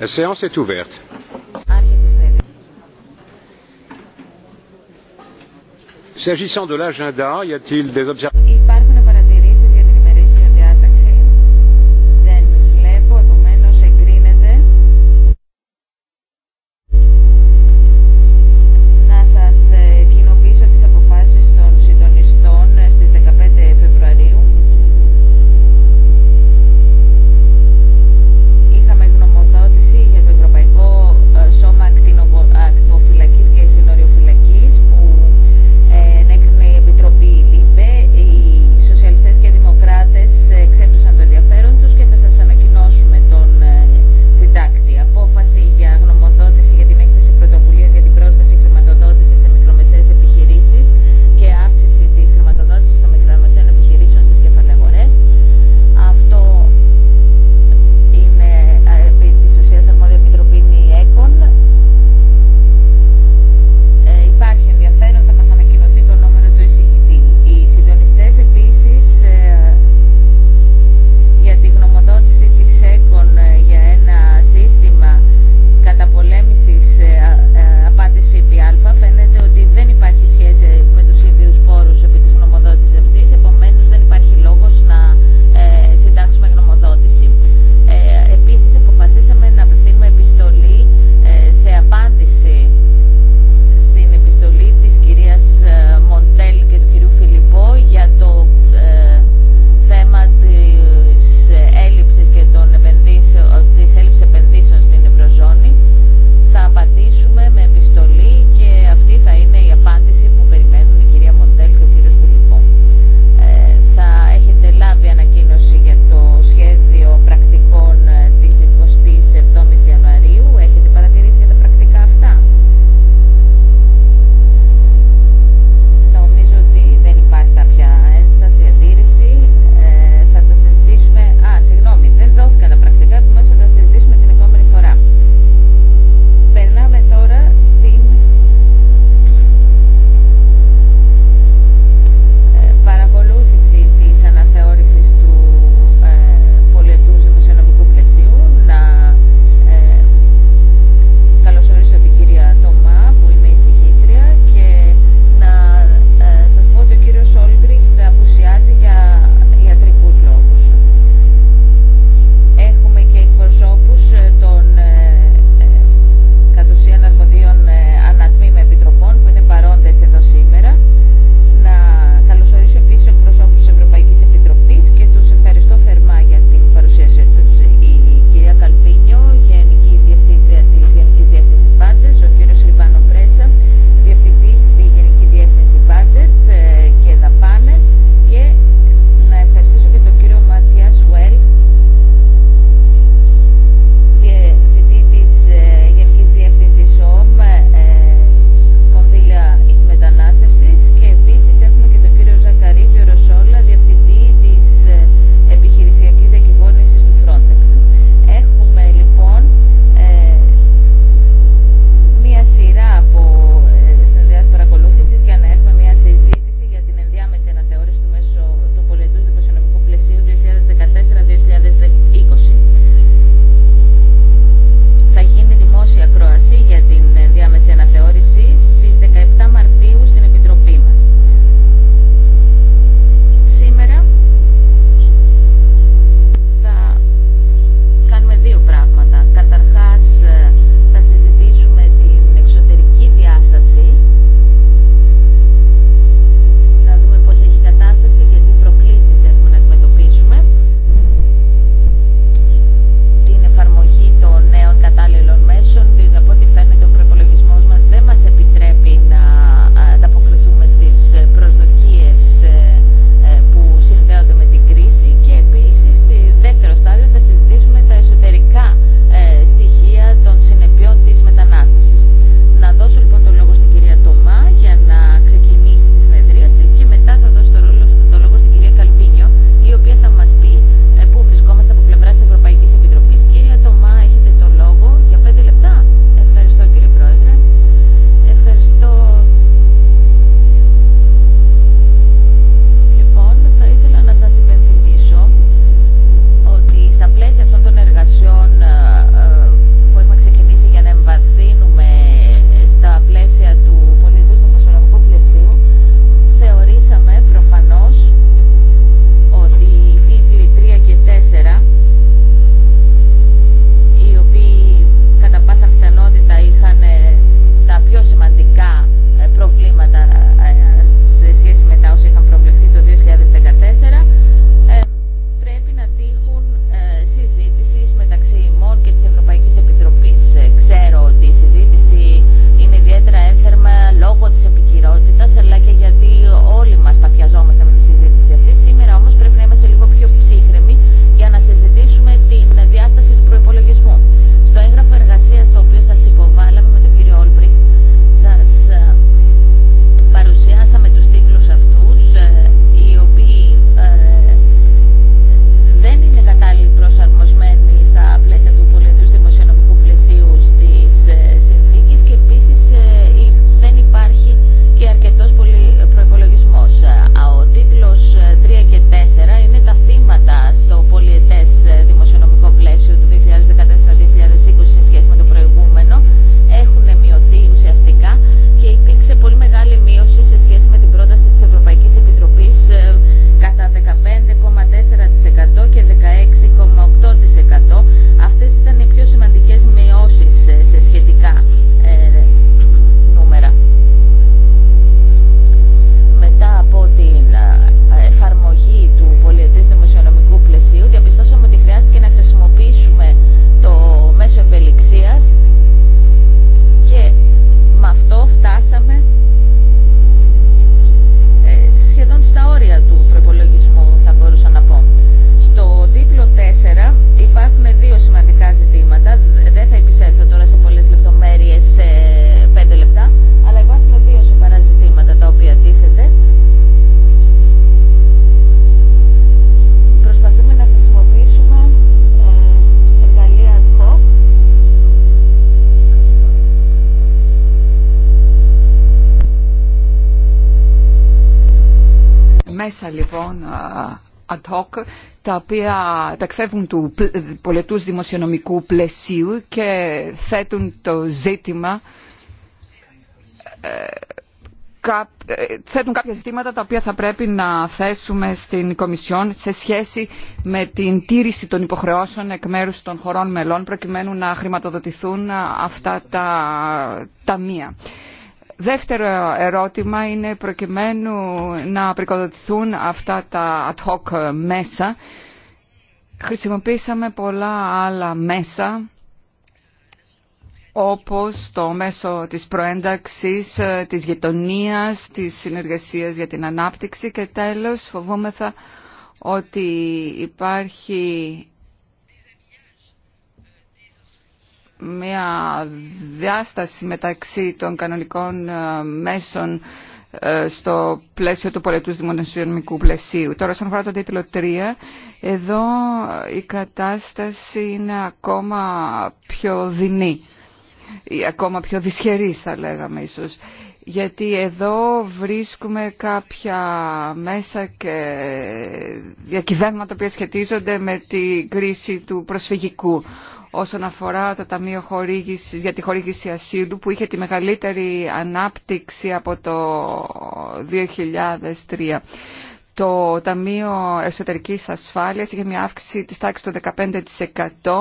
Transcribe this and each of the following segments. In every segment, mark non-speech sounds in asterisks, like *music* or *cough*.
La séance est ouverte. S'agissant de l'agenda, y a-t-il des observations μέσα λοιπόν ad hoc, τα οποία του πολιτού δημοσιονομικού πλαισίου και θέτουν το ζήτημα ε, ε, θέτουν κάποια ζητήματα τα οποία θα πρέπει να θέσουμε στην Κομισιόν σε σχέση με την τήρηση των υποχρεώσεων εκ μέρους των χωρών μελών προκειμένου να χρηματοδοτηθούν αυτά τα ταμεία. Δεύτερο ερώτημα είναι προκειμένου να πρικοδοτηθούν αυτά τα ad hoc μέσα. Χρησιμοποίησαμε πολλά άλλα μέσα όπως το μέσο της προένταξης, της γειτονίας, της συνεργασίας για την ανάπτυξη και τέλος φοβούμεθα ότι υπάρχει μια διάσταση μεταξύ των κανονικών ε, μέσων ε, στο πλαίσιο του πολιτού δημοσιονομικού πλαισίου. Τώρα, όσον αφορά τον τίτλο 3, εδώ η κατάσταση είναι ακόμα πιο δεινή, ή ακόμα πιο δυσχερής θα λέγαμε ίσως, γιατί εδώ βρίσκουμε κάποια μέσα και διακυβέρματα που σχετίζονται με την κρίση του προσφυγικού όσον αφορά το Ταμείο χορήγησης, για τη χορήγηση ασύλου που είχε τη μεγαλύτερη ανάπτυξη από το 2003. Το Ταμείο Εσωτερικής Ασφάλειας είχε μια αύξηση της τάξης του 15%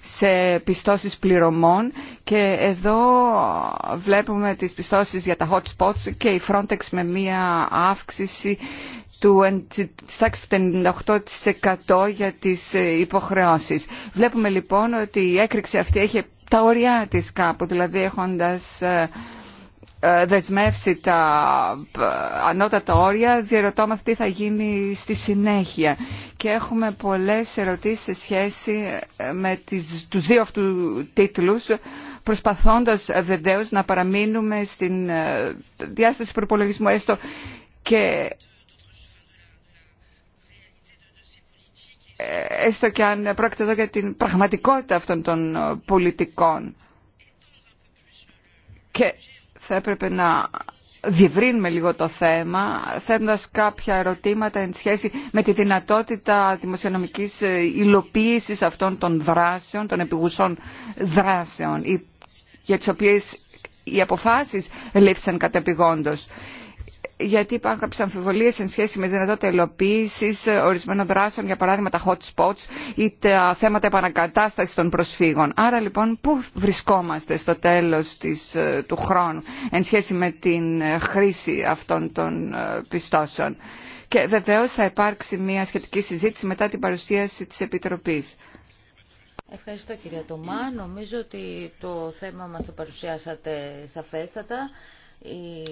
σε πιστώσεις πληρωμών και εδώ βλέπουμε τις πιστώσεις για τα hot spots και η Frontex με μια αύξηση του, της τάξης του 98% για τις ε, υποχρεώσεις. Βλέπουμε λοιπόν ότι η έκρηξη αυτή έχει τα ωριά της κάπου, δηλαδή έχοντας ε, ε, δεσμεύσει τα ανώτατα όρια, διερωτώμαστε τι θα γίνει στη συνέχεια. Και έχουμε πολλές ερωτήσεις σε σχέση με τις, τους δύο αυτού τίτλους, προσπαθώντας βεβαίω να παραμείνουμε στην διάσταση προπολογισμού έστω και έστω και αν πρόκειται εδώ για την πραγματικότητα αυτών των πολιτικών. Και θα έπρεπε να διευρύνουμε λίγο το θέμα, θέτοντας κάποια ερωτήματα εν σχέση με τη δυνατότητα δημοσιονομικής υλοποίησης αυτών των δράσεων, των επιγουσών δράσεων, για τις οποίες οι αποφάσεις λήφθησαν κατεπηγόντως γιατί υπάρχουν κάποιε αμφιβολίε εν σχέση με δυνατότητα υλοποίηση ορισμένων δράσεων, για παράδειγμα τα hot spots ή τα θέματα επανακατάσταση των προσφύγων. Άρα λοιπόν, πού βρισκόμαστε στο τέλο ε, του χρόνου εν σχέση με την ε, χρήση αυτών των ε, πιστώσεων. Και βεβαίω θα υπάρξει μια σχετική συζήτηση μετά την παρουσίαση τη Επιτροπή. Ευχαριστώ κυρία Τωμά. Νομίζω ότι το θέμα μας το παρουσιάσατε σαφέστατα. Η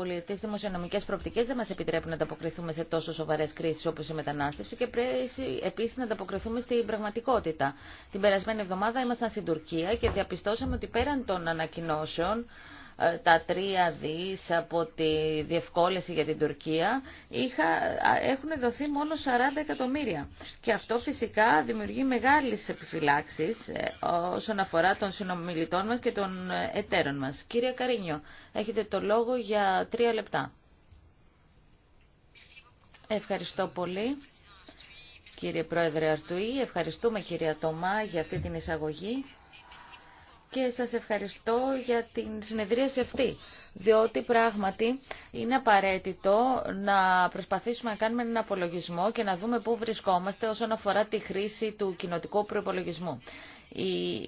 πολιτικέ δημοσιονομικέ προοπτικέ δεν μα επιτρέπουν να ανταποκριθούμε σε τόσο σοβαρέ κρίσει όπω η μετανάστευση και πρέπει επίση να ανταποκριθούμε στην πραγματικότητα. Την περασμένη εβδομάδα ήμασταν στην Τουρκία και διαπιστώσαμε ότι πέραν των ανακοινώσεων τα τρία δις από τη διευκόλυνση για την Τουρκία είχα, έχουν δοθεί μόνο 40 εκατομμύρια. Και αυτό φυσικά δημιουργεί μεγάλες επιφυλάξεις ε, όσον αφορά των συνομιλητών μας και των ε, εταίρων μας. Κύριε Καρίνιο, έχετε το λόγο για τρία λεπτά. Ευχαριστώ πολύ. Κύριε Πρόεδρε Αρτουή, ευχαριστούμε κυρία Τομά για αυτή την εισαγωγή και σας ευχαριστώ για την συνεδρίαση αυτή, διότι πράγματι είναι απαραίτητο να προσπαθήσουμε να κάνουμε έναν απολογισμό και να δούμε πού βρισκόμαστε όσον αφορά τη χρήση του κοινοτικού προϋπολογισμού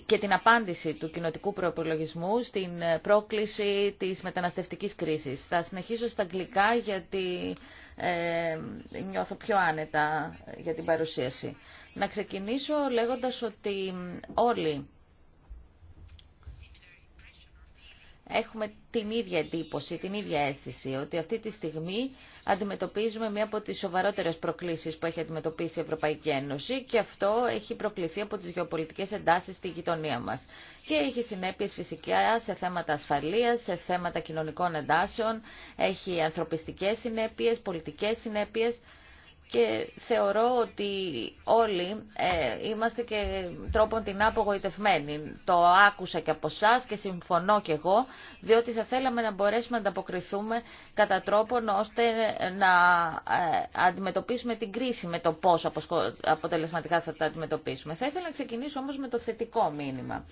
και την απάντηση του κοινοτικού προπολογισμού στην πρόκληση της μεταναστευτικής κρίσης. Θα συνεχίσω στα αγγλικά γιατί ε, νιώθω πιο άνετα για την παρουσίαση. Να ξεκινήσω λέγοντας ότι όλοι έχουμε την ίδια εντύπωση, την ίδια αίσθηση, ότι αυτή τη στιγμή αντιμετωπίζουμε μία από τις σοβαρότερες προκλήσεις που έχει αντιμετωπίσει η Ευρωπαϊκή Ένωση και αυτό έχει προκληθεί από τις γεωπολιτικές εντάσεις στη γειτονία μας. Και έχει συνέπειες φυσικά σε θέματα ασφαλείας, σε θέματα κοινωνικών εντάσεων, έχει ανθρωπιστικές συνέπειες, πολιτικές συνέπειες και θεωρώ ότι όλοι ε, είμαστε και τρόπον την απογοητευμένοι. Το άκουσα και από εσά και συμφωνώ και εγώ, διότι θα θέλαμε να μπορέσουμε να ανταποκριθούμε κατά τρόπον ώστε να ε, αντιμετωπίσουμε την κρίση με το πώς αποτελεσματικά θα τα αντιμετωπίσουμε. Θα ήθελα να ξεκινήσω όμως με το θετικό μήνυμα.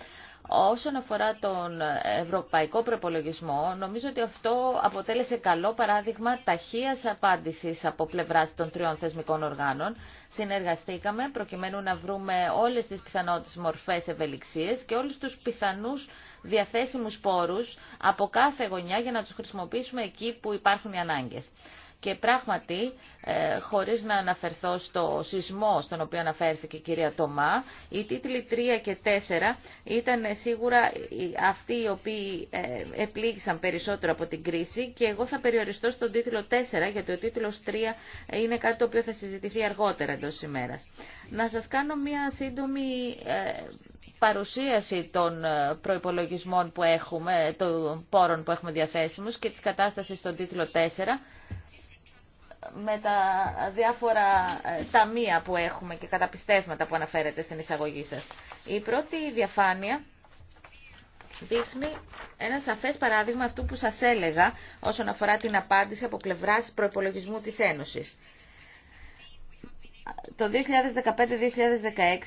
Όσον αφορά τον ευρωπαϊκό προπολογισμό, νομίζω ότι αυτό αποτέλεσε καλό παράδειγμα ταχείας απάντησης από πλευράς των τριών θεσμικών οργάνων. Συνεργαστήκαμε προκειμένου να βρούμε όλε τις πιθανότητε μορφές ευελιξίε και όλου τους πιθανούς διαθέσιμου πόρους από κάθε γωνιά για να τους χρησιμοποιήσουμε εκεί που υπάρχουν οι ανάγκε. Και πράγματι, ε, χωρίς να αναφερθώ στο σεισμό στον οποίο αναφέρθηκε η κυρία Τομά, οι τίτλοι 3 και 4 ήταν σίγουρα αυτοί οι οποίοι ε, επλήγησαν περισσότερο από την κρίση και εγώ θα περιοριστώ στον τίτλο 4 γιατί ο τίτλος 3 είναι κάτι το οποίο θα συζητηθεί αργότερα εντός ημέρας. Να σας κάνω μια σύντομη ε, παρουσίαση των προϋπολογισμών που έχουμε, των πόρων που έχουμε διαθέσιμους και της κατάστασης στον τίτλο 4 με τα διάφορα ε, ταμεία που έχουμε και καταπιστεύματα που αναφέρετε στην εισαγωγή σας. Η πρώτη διαφάνεια δείχνει ένα σαφές παράδειγμα αυτού που σας έλεγα όσον αφορά την απάντηση από πλευράς προϋπολογισμού της Ένωσης το 2015-2016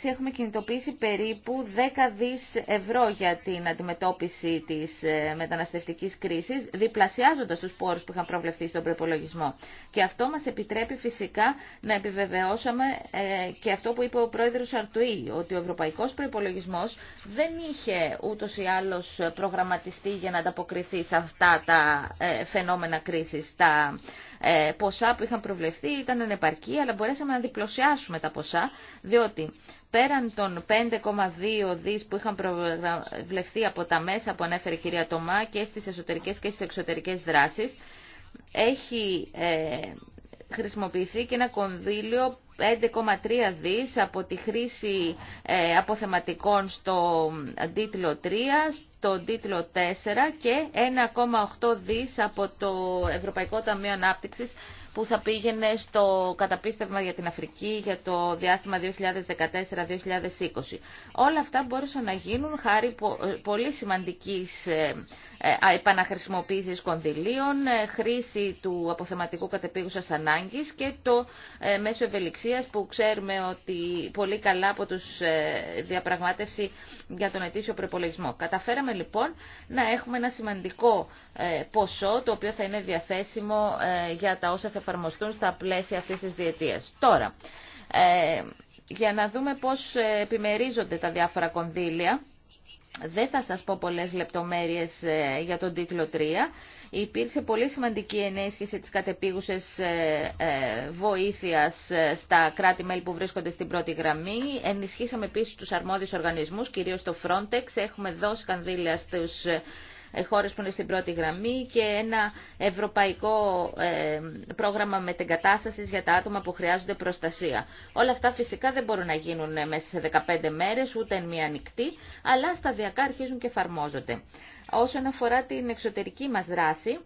έχουμε κινητοποιήσει περίπου 10 δις ευρώ για την αντιμετώπιση της ε, μεταναστευτικής κρίσης, διπλασιάζοντας τους πόρους που είχαν προβλεφθεί στον προπολογισμό. Και αυτό μας επιτρέπει φυσικά να επιβεβαιώσαμε ε, και αυτό που είπε ο πρόεδρος Αρτουή, ότι ο ευρωπαϊκός προϋπολογισμός δεν είχε ούτως ή άλλως προγραμματιστεί για να ανταποκριθεί σε αυτά τα ε, φαινόμενα κρίσης, τα ε, ποσά που είχαν προβλεφθεί ήταν ανεπαρκή, αλλά μπορέσαμε να διπλωσιάσουμε τα ποσά, διότι πέραν των 5,2 δις που είχαν προβλεφθεί από τα μέσα που ανέφερε η κυρία Τομά και στις εσωτερικές και στις εξωτερικές δράσεις, έχει ε, χρησιμοποιηθεί και ένα κονδύλιο 5,3 δις από τη χρήση ε, αποθεματικών στο τίτλο 3, στο τίτλο 4 και 1,8 δις από το Ευρωπαϊκό Ταμείο Ανάπτυξης που θα πήγαινε στο καταπίστευμα για την Αφρική για το διάστημα 2014-2020. Όλα αυτά μπορούσαν να γίνουν χάρη πολύ σημαντικής ε, ε, επαναχρησιμοποίησης κονδυλίων, ε, χρήση του αποθεματικού κατεπίγουσας ανάγκης και το μέσο ευελιξίας που ξέρουμε ότι πολύ καλά από τους διαπραγμάτευση για τον ετήσιο προπολογισμό. Καταφέραμε λοιπόν να έχουμε ένα σημαντικό ποσό το οποίο θα είναι διαθέσιμο για τα όσα θα εφαρμοστούν στα πλαίσια αυτής της διετίας. Τώρα, ε, για να δούμε πώς επιμερίζονται τα διάφορα κονδύλια, δεν θα σας πω πολλές λεπτομέρειες ε, για τον τίτλο 3. Υπήρξε πολύ σημαντική ενέσχυση της κατεπίγουσες ε, βοήθειας στα κράτη-μέλη που βρίσκονται στην πρώτη γραμμή. Ενισχύσαμε επίσης τους αρμόδιους οργανισμούς, κυρίως το Frontex. Έχουμε δώσει κανδύλια στους ε, χώρες που είναι στην πρώτη γραμμή και ένα ευρωπαϊκό ε, πρόγραμμα μετεγκατάστασης για τα άτομα που χρειάζονται προστασία. Όλα αυτά φυσικά δεν μπορούν να γίνουν μέσα σε 15 μέρες, ούτε εν μία νυχτή, αλλά σταδιακά αρχίζουν και εφαρμόζονται. Όσον αφορά την εξωτερική μας δράση,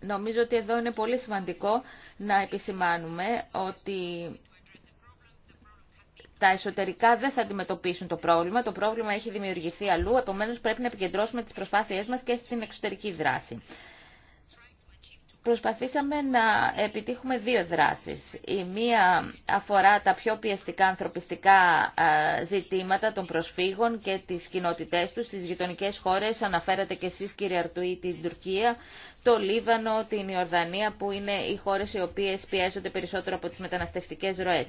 νομίζω ότι εδώ είναι πολύ σημαντικό να επισημάνουμε ότι τα εσωτερικά δεν θα αντιμετωπίσουν το πρόβλημα. Το πρόβλημα έχει δημιουργηθεί αλλού, Επομένω, πρέπει να επικεντρώσουμε τι προσπάθειε μα και στην εξωτερική δράση. Προσπαθήσαμε να επιτύχουμε δύο δράσεις. Η μία αφορά τα πιο πιεστικά ανθρωπιστικά ζητήματα των προσφύγων και τι κοινότητές τους στις γειτονικές χώρες. Αναφέρατε και εσείς κύριε Αρτουή την Τουρκία, το Λίβανο, την Ιορδανία που είναι οι χώρε οι οποίες πιέζονται περισσότερο από τις μεταναστευτικές ροές.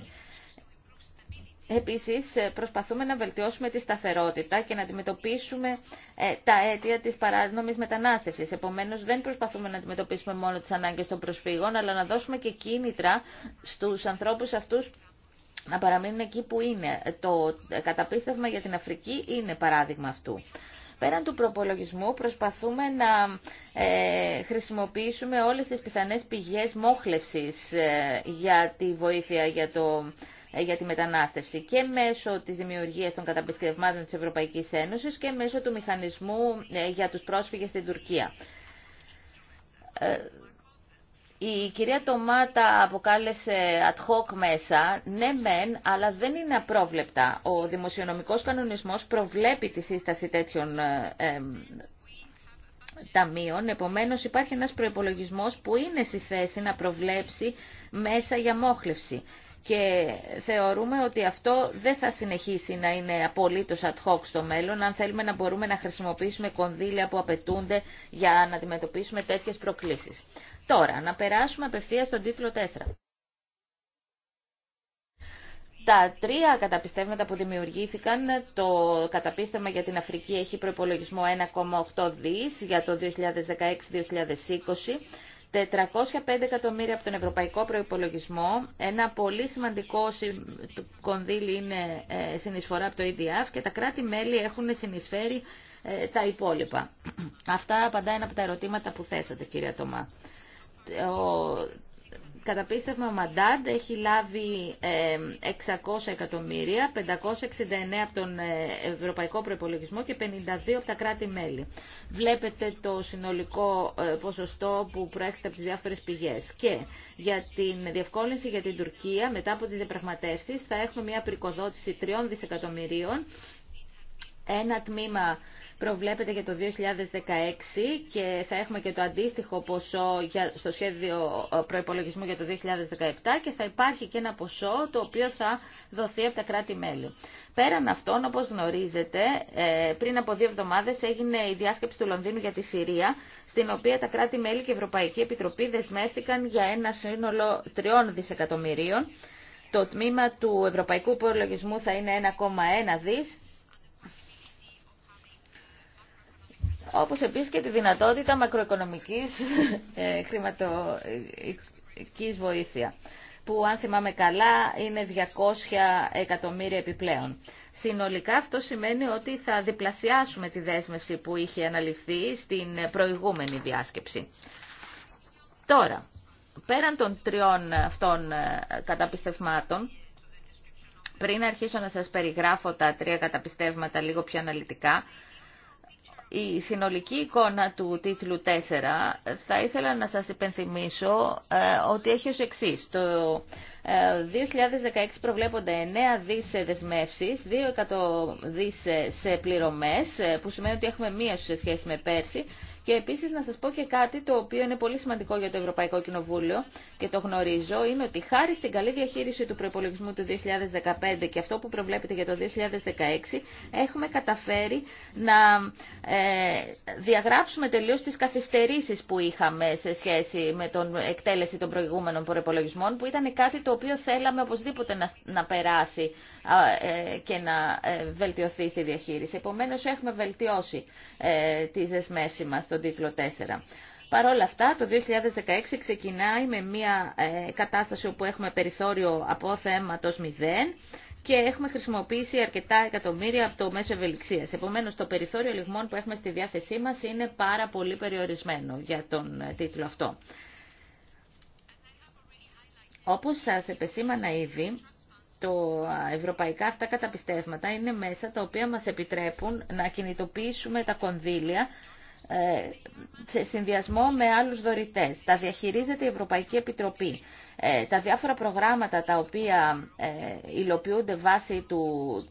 Επίσης, ε, προσπαθούμε να βελτιώσουμε τη σταθερότητα και να αντιμετωπίσουμε ε, τα αίτια της παράνομης μετανάστευσης. Επομένως, δεν προσπαθούμε να αντιμετωπίσουμε μόνο τις ανάγκες των προσφύγων, αλλά να δώσουμε και κίνητρα στους ανθρώπους αυτούς να παραμείνουν εκεί που είναι. Το καταπίστευμα για την Αφρική είναι παράδειγμα αυτού. Πέραν του προπολογισμού προσπαθούμε να ε, χρησιμοποιήσουμε όλες τις πιθανές πηγές μόχλευσης για τη βοήθεια για το ε, για τη μετανάστευση και μέσω της δημιουργίας των καταπιστευμάτων της Ευρωπαϊκής Ένωσης και μέσω του μηχανισμού ε, για τους πρόσφυγες στην Τουρκία. Ε, η κυρία Τομάτα αποκάλεσε ad hoc μέσα, ναι μεν, αλλά δεν είναι απρόβλεπτα. Ο δημοσιονομικός κανονισμός προβλέπει τη σύσταση τέτοιων ταμείων, επομένως υπάρχει ένας προϋπολογισμός που είναι στη θέση να προβλέψει μέσα για μόχλευση και θεωρούμε ότι αυτό δεν θα συνεχίσει να είναι απολύτως ad hoc στο μέλλον αν θέλουμε να μπορούμε να χρησιμοποιήσουμε κονδύλια που απαιτούνται για να αντιμετωπίσουμε τέτοιες προκλήσεις. Τώρα, να περάσουμε απευθείας στον τίτλο 4. Τα τρία καταπιστεύματα που δημιουργήθηκαν, το καταπίστευμα για την Αφρική έχει προπολογισμό 1,8 δις για το 2016-2020, 405 εκατομμύρια από τον Ευρωπαϊκό Προϋπολογισμό, ένα πολύ σημαντικό κονδύλι είναι ε, συνεισφορά από το EDF και τα κράτη-μέλη έχουν συνεισφέρει ε, τα υπόλοιπα. *clears throat* Αυτά απαντά ένα από τα ερωτήματα που θέσατε, κυρία Τωμά καταπίστευμα Μαντάντ έχει λάβει 600 εκατομμύρια, 569 από τον ε, Ευρωπαϊκό Προπολογισμό και 52 από τα κράτη-μέλη. Βλέπετε το συνολικό ε, ποσοστό που προέρχεται από τις διάφορες πηγές. Και για την διευκόλυνση για την Τουρκία, μετά από τις διαπραγματεύσεις, θα έχουμε μια πρικοδότηση 3 δισεκατομμυρίων, ένα τμήμα προβλέπεται για το 2016 και θα έχουμε και το αντίστοιχο ποσό στο σχέδιο ε, προϋπολογισμού για το 2017 και θα υπάρχει και ένα ποσό το οποίο θα δοθεί από τα κράτη-μέλη. Πέραν αυτών, όπως γνωρίζετε, ε, πριν από δύο εβδομάδες έγινε η διάσκεψη του Λονδίνου για τη Συρία, στην οποία τα κράτη-μέλη και η Ευρωπαϊκή Επιτροπή δεσμεύτηκαν για ένα σύνολο τριών δισεκατομμυρίων. Το τμήμα του ευρωπαϊκού προλογισμού θα είναι 1,1 δις όπως επίσης και τη δυνατότητα μακροοικονομικής *laughs* ε, χρηματοοικής βοήθεια, που αν θυμάμαι καλά είναι 200 εκατομμύρια επιπλέον. Συνολικά αυτό σημαίνει ότι θα διπλασιάσουμε τη δέσμευση που είχε αναλυθεί στην προηγούμενη διάσκεψη. Τώρα, πέραν των τριών αυτών ε, καταπιστευμάτων, πριν αρχίσω να σας περιγράφω τα τρία καταπιστεύματα λίγο πιο αναλυτικά, η συνολική εικόνα του τίτλου 4 θα ήθελα να σας υπενθυμίσω ε, ότι έχει ως εξής. Το 2016 ε, προβλέπονται 9 δις σε δεσμεύσεις, 2 δις σε πληρωμές, ε, που σημαίνει ότι έχουμε μία σε σχέση με πέρσι και επίσης να σας πω και κάτι το οποίο είναι πολύ σημαντικό για το Ευρωπαϊκό Κοινοβούλιο και το γνωρίζω, είναι ότι χάρη στην καλή διαχείριση του προπολογισμού του 2015 και αυτό που προβλέπεται για το 2016, έχουμε καταφέρει να ε, διαγράψουμε τελείως τις καθυστερήσεις που είχαμε σε σχέση με την εκτέλεση των προηγούμενων προπολογισμών, που ήταν κάτι το οποίο θέλαμε οπωσδήποτε να, να περάσει ε, και να ε, βελτιωθεί στη διαχείριση. Επομένως, έχουμε βελτιώσει τις δεσμεύσεις μας στον τίτλο 4. Παρ' όλα αυτά, το 2016 ξεκινάει με μια ε, κατάσταση όπου έχουμε περιθώριο από θέματος 0 και έχουμε χρησιμοποιήσει αρκετά εκατομμύρια από το μέσο ευελιξία. Επομένω, το περιθώριο λιγμών που έχουμε στη διάθεσή μα είναι πάρα πολύ περιορισμένο για τον ε, τίτλο αυτό. Όπως σας επεσήμανα ήδη, το ευρωπαϊκά αυτά καταπιστεύματα είναι μέσα τα οποία μας επιτρέπουν να κινητοποιήσουμε τα κονδύλια ε, σε συνδυασμό με άλλους δωρητές. Τα διαχειρίζεται η Ευρωπαϊκή Επιτροπή. Ε, τα διάφορα προγράμματα τα οποία ε, υλοποιούνται βάσει του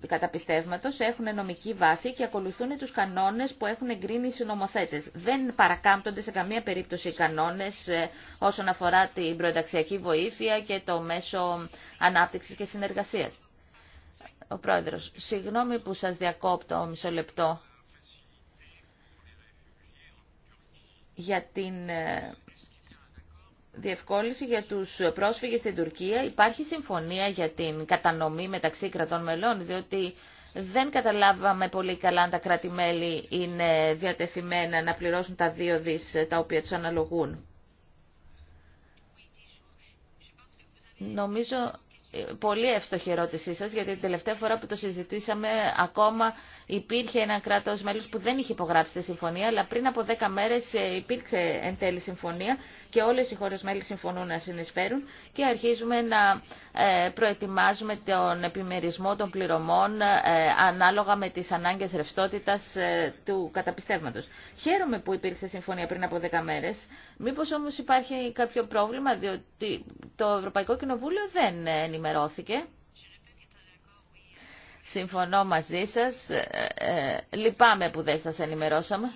καταπιστεύματος έχουν νομική βάση και ακολουθούν τους κανόνες που έχουν εγκρίνει οι συνομοθέτες. Δεν παρακάμπτονται σε καμία περίπτωση οι κανόνες όσον αφορά την προενταξιακή βοήθεια και το μέσο ανάπτυξης και συνεργασίας. Ο Πρόεδρος, συγγνώμη που σας διακόπτω μισό λεπτό. για την ε, διευκόλυνση για τους πρόσφυγες στην Τουρκία. Υπάρχει συμφωνία για την κατανομή μεταξύ κρατών μελών, διότι δεν καταλάβαμε πολύ καλά αν τα κράτη-μέλη είναι διατεθειμένα να πληρώσουν τα δύο δις ε, τα οποία τους αναλογούν. Νομίζω πολύ εύστοχη ερώτησή σας, γιατί την τελευταία φορά που το συζητήσαμε ακόμα υπήρχε ένα κράτος μέλος που δεν είχε υπογράψει τη συμφωνία, αλλά πριν από δέκα μέρες ε, υπήρξε εν τέλει συμφωνία και όλες οι χώρες μέλη συμφωνούν να συνεισφέρουν και αρχίζουμε να ε, προετοιμάζουμε τον επιμερισμό των πληρωμών ε, ανάλογα με τις ανάγκες ρευστότητας ε, του καταπιστεύματος. Χαίρομαι που υπήρξε συμφωνία πριν από 10 μέρες. Μήπως όμως υπάρχει κάποιο πρόβλημα διότι το Ευρωπαϊκό Κοινοβούλιο δεν ενημερώθηκε. Συμφωνώ μαζί σας. Λυπάμαι που δεν σας ενημερώσαμε.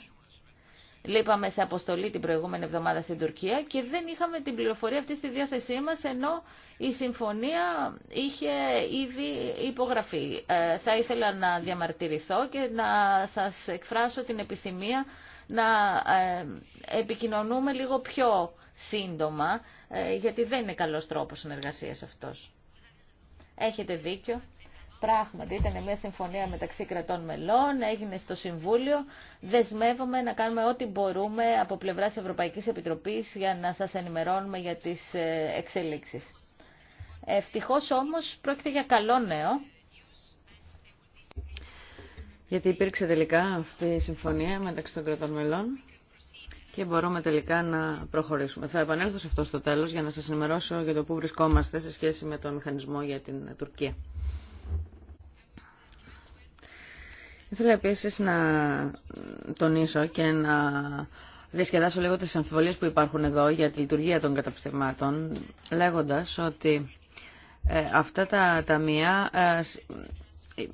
Λείπαμε σε αποστολή την προηγούμενη εβδομάδα στην Τουρκία και δεν είχαμε την πληροφορία αυτή στη διάθεσή μας, ενώ η συμφωνία είχε ήδη υπογραφεί. Ε, θα ήθελα να διαμαρτυρηθώ και να σας εκφράσω την επιθυμία να ε, επικοινωνούμε λίγο πιο σύντομα, ε, γιατί δεν είναι καλός τρόπος συνεργασίας αυτός. Έχετε δίκιο. Πράγματι, ήταν μια συμφωνία μεταξύ κρατών μελών, έγινε στο Συμβούλιο. Δεσμεύομαι να κάνουμε ό,τι μπορούμε από πλευράς Ευρωπαϊκής Επιτροπής για να σας ενημερώνουμε για τις ε, εξελίξεις. Ευτυχώς όμως πρόκειται για καλό νέο. Γιατί υπήρξε τελικά αυτή η συμφωνία μεταξύ των κρατών μελών και μπορούμε τελικά να προχωρήσουμε. Θα επανέλθω σε αυτό στο τέλος για να σας ενημερώσω για το πού βρισκόμαστε σε σχέση με τον μηχανισμό για την Τουρκία. Ήθελα επίση να τονίσω και να διασκεδάσω λίγο τις αμφιβολίε που υπάρχουν εδώ για τη λειτουργία των καταπιστευμάτων, λέγοντας ότι ε, αυτά τα ταμεία, ε, ε,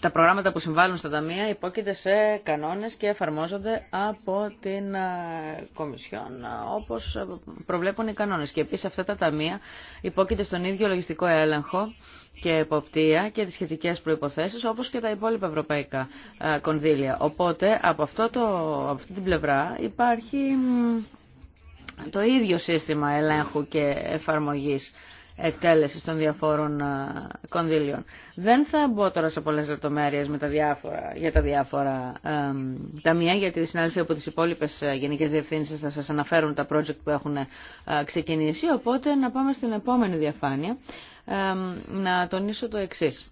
τα προγράμματα που συμβάλλουν στα ταμεία υπόκειται σε κανόνες και εφαρμόζονται από την Κομισιόν, όπως προβλέπουν οι κανόνες. Και επίσης αυτά τα ταμεία υπόκειται στον ίδιο λογιστικό έλεγχο και εποπτεία και τις σχετικές προϋποθέσεις όπως και τα υπόλοιπα ευρωπαϊκά ε, κονδύλια. Οπότε από, αυτό το, αυτή την πλευρά υπάρχει το ίδιο σύστημα ελέγχου και εφαρμογής εκτέλεση των διαφόρων ε, κονδύλιων. Δεν θα μπω τώρα σε πολλές λεπτομέρειες με διάφορα, για τα διάφορα ε, ταμεία, γιατί οι συνάδελφοι από τις υπόλοιπες γενικές διευθύνσεις θα σας αναφέρουν τα project που έχουν ξεκινήσει, οπότε να πάμε στην επόμενη διαφάνεια να τονίσω το εξής.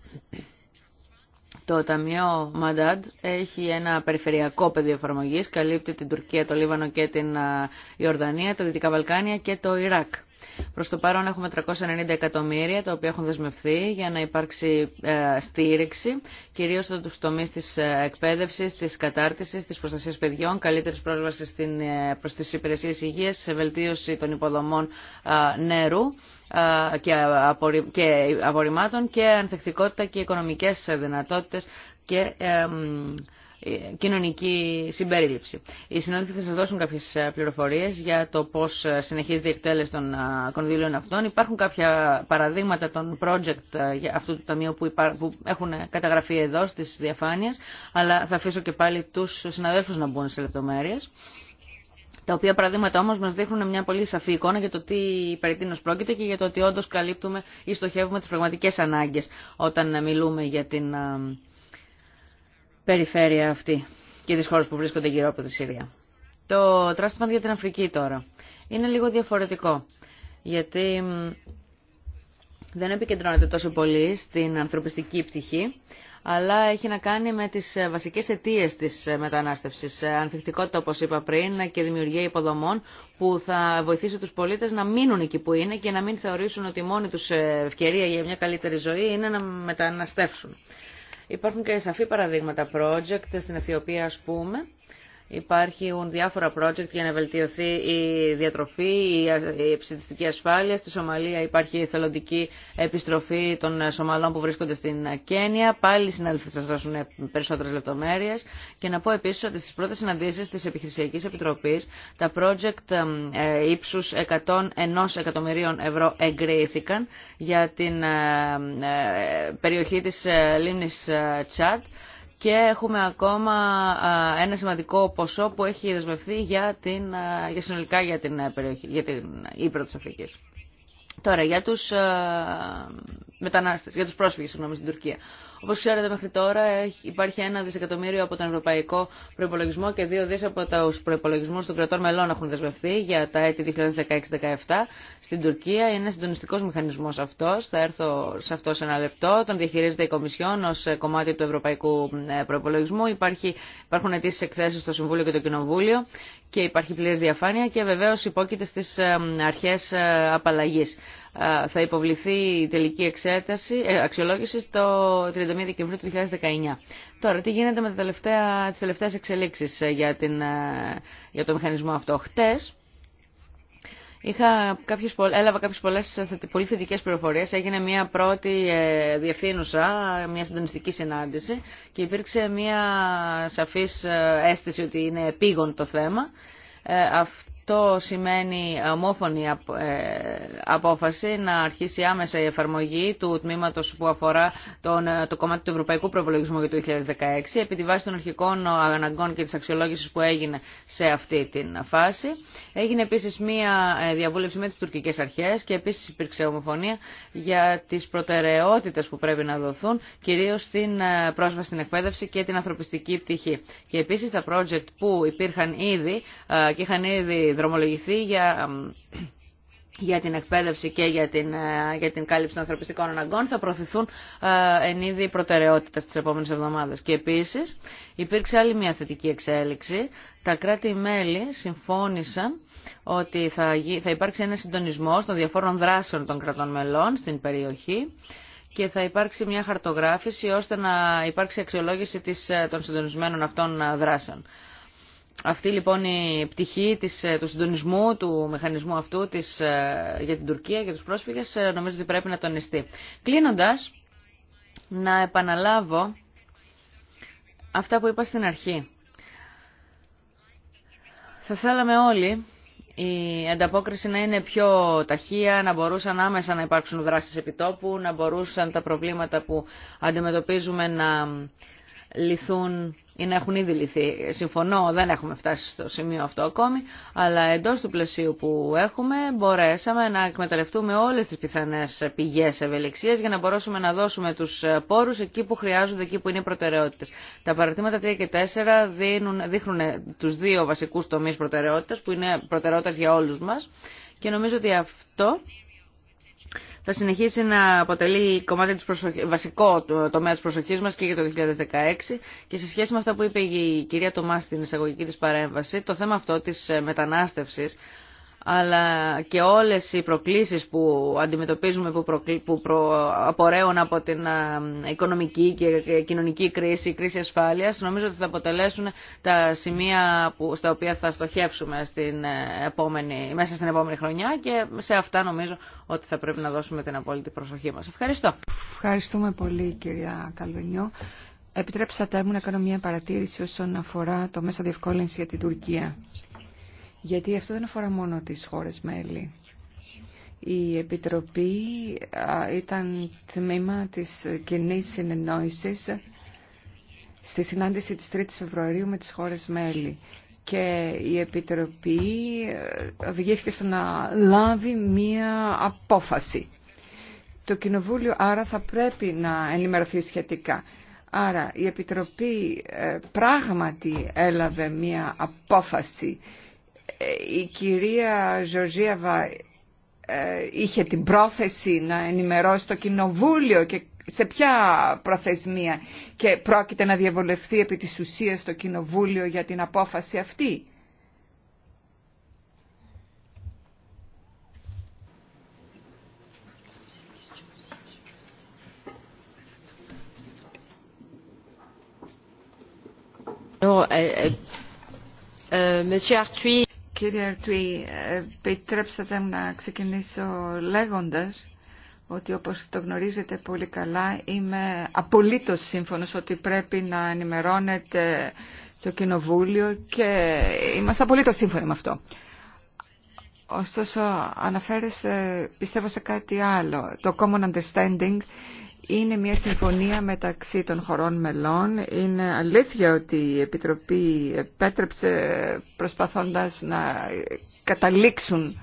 Το Ταμείο Μαντάντ έχει ένα περιφερειακό πεδίο εφαρμογή, καλύπτει την Τουρκία, το Λίβανο και την ε, Ιορδανία, τα Δυτικά Βαλκάνια και το Ιράκ. Προς το παρόν έχουμε 390 εκατομμύρια τα οποία έχουν δεσμευθεί για να υπάρξει ε, στήριξη κυρίως στους τομείς της ε, εκπαίδευσης, της κατάρτισης, της προστασίας παιδιών, καλύτερης πρόσβασης στην, ε, προς τις υπηρεσίες υγείας, σε βελτίωση των υποδομών νερού και απορριμμάτων και ανθεκτικότητα και οικονομικές δυνατότητες και κοινωνική συμπέριληψη. Οι συνάδελφοι θα σα δώσουν κάποιε πληροφορίε για το πώ ε, συνεχίζεται η εκτέλεση των ε, κονδύλιων αυτών. Υπάρχουν κάποια παραδείγματα των project ε, αυτού του ταμείου που, που έχουν καταγραφεί εδώ στι διαφάνειε, αλλά θα αφήσω και πάλι του συναδέλφου να μπουν σε λεπτομέρειε. Τα οποία παραδείγματα όμως μας δείχνουν μια πολύ σαφή εικόνα για το τι περί πρόκειται και για το ότι όντως καλύπτουμε ή στοχεύουμε τις πραγματικέ ανάγκε όταν μιλούμε για την περιφέρεια αυτή και τις χώρες που βρίσκονται γύρω από τη Συρία. Το Trust Fund για την Αφρική τώρα είναι λίγο διαφορετικό, γιατί δεν επικεντρώνεται τόσο πολύ στην ανθρωπιστική πτυχή, αλλά έχει να κάνει με τις ε, βασικές αιτίες της ε, μετανάστευσης. Ε, ανθεκτικότητα, όπως είπα πριν, και δημιουργία υποδομών που θα βοηθήσει τους πολίτες να μείνουν εκεί που είναι και να μην θεωρήσουν ότι μόνη τους ευκαιρία για μια καλύτερη ζωή είναι να μεταναστεύσουν. Υπάρχουν και σαφή παραδείγματα project στην Αιθιοπία ας πούμε Υπάρχουν διάφορα project για να βελτιωθεί η διατροφή, η επιστημιστική ασφάλεια. Στη Σομαλία υπάρχει η θελοντική επιστροφή των Σομαλών που βρίσκονται στην Κένια. Πάλι οι συνάδελφοι θα σα δώσουν περισσότερε λεπτομέρειε. Και να πω επίση ότι στι πρώτε συναντήσει τη Επιχειρησιακή Επιτροπή τα project ε, ύψου 101 εκατομμυρίων ευρώ εγκρίθηκαν για την ε, ε, περιοχή τη λίμνη Τσάτ και έχουμε ακόμα ένα σημαντικό ποσό που έχει δεσμευτεί για, την, για συνολικά για την, ε, περιοχή, για την Ήπειρο της Αφρικής. Τώρα, για τους ε, μετανάστες, για τους πρόσφυγες, συγγνώμη, στην Τουρκία. Όπω ξέρετε μέχρι τώρα υπάρχει ένα δισεκατομμύριο από τον Ευρωπαϊκό προπολογισμό και δύο δι από του προπολογισμού των κρατών μελών έχουν δεσμευθεί για τα έτη 2016-2017 στην Τουρκία. Είναι συντονιστικό μηχανισμό αυτό. θα έρθω σε αυτό σε ένα λεπτό. Τον διαχειρίζεται η Κομισιόν ω ε, κομμάτι του Ευρωπαϊκού ε, προπολογισμού. Υπάρχει, υπάρχουν αιτήσει εκθέσει στο Συμβούλιο και το Κοινοβούλιο και υπάρχει πλήρη διαφάνεια και βεβαίω υπόκειται στι ε, αρχέ απαλλαγή. Ε, θα υποβληθεί η τελική εξέταση, ε, αξιολόγηση το 31 Δεκεμβρίου του 2019. Τώρα, τι γίνεται με τα τελευταία, τις τελευταίες εξελίξεις ε, για, την, για το μηχανισμό αυτό. Χτες, Είχα κάποιες, έλαβα κάποιες πολλές πολύ θετικέ πληροφορίες. Έγινε μια πρώτη διευθύνουσα, μια συντονιστική συνάντηση και υπήρξε μια σαφής αίσθηση ότι είναι επίγον το θέμα το σημαίνει ομόφωνη ε, απόφαση να αρχίσει άμεσα η εφαρμογή του τμήματος που αφορά τον, ε, το κομμάτι του Ευρωπαϊκού Προπολογισμού για το 2016 επί τη βάση των αρχικών αναγκών και της αξιολόγησης που έγινε σε αυτή την φάση. Έγινε επίσης μία ε, διαβούλευση με τις τουρκικές αρχές και επίσης υπήρξε ομοφωνία για τις προτεραιότητες που πρέπει να δοθούν κυρίως στην πρόσβαση στην εκπαίδευση και την ανθρωπιστική πτυχή. Και επίσης τα project που υπήρχαν ήδη και είχαν ήδη δρομολογηθεί για την εκπαίδευση και για την, ε, για την κάλυψη των ανθρωπιστικών αναγκών θα προωθηθούν ε, εν είδη προτεραιότητα στις επόμενες εβδομάδες. Και επίσης υπήρξε άλλη μια θετική εξέλιξη. Τα κράτη-μέλη συμφώνησαν ότι θα, θα υπάρξει ένα συντονισμό των διαφόρων δράσεων των κρατών μελών στην περιοχή και θα υπάρξει μια χαρτογράφηση ώστε να υπάρξει αξιολόγηση ε, των συντονισμένων αυτών δράσεων. Αυτή λοιπόν η πτυχή της, ε, του συντονισμού του μηχανισμού αυτού της, ε, για την Τουρκία, για τους πρόσφυγες, ε, νομίζω ότι πρέπει να τονιστεί. Κλείνοντας, να επαναλάβω αυτά που είπα στην αρχή. Θα θέλαμε όλοι η ανταπόκριση να είναι πιο ταχεία, να μπορούσαν άμεσα να υπάρξουν δράσεις επιτόπου, να μπορούσαν τα προβλήματα που αντιμετωπίζουμε να λυθούν ή να έχουν ήδη λυθεί. Συμφωνώ, δεν έχουμε φτάσει στο σημείο αυτό ακόμη, αλλά εντός του πλαισίου που έχουμε μπορέσαμε να εκμεταλλευτούμε όλες τις πιθανές πηγές ευελιξίας για να μπορέσουμε να δώσουμε τους πόρους εκεί που χρειάζονται, εκεί που είναι οι προτεραιότητες. Τα παρατήματα 3 και 4 δίνουν, δείχνουν τους δύο βασικούς τομείς προτεραιότητας που είναι προτεραιότητα για όλους μας και νομίζω ότι αυτό θα συνεχίσει να αποτελεί κομμάτι της βασικό τομέα της προσοχής μας και για το 2016 και σε σχέση με αυτά που είπε η κυρία Τομά στην εισαγωγική της παρέμβαση, το θέμα αυτό της ε, μετανάστευσης αλλά και όλες οι προκλήσεις που αντιμετωπίζουμε, που, προ, απορρέουν από την ε, οικονομική και κοινωνική κρίση, η κρίση ασφάλειας, νομίζω ότι θα αποτελέσουν τα σημεία που, στα οποία θα στοχεύσουμε στην ε, επόμενη, μέσα στην επόμενη χρονιά και σε αυτά νομίζω ότι θα πρέπει να δώσουμε την απόλυτη προσοχή μας. Ευχαριστώ. Ευχαριστούμε πολύ κυρία Καλβενιό. Επιτρέψατε μου να κάνω μια παρατήρηση όσον αφορά το μέσο διευκόλυνση για την Τουρκία γιατί αυτό δεν αφορά μόνο τις χώρες μέλη. Η Επιτροπή ήταν τμήμα της κοινή συνεννόησης στη συνάντηση της 3ης Φεβρουαρίου με τις χώρες μέλη και η Επιτροπή βγήκε ε, στο να λάβει μία απόφαση. Το Κοινοβούλιο άρα θα πρέπει να ενημερωθεί σχετικά. Άρα η Επιτροπή ε, πράγματι έλαβε μία απόφαση ε, η κυρία Ζωζίαβα ε, είχε την πρόθεση να ενημερώσει το Κοινοβούλιο και σε ποια προθεσμία και πρόκειται να διαβολευθεί επί της ουσίας το Κοινοβούλιο για την απόφαση αυτή. Ε, Κύριε Αρτουή, επιτρέψατε μου να ξεκινήσω λέγοντας ότι όπως το γνωρίζετε πολύ καλά είμαι απολύτως σύμφωνος ότι πρέπει να ενημερώνετε το Κοινοβούλιο και είμαστε απολύτως σύμφωνοι με αυτό. Ωστόσο, αναφέρεστε πιστεύω σε κάτι άλλο, το common understanding είναι μια συμφωνία μεταξύ των χωρών μελών. Είναι αλήθεια ότι η Επιτροπή επέτρεψε προσπαθώντας να καταλήξουν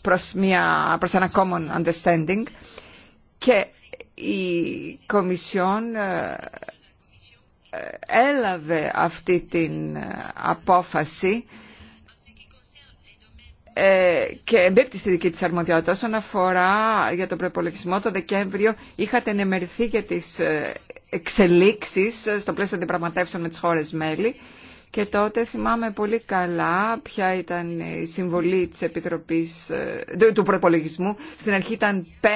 προς, μια, προς ένα common understanding και η Κομισιόν ε, ε, έλαβε αυτή την απόφαση ε, και εμπίπτει στη δική της αρμοδιότητα. Όσον αφορά για τον προπολογισμό, το Δεκέμβριο είχατε ενημερωθεί για τις ε, εξελίξεις ε, στο πλαίσιο των με τις χώρες μέλη και τότε θυμάμαι πολύ καλά ποια ήταν η συμβολή της Επιτροπής του προπολογισμού. Στην αρχή ήταν 5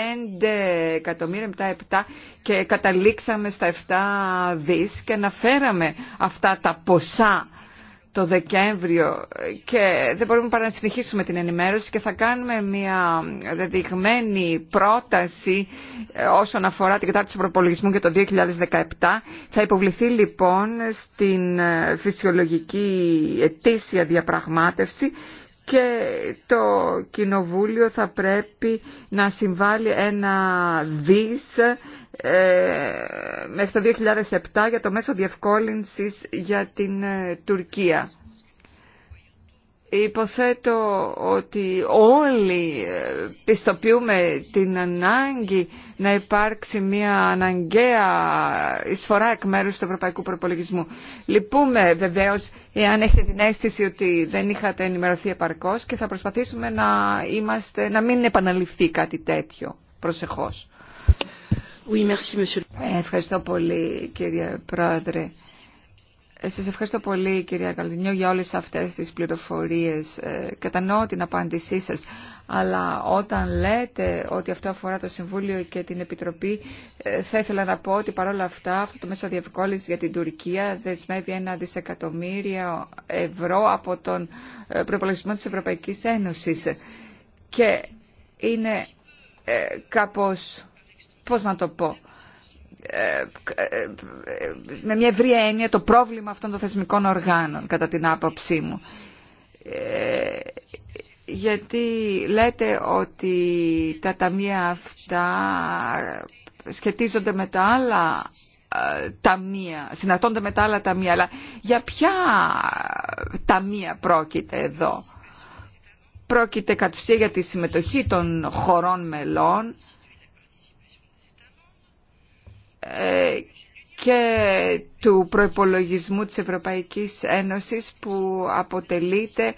εκατομμύρια, μετά 7 και καταλήξαμε στα 7 δις και αναφέραμε αυτά τα ποσά το Δεκέμβριο και δεν μπορούμε παρά να συνεχίσουμε την ενημέρωση και θα κάνουμε μια δεδειγμένη πρόταση ε, όσον αφορά την κατάρτιση του προπολογισμού για το 2017. Θα υποβληθεί λοιπόν στην ε, φυσιολογική ετήσια διαπραγμάτευση και το Κοινοβούλιο θα πρέπει να συμβάλλει ένα δις ε, μέχρι το 2007 για το μέσο διευκόλυνσης για την ε, Τουρκία. Υποθέτω ότι όλοι ε, πιστοποιούμε την ανάγκη να υπάρξει μια αναγκαία εισφορά εκ μέρους του Ευρωπαϊκού Προπολογισμού. Λυπούμε βεβαίως εάν έχετε την αίσθηση ότι δεν είχατε ενημερωθεί επαρκώς και θα προσπαθήσουμε να, είμαστε, να μην επαναληφθεί κάτι τέτοιο προσεχώς. Oui, merci, ε, Ευχαριστώ πολύ κύριε Πρόεδρε. Ε, σας ευχαριστώ πολύ κυρία Καλβινιό για όλες αυτές τις πληροφορίες. Ε, κατανοώ την απάντησή σας, αλλά όταν λέτε ότι αυτό αφορά το Συμβούλιο και την Επιτροπή, ε, θα ήθελα να πω ότι παρόλα αυτά αυτό το μέσο διευκόλυνση για την Τουρκία δεσμεύει ένα δισεκατομμύριο ευρώ από τον προπολογισμό της Ευρωπαϊκής Ένωσης. Και είναι κάπως, πώς να το πω, ε, ε, ε, με μια ευρία έννοια το πρόβλημα αυτών των θεσμικών οργάνων κατά την άποψή μου γιατί λέτε ότι τα ταμεία αυτά σχετίζονται με τα άλλα ταμεία, συναρτώνται με τα άλλα ταμεία, αλλά για ποια ταμεία πρόκειται εδώ. Πρόκειται κατ' ουσία για τη συμμετοχή των χωρών μελών ε, και του προϋπολογισμού της Ευρωπαϊκής Ένωσης που αποτελείται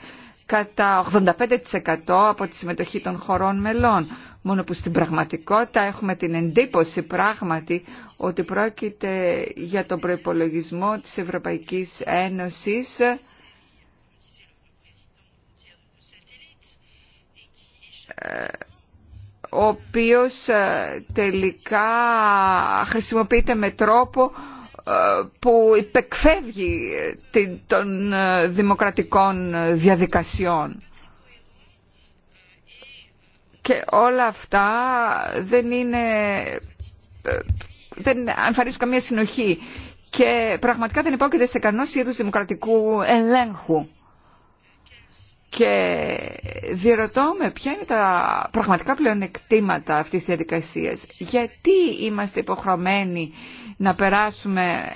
κατά 85% από τη συμμετοχή των χωρών μελών. Μόνο που στην πραγματικότητα έχουμε την εντύπωση πράγματι ότι πρόκειται για τον προϋπολογισμό της Ευρωπαϊκής Ένωσης ο οποίος ε, τελικά χρησιμοποιείται με τρόπο ε, που υπεκφεύγει ε, των δημοκρατικών διαδικασιών. Και όλα αυτά δεν είναι... δεν εμφανίζουν καμία συνοχή και πραγματικά δεν υπόκειται σε κανένα είδου δημοκρατικού ελέγχου. Και διερωτώ με ποια είναι τα πραγματικά πλεονεκτήματα αυτής της διαδικασίας. Γιατί είμαστε υποχρεωμένοι να περάσουμε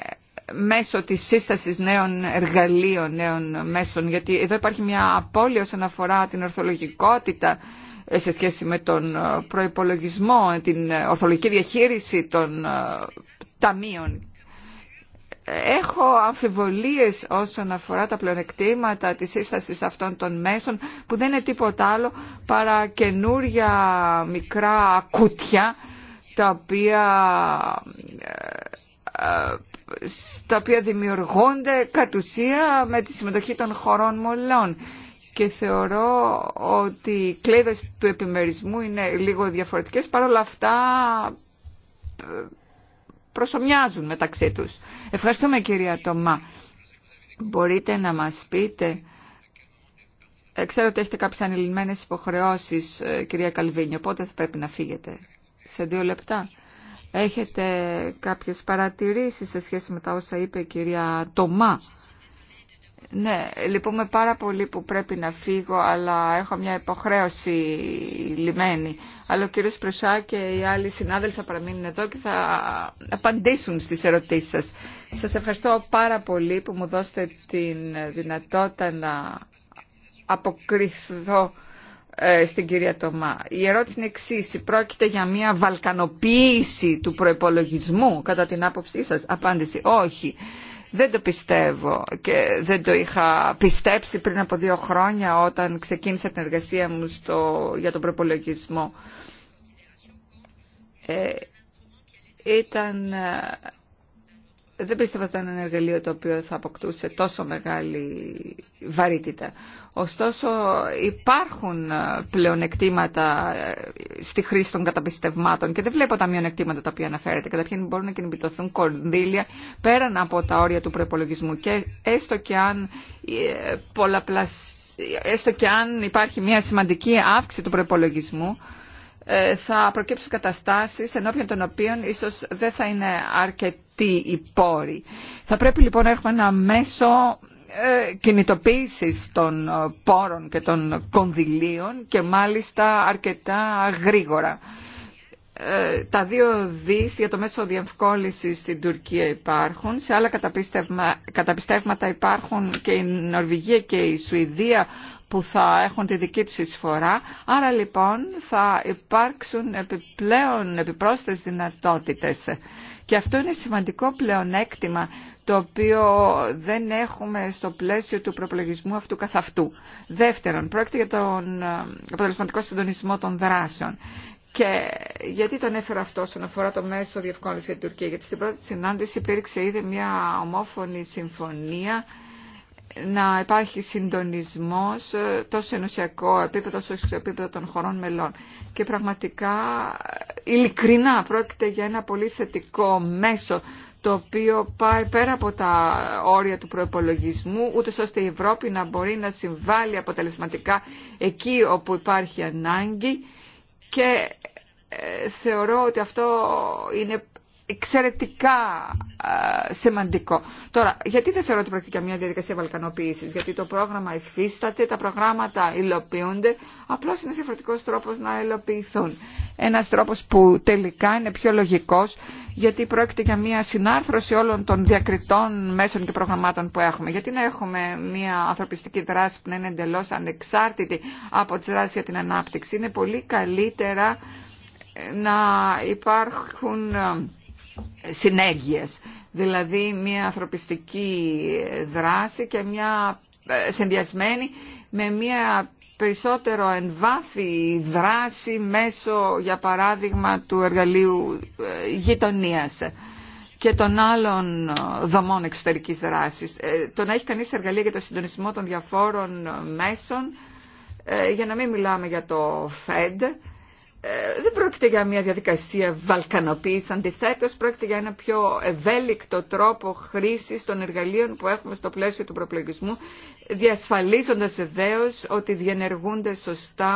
μέσω της σύστασης νέων εργαλείων, νέων μέσων, γιατί εδώ υπάρχει μια απώλεια όσον αφορά την ορθολογικότητα ε, σε σχέση με τον ε, προϋπολογισμό, ε, την ορθολογική διαχείριση των ταμείων Έχω αμφιβολίες όσον αφορά τα πλεονεκτήματα της σύστασης αυτών των μέσων που δεν είναι τίποτα άλλο παρά καινούρια μικρά κουτιά τα οποία, ε, ε, τα οποία δημιουργούνται κατ' ουσία με τη συμμετοχή των χωρών μολών. Και θεωρώ ότι οι κλέδες του επιμερισμού είναι λίγο διαφορετικές, παρόλα αυτά ε, προσωμιάζουν μεταξύ τους. Ευχαριστούμε κυρία Τομά. Μπορείτε να μας πείτε... Ε, ξέρω ότι έχετε κάποιες ανηλυμένες υποχρεώσεις, ε, κυρία Καλβίνη, οπότε θα πρέπει να φύγετε σε δύο λεπτά. Έχετε κάποιες παρατηρήσεις σε σχέση με τα όσα είπε η κυρία Τομά. Ναι, λυπούμε πάρα πολύ που πρέπει να φύγω, αλλά έχω μια υποχρέωση λιμένη αλλά ο κύριος Πρεσά και οι άλλοι συνάδελφοι θα παραμείνουν εδώ και θα απαντήσουν στις ερωτήσεις σας. Σας ευχαριστώ πάρα πολύ που μου δώσετε τη δυνατότητα να αποκριθώ ε, στην κυρία Τομά. Η ερώτηση είναι εξή. Πρόκειται για μια βαλκανοποίηση του προπολογισμού, κατά την άποψή σας. Απάντηση, όχι. Δεν το πιστεύω και δεν το είχα πιστέψει πριν από δύο χρόνια όταν ξεκίνησα την εργασία μου στο, για τον προπολογισμό. Ε, ήταν ε, δεν πίστευα ότι ήταν ένα εργαλείο το οποίο θα αποκτούσε τόσο μεγάλη βαρύτητα. Ωστόσο υπάρχουν ε, πλεονεκτήματα ε, στη χρήση των καταπιστευμάτων και δεν βλέπω τα μειονεκτήματα τα οποία αναφέρεται. Καταρχήν μπορούν να κινητοποιηθούν κονδύλια πέραν από τα όρια του προπολογισμού και έστω και αν ε, έστω και αν υπάρχει μια σημαντική αύξηση του προπολογισμού, ε, θα προκύψουν καταστάσεις ενώπιον των οποίων ίσως δεν θα είναι αρκετοί οι πόροι. Θα πρέπει λοιπόν να έχουμε ένα μέσο ε, κινητοποίησης των ε, πόρων και των κονδυλίων και μάλιστα αρκετά γρήγορα. Τα δύο δις για το μέσο διευκόλυνσης στην Τουρκία υπάρχουν, σε άλλα καταπιστεύματα υπάρχουν και η Νορβηγία και η Σουηδία που θα έχουν τη δική τους εισφορά. Άρα λοιπόν θα υπάρξουν επιπλέον επιπρόσθετες δυνατότητες. Και αυτό είναι σημαντικό πλεονέκτημα το οποίο δεν έχουμε στο πλαίσιο του προπολογισμού αυτού καθ' αυτού. Δεύτερον, πρόκειται για τον ε, αποτελεσματικό συντονισμό των δράσεων. Και γιατί τον έφερα αυτό όσον αφορά το μέσο διευκόλυνση για την Τουρκία. Γιατί στην πρώτη συνάντηση υπήρξε ήδη μια ομόφωνη συμφωνία να υπάρχει συντονισμός ε, τόσο σε ενωσιακό επίπεδο όσο σε επίπεδο των χωρών μελών. Και πραγματικά, ε, ειλικρινά, πρόκειται για ένα πολύ θετικό μέσο το οποίο πάει πέρα από τα όρια του προπολογισμού, ούτε ώστε η Ευρώπη να μπορεί να συμβάλλει αποτελεσματικά εκεί όπου υπάρχει ανάγκη και ε, θεωρώ ότι αυτό είναι εξαιρετικά σημαντικό. Τώρα, γιατί δεν θεωρώ ότι πρακτικά μια διαδικασία βαλκανοποίησης, γιατί το πρόγραμμα υφίσταται, τα προγράμματα υλοποιούνται, απλώς είναι διαφορετικό τρόπο να υλοποιηθούν. Ένας τρόπος που τελικά είναι πιο λογικός, γιατί πρόκειται για μια συνάρθρωση όλων των διακριτών μέσων και προγραμμάτων που έχουμε. Γιατί να έχουμε μια ανθρωπιστική δράση που να είναι εντελώς ανεξάρτητη από τις δράσεις για την ανάπτυξη. Είναι πολύ καλύτερα να υπάρχουν συνέργειες. Δηλαδή μια ανθρωπιστική δράση και μια ε, συνδυασμένη με μια περισσότερο ενβάθη δράση μέσω, για παράδειγμα, του εργαλείου ε, γειτονίας και των άλλων ε, δομών εξωτερικής δράσης. Το να έχει κανείς εργαλεία για το συντονισμό των διαφόρων μέσων, για να μην μιλάμε για το ΦΕΔ, ε, δεν πρόκειται για μια διαδικασία βαλκανοποίηση, αντιθέτω, πρόκειται για ένα πιο ευέλικτο τρόπο χρήσης των εργαλείων που έχουμε στο πλαίσιο του προπλογισμού, διασφαλίζοντας βεβαίω ότι διενεργούνται σωστά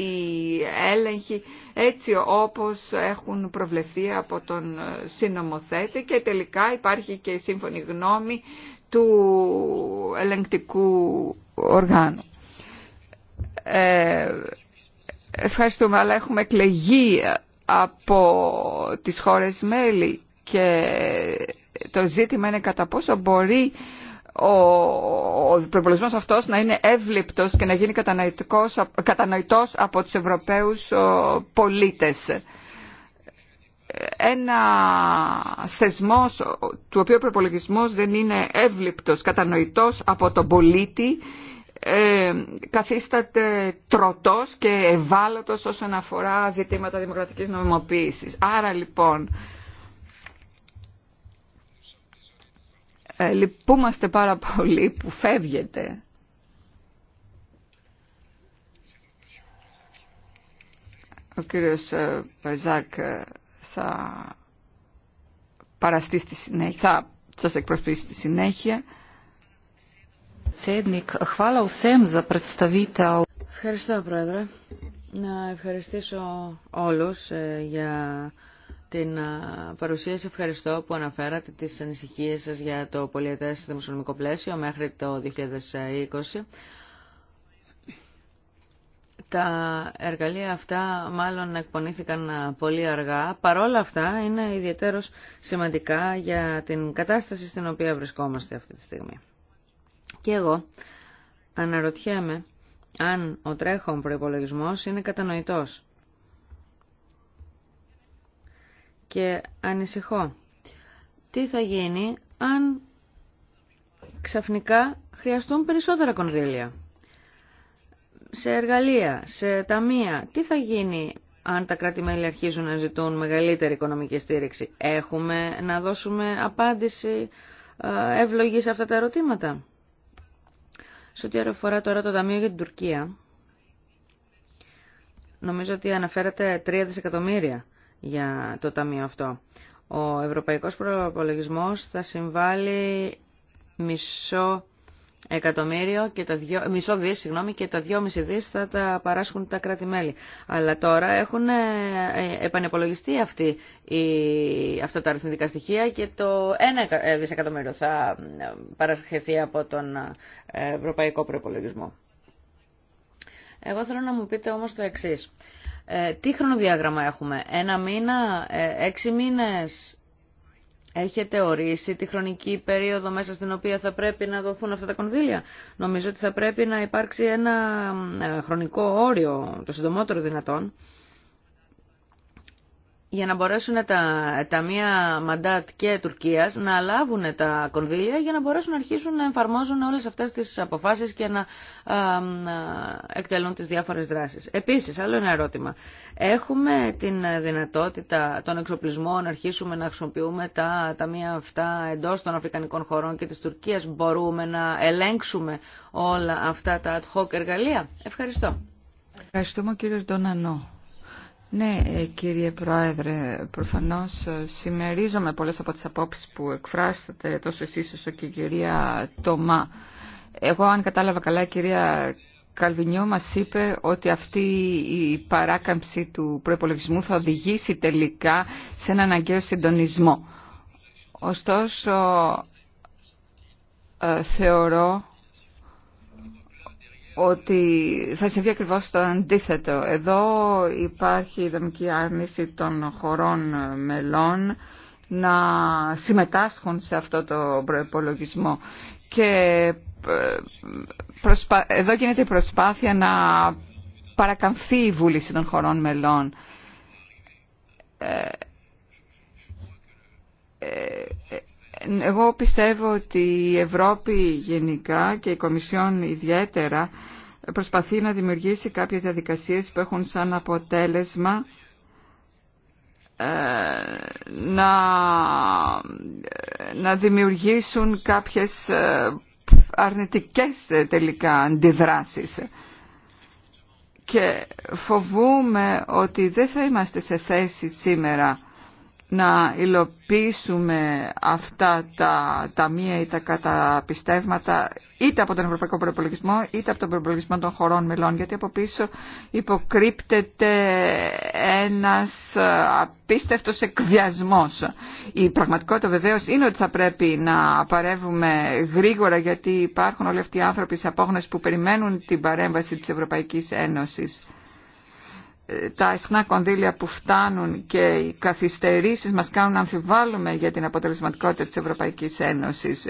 οι έλεγχοι έτσι όπως έχουν προβλεφθεί από τον συνομοθέτη και τελικά υπάρχει και η σύμφωνη γνώμη του ελεγκτικού οργάνου. Ε, Ευχαριστούμε, αλλά έχουμε εκλεγεί από τις χώρες μέλη και το ζήτημα είναι κατά πόσο μπορεί ο, ο αυτός να είναι εύληπτος και να γίνει κατανοητός από τους Ευρωπαίους πολίτες. Ένα θεσμός του οποίου ο προπολογισμός δεν είναι εύληπτος, κατανοητός από τον πολίτη ε, καθίσταται τροτός και ευάλωτος όσον αφορά ζητήματα δημοκρατικής νομιμοποίησης. Άρα λοιπόν, ε, λυπούμαστε πάρα πολύ που φεύγετε. Ο κύριος Περζάκ ε, θα παραστεί στη θα σας εκπροσπίσει στη συνέχεια. Ευχαριστώ, Πρόεδρε. Να ευχαριστήσω όλους ε, για την παρουσίαση. Ευχαριστώ που αναφέρατε τις ανησυχίες σας για το πολιετές δημοσιονομικό πλαίσιο μέχρι το 2020. Τα εργαλεία αυτά μάλλον εκπονήθηκαν πολύ αργά. Παρόλα αυτά είναι ιδιαίτερως σημαντικά για την κατάσταση στην οποία βρισκόμαστε αυτή τη στιγμή. Και εγώ αναρωτιέμαι αν ο τρέχον προϋπολογισμός είναι κατανοητός. Και ανησυχώ. Τι θα γίνει αν ξαφνικά χρειαστούν περισσότερα κονδύλια. Σε εργαλεία, σε ταμεία, τι θα γίνει αν τα κράτη-μέλη αρχίζουν να ζητούν μεγαλύτερη οικονομική στήριξη. Έχουμε να δώσουμε απάντηση εύλογη σε αυτά τα ερωτήματα. Σε ό,τι αφορά τώρα το Ταμείο για την Τουρκία, νομίζω ότι αναφέρατε 3 δισεκατομμύρια για το Ταμείο αυτό. Ο Ευρωπαϊκός Προπολογισμός θα συμβάλλει μισό εκατομμύριο και τα δυο, μισό δις, και τα 2,5 δις θα τα παράσχουν τα κράτη-μέλη. Αλλά τώρα έχουν ε, ε, επανεπολογιστεί αυτή, η, αυτά τα αριθμητικά στοιχεία και το 1 ε, δισεκατομμύριο θα παρασχεθεί από τον ευρωπαϊκό προπολογισμό. Εγώ θέλω να μου πείτε όμως το εξής. τι χρονοδιάγραμμα έχουμε, ένα μήνα, έξι μήνες, Έχετε ορίσει τη χρονική περίοδο μέσα στην οποία θα πρέπει να δοθούν αυτά τα κονδύλια. Νομίζω ότι θα πρέπει να υπάρξει ένα ε, χρονικό όριο, το συντομότερο δυνατόν, για να μπορέσουν τα ταμεία Μαντάτ και Τουρκίας να λάβουν τα κονδύλια για να μπορέσουν να αρχίσουν να εφαρμόζουν όλες αυτές τις αποφάσεις και να, α, να εκτελούν τις διάφορες δράσεις. Επίσης, άλλο ένα ερώτημα. Έχουμε την δυνατότητα των εξοπλισμών να αρχίσουμε να χρησιμοποιούμε τα ταμεία αυτά εντός των Αφρικανικών χωρών και της Τουρκίας. Μπορούμε να ελέγξουμε όλα αυτά τα ad hoc εργαλεία. Ευχαριστώ. Ευχαριστούμε κύριος Ντονανό. Ναι, ε, κύριε Πρόεδρε, προφανώς ε, συμμερίζομαι πολλές από τις απόψεις που εκφράσατε τόσο εσείς όσο και η κυρία Τομά. Εγώ αν κατάλαβα καλά η κυρία Καλβινιό μας είπε ότι αυτή η παράκαμψη του προπολογισμού θα οδηγήσει τελικά σε έναν αγκαίο συντονισμό. Ωστόσο, ε, θεωρώ ότι θα συμβεί ακριβώς το αντίθετο. Εδώ υπάρχει η δομική άρνηση των χωρών μελών να συμμετάσχουν σε αυτό το προεπολογισμό Και ε, εδώ γίνεται η προσπάθεια να παρακαμφθεί η βούληση των χωρών μελών. Ε, ε, εγώ πιστεύω ότι η Ευρώπη γενικά και η Κομισιόν ιδιαίτερα προσπαθεί να δημιουργήσει κάποιες διαδικασίες που έχουν σαν αποτέλεσμα ε, να, να δημιουργήσουν κάποιες ε, αρνητικές ε, τελικά αντιδράσεις. Και φοβούμε ότι δεν θα είμαστε σε θέση σήμερα να υλοποιήσουμε αυτά τα ταμεία ή τα καταπιστεύματα είτε από τον Ευρωπαϊκό Προπολογισμό είτε από τον προπολογισμό των χωρών μελών γιατί από πίσω υποκρύπτεται ένας απίστευτος εκβιασμός. Η πραγματικότητα βεβαίως είναι ότι θα πρέπει να παρεύουμε γρήγορα γιατί υπάρχουν όλοι αυτοί οι άνθρωποι σε απόγνωση που περιμένουν την παρέμβαση της Ευρωπαϊκής Ένωσης τα ισχνά κονδύλια που φτάνουν και οι καθυστερήσεις μας κάνουν να αμφιβάλλουμε για την αποτελεσματικότητα της Ευρωπαϊκής Ένωσης.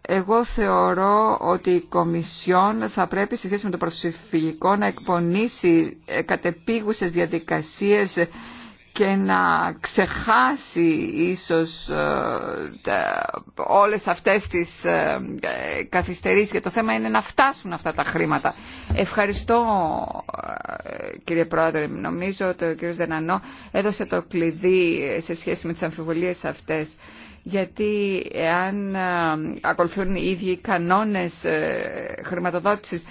Εγώ θεωρώ ότι η Κομισιόν θα πρέπει σε σχέση με το προσφυγικό να εκπονήσει ε, κατεπίγουσες διαδικασίες και να ξεχάσει ίσως ε, όλες αυτές τις ε, καθυστερήσεις και το θέμα είναι να φτάσουν αυτά τα χρήματα. Ευχαριστώ ε, κύριε Πρόεδρε, νομίζω ότι ο κύριος Δενανό έδωσε το κλειδί σε σχέση με τις αμφιβολίες αυτές γιατί εάν ακολουθούν οι ίδιοι κανόνες χρηματοδότησης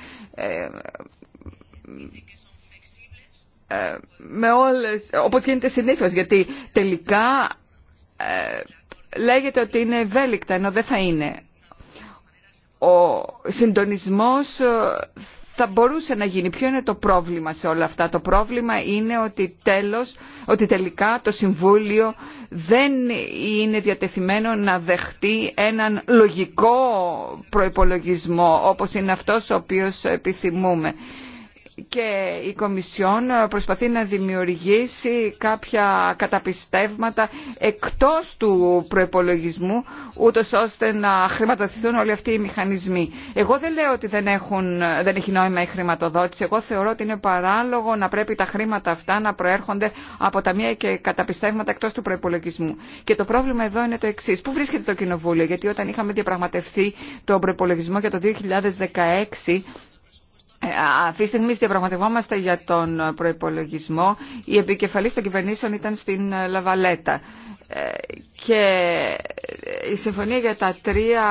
ε, με όλες, όπως γίνεται συνήθως, γιατί τελικά ε, λέγεται ότι είναι ευέλικτα, ενώ δεν θα είναι. Ο συντονισμός ε, θα μπορούσε να γίνει. Ποιο είναι το πρόβλημα σε όλα αυτά. Το πρόβλημα είναι ότι, τέλος, ότι τελικά το Συμβούλιο δεν είναι διατεθειμένο να δεχτεί έναν λογικό προϋπολογισμό όπως είναι αυτός ο οποίος επιθυμούμε και η Κομισιόν ε, προσπαθεί να δημιουργήσει κάποια καταπιστεύματα εκτός του προϋπολογισμού ούτως ώστε να χρηματοδοτηθούν όλοι αυτοί οι μηχανισμοί. Εγώ δεν λέω ότι δεν, έχουν, δεν έχει νόημα η χρηματοδότηση. Εγώ θεωρώ ότι είναι παράλογο να πρέπει τα χρήματα αυτά να προέρχονται από τα μία και καταπιστεύματα εκτός του προϋπολογισμού. Και το πρόβλημα εδώ είναι το εξή. Πού βρίσκεται το Κοινοβούλιο, γιατί όταν είχαμε διαπραγματευτεί τον προϋπολογισμό για το 2016 ε, αυτή τη στιγμή διαπραγματευόμαστε για τον προϋπολογισμό. Η επικεφαλή των κυβερνήσεων ήταν στην ε, Λαβαλέτα. Ε, και η συμφωνία για τα τρία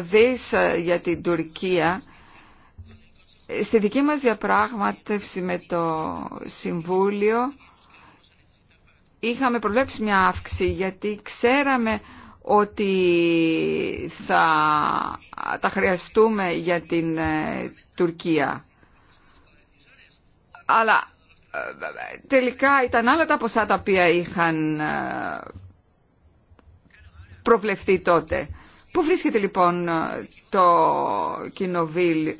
δις για την Τουρκία στη δική μας διαπράγματευση με το Συμβούλιο είχαμε προβλέψει μια αύξηση γιατί ξέραμε ότι θα τα χρειαστούμε για την ε, Τουρκία. Αλλά ε, τελικά ήταν άλλα τα ποσά τα οποία είχαν ε, προβλεφθεί τότε. Πού βρίσκεται λοιπόν το,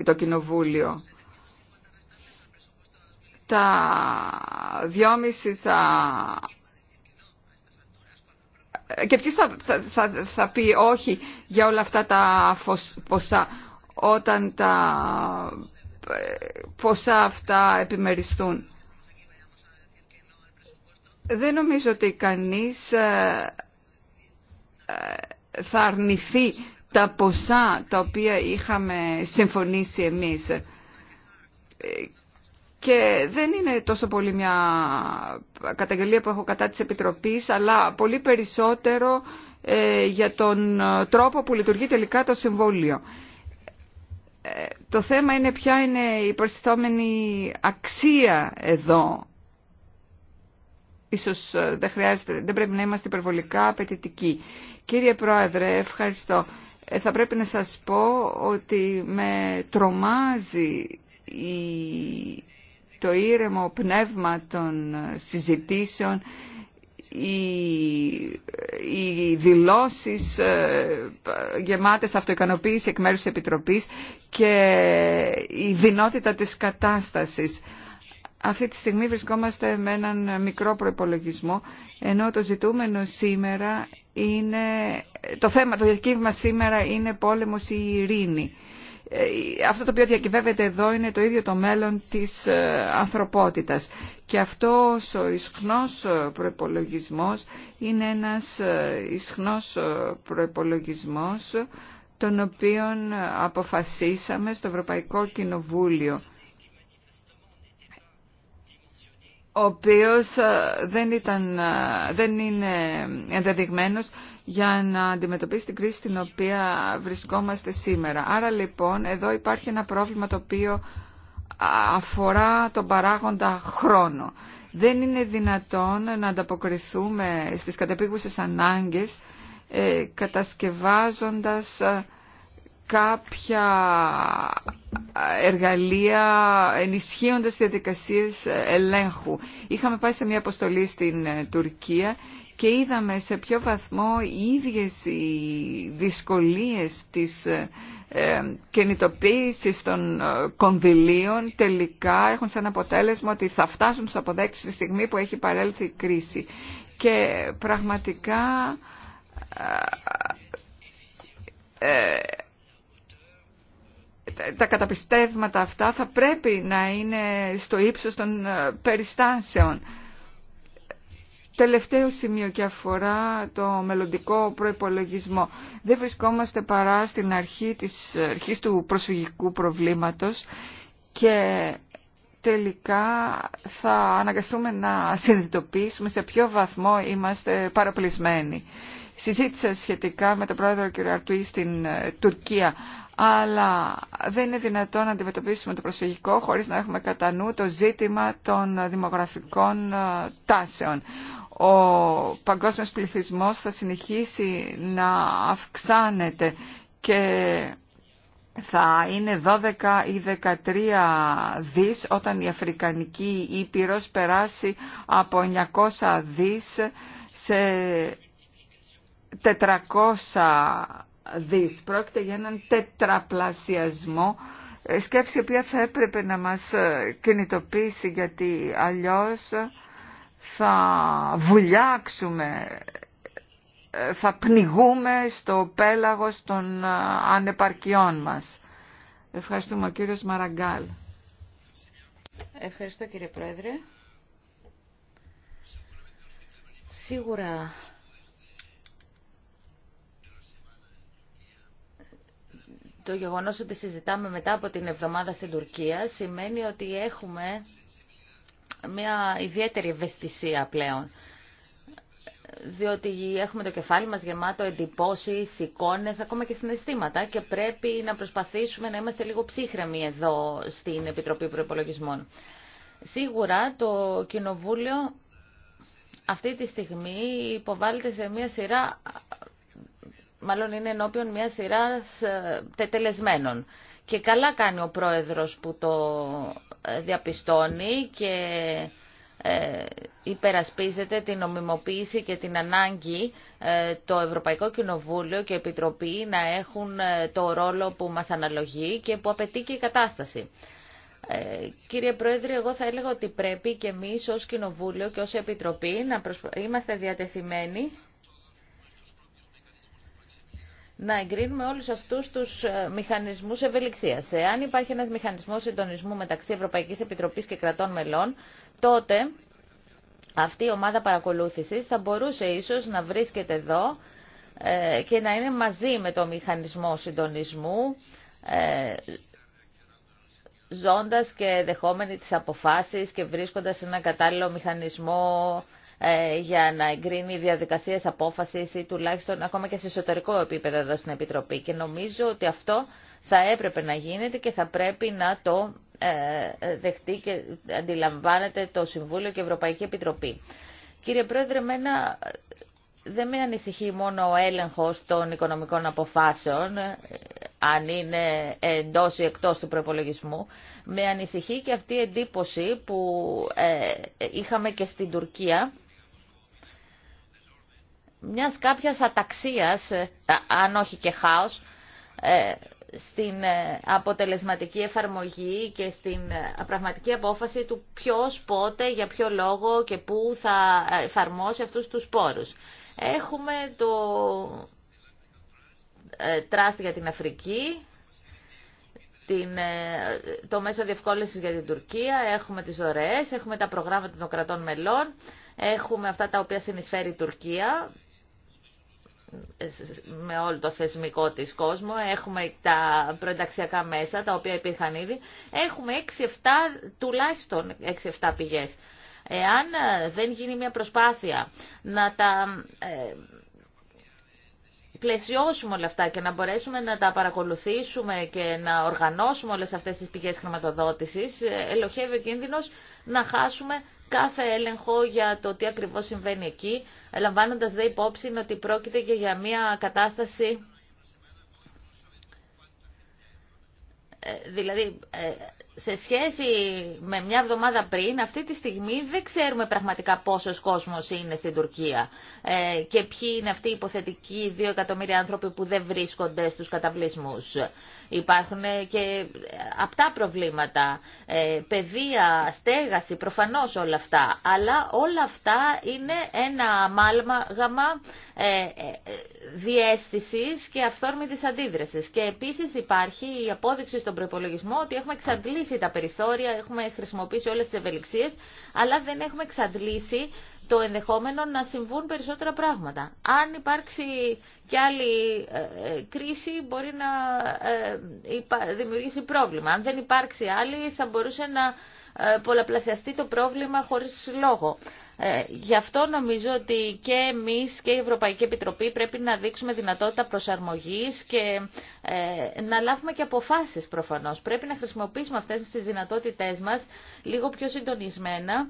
το κοινοβούλιο. Τα δυόμιση θα και ποιος θα, θα, θα, πει όχι για όλα αυτά τα ποσά όταν τα ε, ποσά αυτά επιμεριστούν. Δεν νομίζω ότι κανείς ε, ε, θα αρνηθεί τα ποσά τα οποία είχαμε συμφωνήσει εμείς και δεν είναι τόσο πολύ μια καταγγελία που έχω κατά της Επιτροπής, αλλά πολύ περισσότερο ε, για τον ε, τρόπο που λειτουργεί τελικά το Συμβούλιο. Ε, το θέμα είναι ποια είναι η προστιθόμενη αξία εδώ. Ίσως δεν, χρειάζεται, δεν πρέπει να είμαστε υπερβολικά απαιτητικοί. Κύριε Πρόεδρε, ευχαριστώ. θα πρέπει να σας πω ότι με τρομάζει η το ήρεμο πνεύμα των συζητήσεων, οι δηλώσεις ε, γεμάτες αυτοικανοποίηση εκ μέρους της Επιτροπής και η δυνότητα της κατάστασης. Αυτή τη στιγμή βρισκόμαστε με έναν μικρό προϋπολογισμό, ενώ το ζητούμενο σήμερα είναι, το θέμα, το διακύβημα σήμερα είναι πόλεμος ή ειρήνη. Ε, αυτό το οποίο διακυβεύεται εδώ είναι το ίδιο το μέλλον της ε, ανθρωπότητας. Και αυτός ο ισχνός ε, προϋπολογισμός είναι ένας ισχνός προϋπολογισμός τον οποίον αποφασίσαμε στο Ευρωπαϊκό Κοινοβούλιο ο οποίος δεν, ήταν, δεν είναι ενδεδειγμένος για να αντιμετωπίσει την κρίση στην οποία βρισκόμαστε σήμερα. Άρα λοιπόν εδώ υπάρχει ένα πρόβλημα το οποίο αφορά τον παράγοντα χρόνο. Δεν είναι δυνατόν να ανταποκριθούμε στις κατεπίγουσες ανάγκες ε, κατασκευάζοντας ε, κάποια εργαλεία ενισχύοντας διαδικασίες ελέγχου. Είχαμε πάει σε μια αποστολή στην ε, Τουρκία και είδαμε σε ποιο βαθμό οι ίδιες οι δυσκολίες της ε, ε κινητοποίησης των ε, κονδυλίων τελικά έχουν σαν αποτέλεσμα ότι θα φτάσουν στους αποδέξεις τη στιγμή που έχει παρέλθει η κρίση. Και πραγματικά ε, τα καταπιστεύματα αυτά θα πρέπει να είναι στο ύψος των περιστάσεων. Τελευταίο σημείο και αφορά το μελλοντικό προϋπολογισμό. Δεν βρισκόμαστε παρά στην αρχή της, αρχής του προσφυγικού προβλήματος και τελικά θα αναγκαστούμε να συνειδητοποιήσουμε σε ποιο βαθμό είμαστε παραπλησμένοι. Συζήτησα σχετικά με τον πρόεδρο κ. Αρτουή στην ε, Τουρκία, αλλά δεν είναι δυνατόν να αντιμετωπίσουμε το προσφυγικό χωρίς να έχουμε κατά νου το ζήτημα των δημογραφικών ε, τάσεων ο παγκόσμιος πληθυσμός θα συνεχίσει να αυξάνεται και θα είναι 12 ή 13 δις όταν η Αφρικανική Ήπειρος περάσει από 900 δις σε 400 δις. Πρόκειται για έναν τετραπλασιασμό ε, σκέψη η οποία θα έπρεπε να μας κινητοποιήσει γιατί αλλιώς θα βουλιάξουμε, ε, θα πνιγούμε στο πέλαγος των ε, ανεπαρκιών μας. Ευχαριστούμε ο κύριος Μαραγκάλ. Ευχαριστώ κύριε Πρόεδρε. Σίγουρα το γεγονός ότι συζητάμε μετά από την εβδομάδα στην Τουρκία σημαίνει ότι έχουμε μια ιδιαίτερη ευαισθησία πλέον διότι έχουμε το κεφάλι μας γεμάτο εντυπώσεις, εικόνες, ακόμα και συναισθήματα και πρέπει να προσπαθήσουμε να είμαστε λίγο ψύχρεμοι εδώ στην Επιτροπή Προϋπολογισμών. Σίγουρα το Κοινοβούλιο αυτή τη στιγμή υποβάλλεται σε μια σειρά, μάλλον είναι ενώπιον μια σειρά ε, τετελεσμένων. Και καλά κάνει ο πρόεδρος που το ε, διαπιστώνει και ε, υπερασπίζεται την νομιμοποίηση και την ανάγκη ε, το Ευρωπαϊκό Κοινοβούλιο και η Επιτροπή να έχουν το ρόλο που μας αναλογεί και που απαιτεί και η κατάσταση. Κύριε Πρόεδρε, εγώ θα έλεγα ότι πρέπει και εμείς ως Κοινοβούλιο και ως Επιτροπή να είμαστε διατεθειμένοι να εγκρίνουμε όλους αυτούς τους ε, μηχανισμούς ευελιξίας. Εάν υπάρχει ένας μηχανισμός συντονισμού μεταξύ Ευρωπαϊκής Επιτροπής και κρατών μελών, τότε αυτή η ομάδα παρακολούθησης θα μπορούσε ίσως να βρίσκεται εδώ ε, και να είναι μαζί με το μηχανισμό συντονισμού, ε, ζώντας και δεχόμενοι τις αποφάσεις και βρίσκοντας ένα κατάλληλο μηχανισμό ε, για να εγκρίνει διαδικασίε απόφαση ή τουλάχιστον ακόμα και σε εσωτερικό επίπεδο εδώ στην Επιτροπή. Και νομίζω ότι αυτό θα έπρεπε να γίνεται και θα πρέπει να το ε, δεχτεί και αντιλαμβάνεται το Συμβούλιο και η Ευρωπαϊκή Επιτροπή. Κύριε Πρόεδρε, μένα ε, δεν με ανησυχεί μόνο ο έλεγχος των οικονομικών αποφάσεων, αν είναι εντός ή εκτός του προπολογισμού. Με ανησυχεί και αυτή η εντύπωση που είχαμε και στην Τουρκία μιας κάποιας αταξίας, ε, αν όχι και χάος, ε, στην ε, αποτελεσματική εφαρμογή και στην πραγματική απόφαση του ποιος, πότε, για ποιο λόγο και πού θα εφαρμόσει αυτούς τους πόρους. Έχουμε το τράστ για την Αφρική, το μέσο διευκόλυνση για την Τουρκία, έχουμε τις ωραίες, έχουμε τα προγράμματα των κρατών μελών, έχουμε αυτά τα οποία συνεισφέρει η Τουρκία με όλο το θεσμικό της κόσμο. Έχουμε τα προενταξιακά μέσα, τα οποία υπήρχαν ήδη. Έχουμε 6-7, τουλάχιστον 6-7 πηγές. Εάν ε, δεν γίνει μια προσπάθεια να τα ε, πλαισιώσουμε όλα αυτά και να μπορέσουμε να τα παρακολουθήσουμε και να οργανώσουμε όλες αυτές τις πηγές χρηματοδότησης, ε, ελοχεύει ο κίνδυνος να χάσουμε κάθε έλεγχο για το τι ακριβώς συμβαίνει εκεί, λαμβάνοντα δε υπόψη ότι πρόκειται και για μια κατάσταση ε, Δηλαδή, ε, σε σχέση με μια εβδομάδα πριν, αυτή τη στιγμή δεν ξέρουμε πραγματικά πόσος κόσμος είναι στην Τουρκία ε, και ποιοι είναι αυτοί οι υποθετικοί δύο εκατομμύρια άνθρωποι που δεν βρίσκονται στους καταβλισμούς. Υπάρχουν ε, και απτά προβλήματα, ε, παιδεία, στέγαση, προφανώς όλα αυτά. Αλλά όλα αυτά είναι ένα μάλμα γαμά ε, ε, διέστησης και αυθόρμητης αντίδρασης. Και επίσης υπάρχει η απόδειξη στον προπολογισμό ότι έχουμε εξαντλήσει χρησιμοποιήσει τα περιθώρια, έχουμε χρησιμοποιήσει όλες τις ευελιξίες, αλλά δεν έχουμε εξαντλήσει το ενδεχόμενο να συμβούν περισσότερα πράγματα. Αν υπάρξει κι άλλη ε, ε, κρίση μπορεί να ε, δημιουργήσει πρόβλημα. Αν δεν υπάρξει άλλη θα μπορούσε να ε, πολλαπλασιαστεί το πρόβλημα χωρίς λόγο. Ε, γι' αυτό νομίζω ότι και εμείς και η Ευρωπαϊκή Επιτροπή πρέπει να δείξουμε δυνατότητα προσαρμογής και ε, να λάβουμε και αποφάσεις προφανώς. Πρέπει να χρησιμοποιήσουμε αυτές τις δυνατότητές μας λίγο πιο συντονισμένα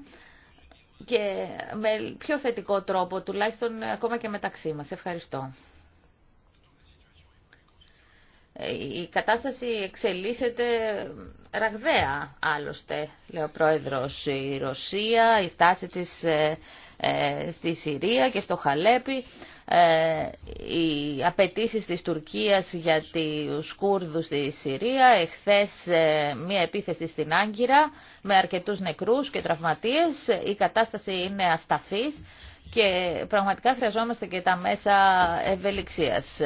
και με πιο θετικό τρόπο, τουλάχιστον ακόμα και μεταξύ μας. Ευχαριστώ. Ε, η κατάσταση εξελίσσεται ραγδαία άλλωστε, λέει ο πρόεδρος. Η Ρωσία, η στάση της ε, ε, στη Συρία και στο Χαλέπι, οι απαιτήσει της Τουρκίας για τους Κούρδους στη Συρία, εχθές μία επίθεση στην Άγκυρα με αρκετούς νεκρούς και τραυματίες, η κατάσταση είναι ασταθής και πραγματικά χρειαζόμαστε και τα μέσα ευελιξίας.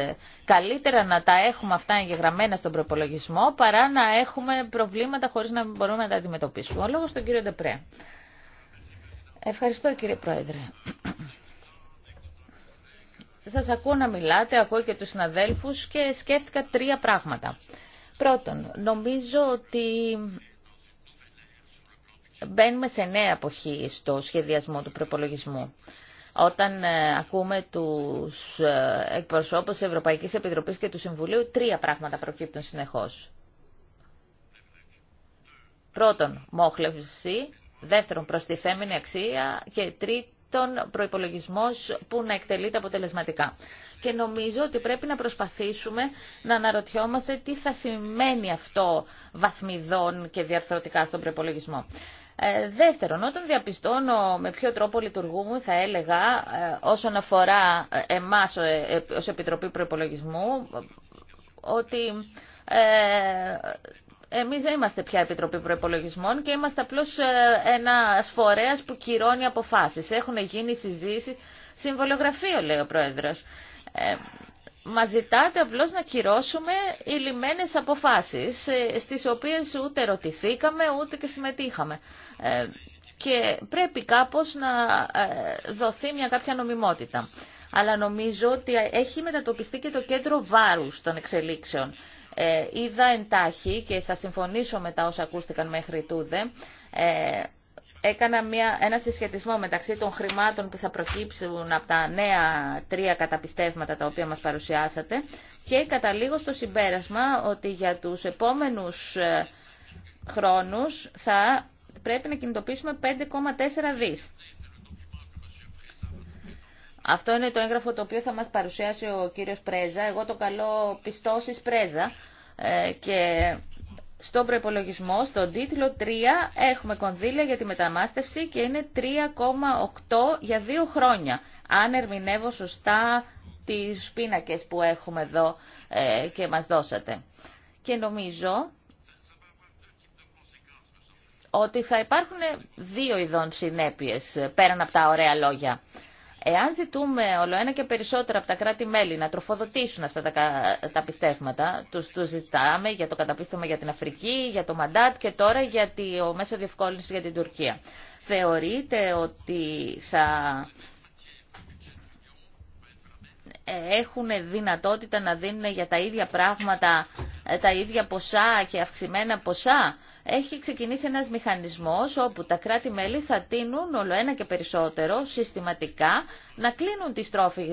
Καλύτερα να τα έχουμε αυτά εγγεγραμμένα στον προπολογισμό παρά να έχουμε προβλήματα χωρί να μπορούμε να τα αντιμετωπίσουμε. Ο λόγο στον κύριο Ντεπρέ. Ευχαριστώ κύριε Πρόεδρε. Σα ακούω να μιλάτε, ακούω και τους συναδέλφου και σκέφτηκα τρία πράγματα. Πρώτον, νομίζω ότι μπαίνουμε σε νέα εποχή στο σχεδιασμό του προπολογισμού. Όταν ε, ακούμε τους ε, εκπροσώπους της Ευρωπαϊκής Επιτροπής και του Συμβουλίου, τρία πράγματα προκύπτουν συνεχώς. Πρώτον, μόχλευση, δεύτερον, προστιθέμενη αξία και τρίτον, προϋπολογισμός που να εκτελείται αποτελεσματικά. Και νομίζω ότι πρέπει να προσπαθήσουμε να αναρωτιόμαστε τι θα σημαίνει αυτό βαθμιδών και διαρθρωτικά στον προϋπολογισμό. Ε, δεύτερον, όταν διαπιστώνω με ποιο τρόπο λειτουργούμε, θα έλεγα, ε, όσον αφορά ε, εμάς ως Επιτροπή Προϋπολογισμού, ότι εμείς δεν είμαστε πια Επιτροπή Προϋπολογισμών και είμαστε απλώς ένα φορέας που κυρώνει αποφάσεις. Έχουν γίνει συζήσεις, συμβολογραφείο λέει ο Πρόεδρος. Μα ζητάτε απλώ να κυρώσουμε οι αποφάσεις, ε, στις οποίες ούτε ρωτηθήκαμε, ούτε και συμμετείχαμε. Ε, και πρέπει κάπως να ε, δοθεί μια κάποια νομιμότητα. Αλλά νομίζω ότι έχει μετατοπιστεί και το κέντρο βάρους των εξελίξεων. Ε, είδα εντάχει και θα συμφωνήσω με τα όσα ακούστηκαν μέχρι τούδε έκανα μια, ένα συσχετισμό μεταξύ των χρημάτων που θα προκύψουν από τα νέα τρία καταπιστεύματα τα οποία μας παρουσιάσατε και καταλήγω στο συμπέρασμα ότι για τους επόμενους ε, χρόνους θα πρέπει να κινητοποιήσουμε 5,4 δις. Αυτό είναι το έγγραφο το οποίο θα μας παρουσιάσει ο κύριος Πρέζα. Εγώ το καλώ πιστώσεις Πρέζα ε, στον προπολογισμό, στον τίτλο 3, έχουμε κονδύλια για τη μεταμάστευση και είναι 3,8 για δύο χρόνια. Αν ερμηνεύω σωστά τις πίνακες που έχουμε εδώ ε, και μας δώσατε. Και νομίζω ότι θα υπάρχουν δύο ειδών συνέπειες ε, πέραν από τα ωραία λόγια. Εάν ζητούμε όλο ένα και περισσότερα από τα κράτη-μέλη να τροφοδοτήσουν αυτά τα, πιστεύματα, τους ζητάμε για το καταπίστευμα για την Αφρική, για το Μαντάτ και τώρα για ο μέσο διευκόλυνση για την Τουρκία. Θεωρείτε ότι θα έχουν δυνατότητα να δίνουν για τα ίδια πράγματα ε, τα ίδια ποσά και αυξημένα ποσά έχει ξεκινήσει ένας μηχανισμός όπου τα κράτη-μέλη θα τίνουν όλο ένα και περισσότερο συστηματικά να κλείνουν τη στρόφη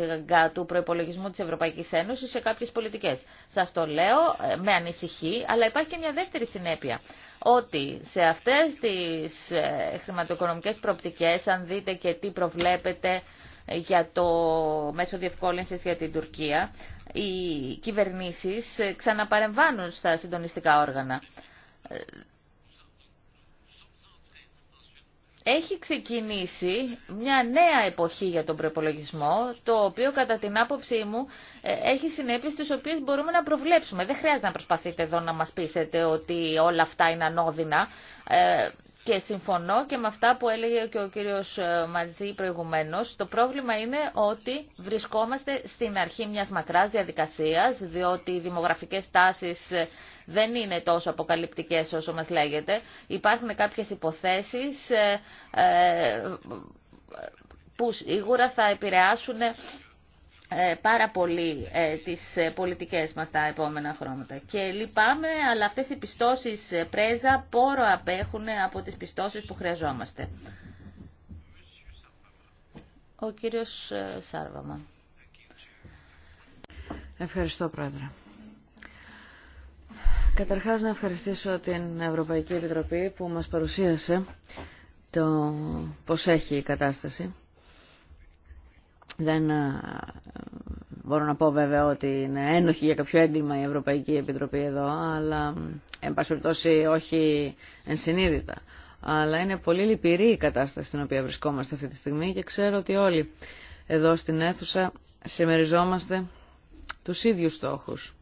του προπολογισμού της Ευρωπαϊκής Ένωσης σε κάποιες πολιτικές. Σας το λέω ε, με ανησυχή, αλλά υπάρχει και μια δεύτερη συνέπεια ότι σε αυτές τις ε, χρηματοοικονομικές προοπτικές, αν δείτε και τι προβλέπετε ε, για το μέσο διευκόλυνσης για την Τουρκία, οι κυβερνήσεις ξαναπαρεμβάνουν στα συντονιστικά όργανα. έχει ξεκινήσει μια νέα εποχή για τον προπολογισμό, το οποίο κατά την άποψή μου ε, έχει συνέπειες τις οποίες μπορούμε να προβλέψουμε. Δεν χρειάζεται να προσπαθείτε εδώ να μας πείσετε ότι όλα αυτά είναι ανώδυνα. Ε, και συμφωνώ και με αυτά που έλεγε και ο κύριος ε, Μαζί προηγουμένως. Το πρόβλημα είναι ότι βρισκόμαστε στην αρχή μιας μακράς διαδικασίας, διότι οι δημογραφικές τάσεις ε, δεν είναι τόσο αποκαλυπτικές όσο μας λέγεται. Υπάρχουν κάποιες υποθέσεις ε, που σίγουρα θα επηρεάσουν ε, πάρα πολύ ε, τις ε, πολιτικές μας τα επόμενα χρόνια. Και λυπάμαι, αλλά αυτές οι πιστώσεις πρέζα πόρο απέχουν από τις πιστώσεις που χρειαζόμαστε. Ο κύριος Σάρβαμα. Ευχαριστώ, Πρόεδρε. Καταρχάς να ευχαριστήσω την Ευρωπαϊκή Επιτροπή που μας παρουσίασε το πώς έχει η κατάσταση. Δεν ε, μπορώ να πω βέβαια ότι είναι ένοχη για κάποιο έγκλημα η Ευρωπαϊκή Επιτροπή εδώ, αλλά ε, εν πάση περιπτώσει όχι ενσυνείδητα. Αλλά είναι πολύ λυπηρή η κατάσταση στην οποία βρισκόμαστε αυτή τη στιγμή και ξέρω ότι όλοι εδώ στην αίθουσα συμμεριζόμαστε τους ίδιους στόχους.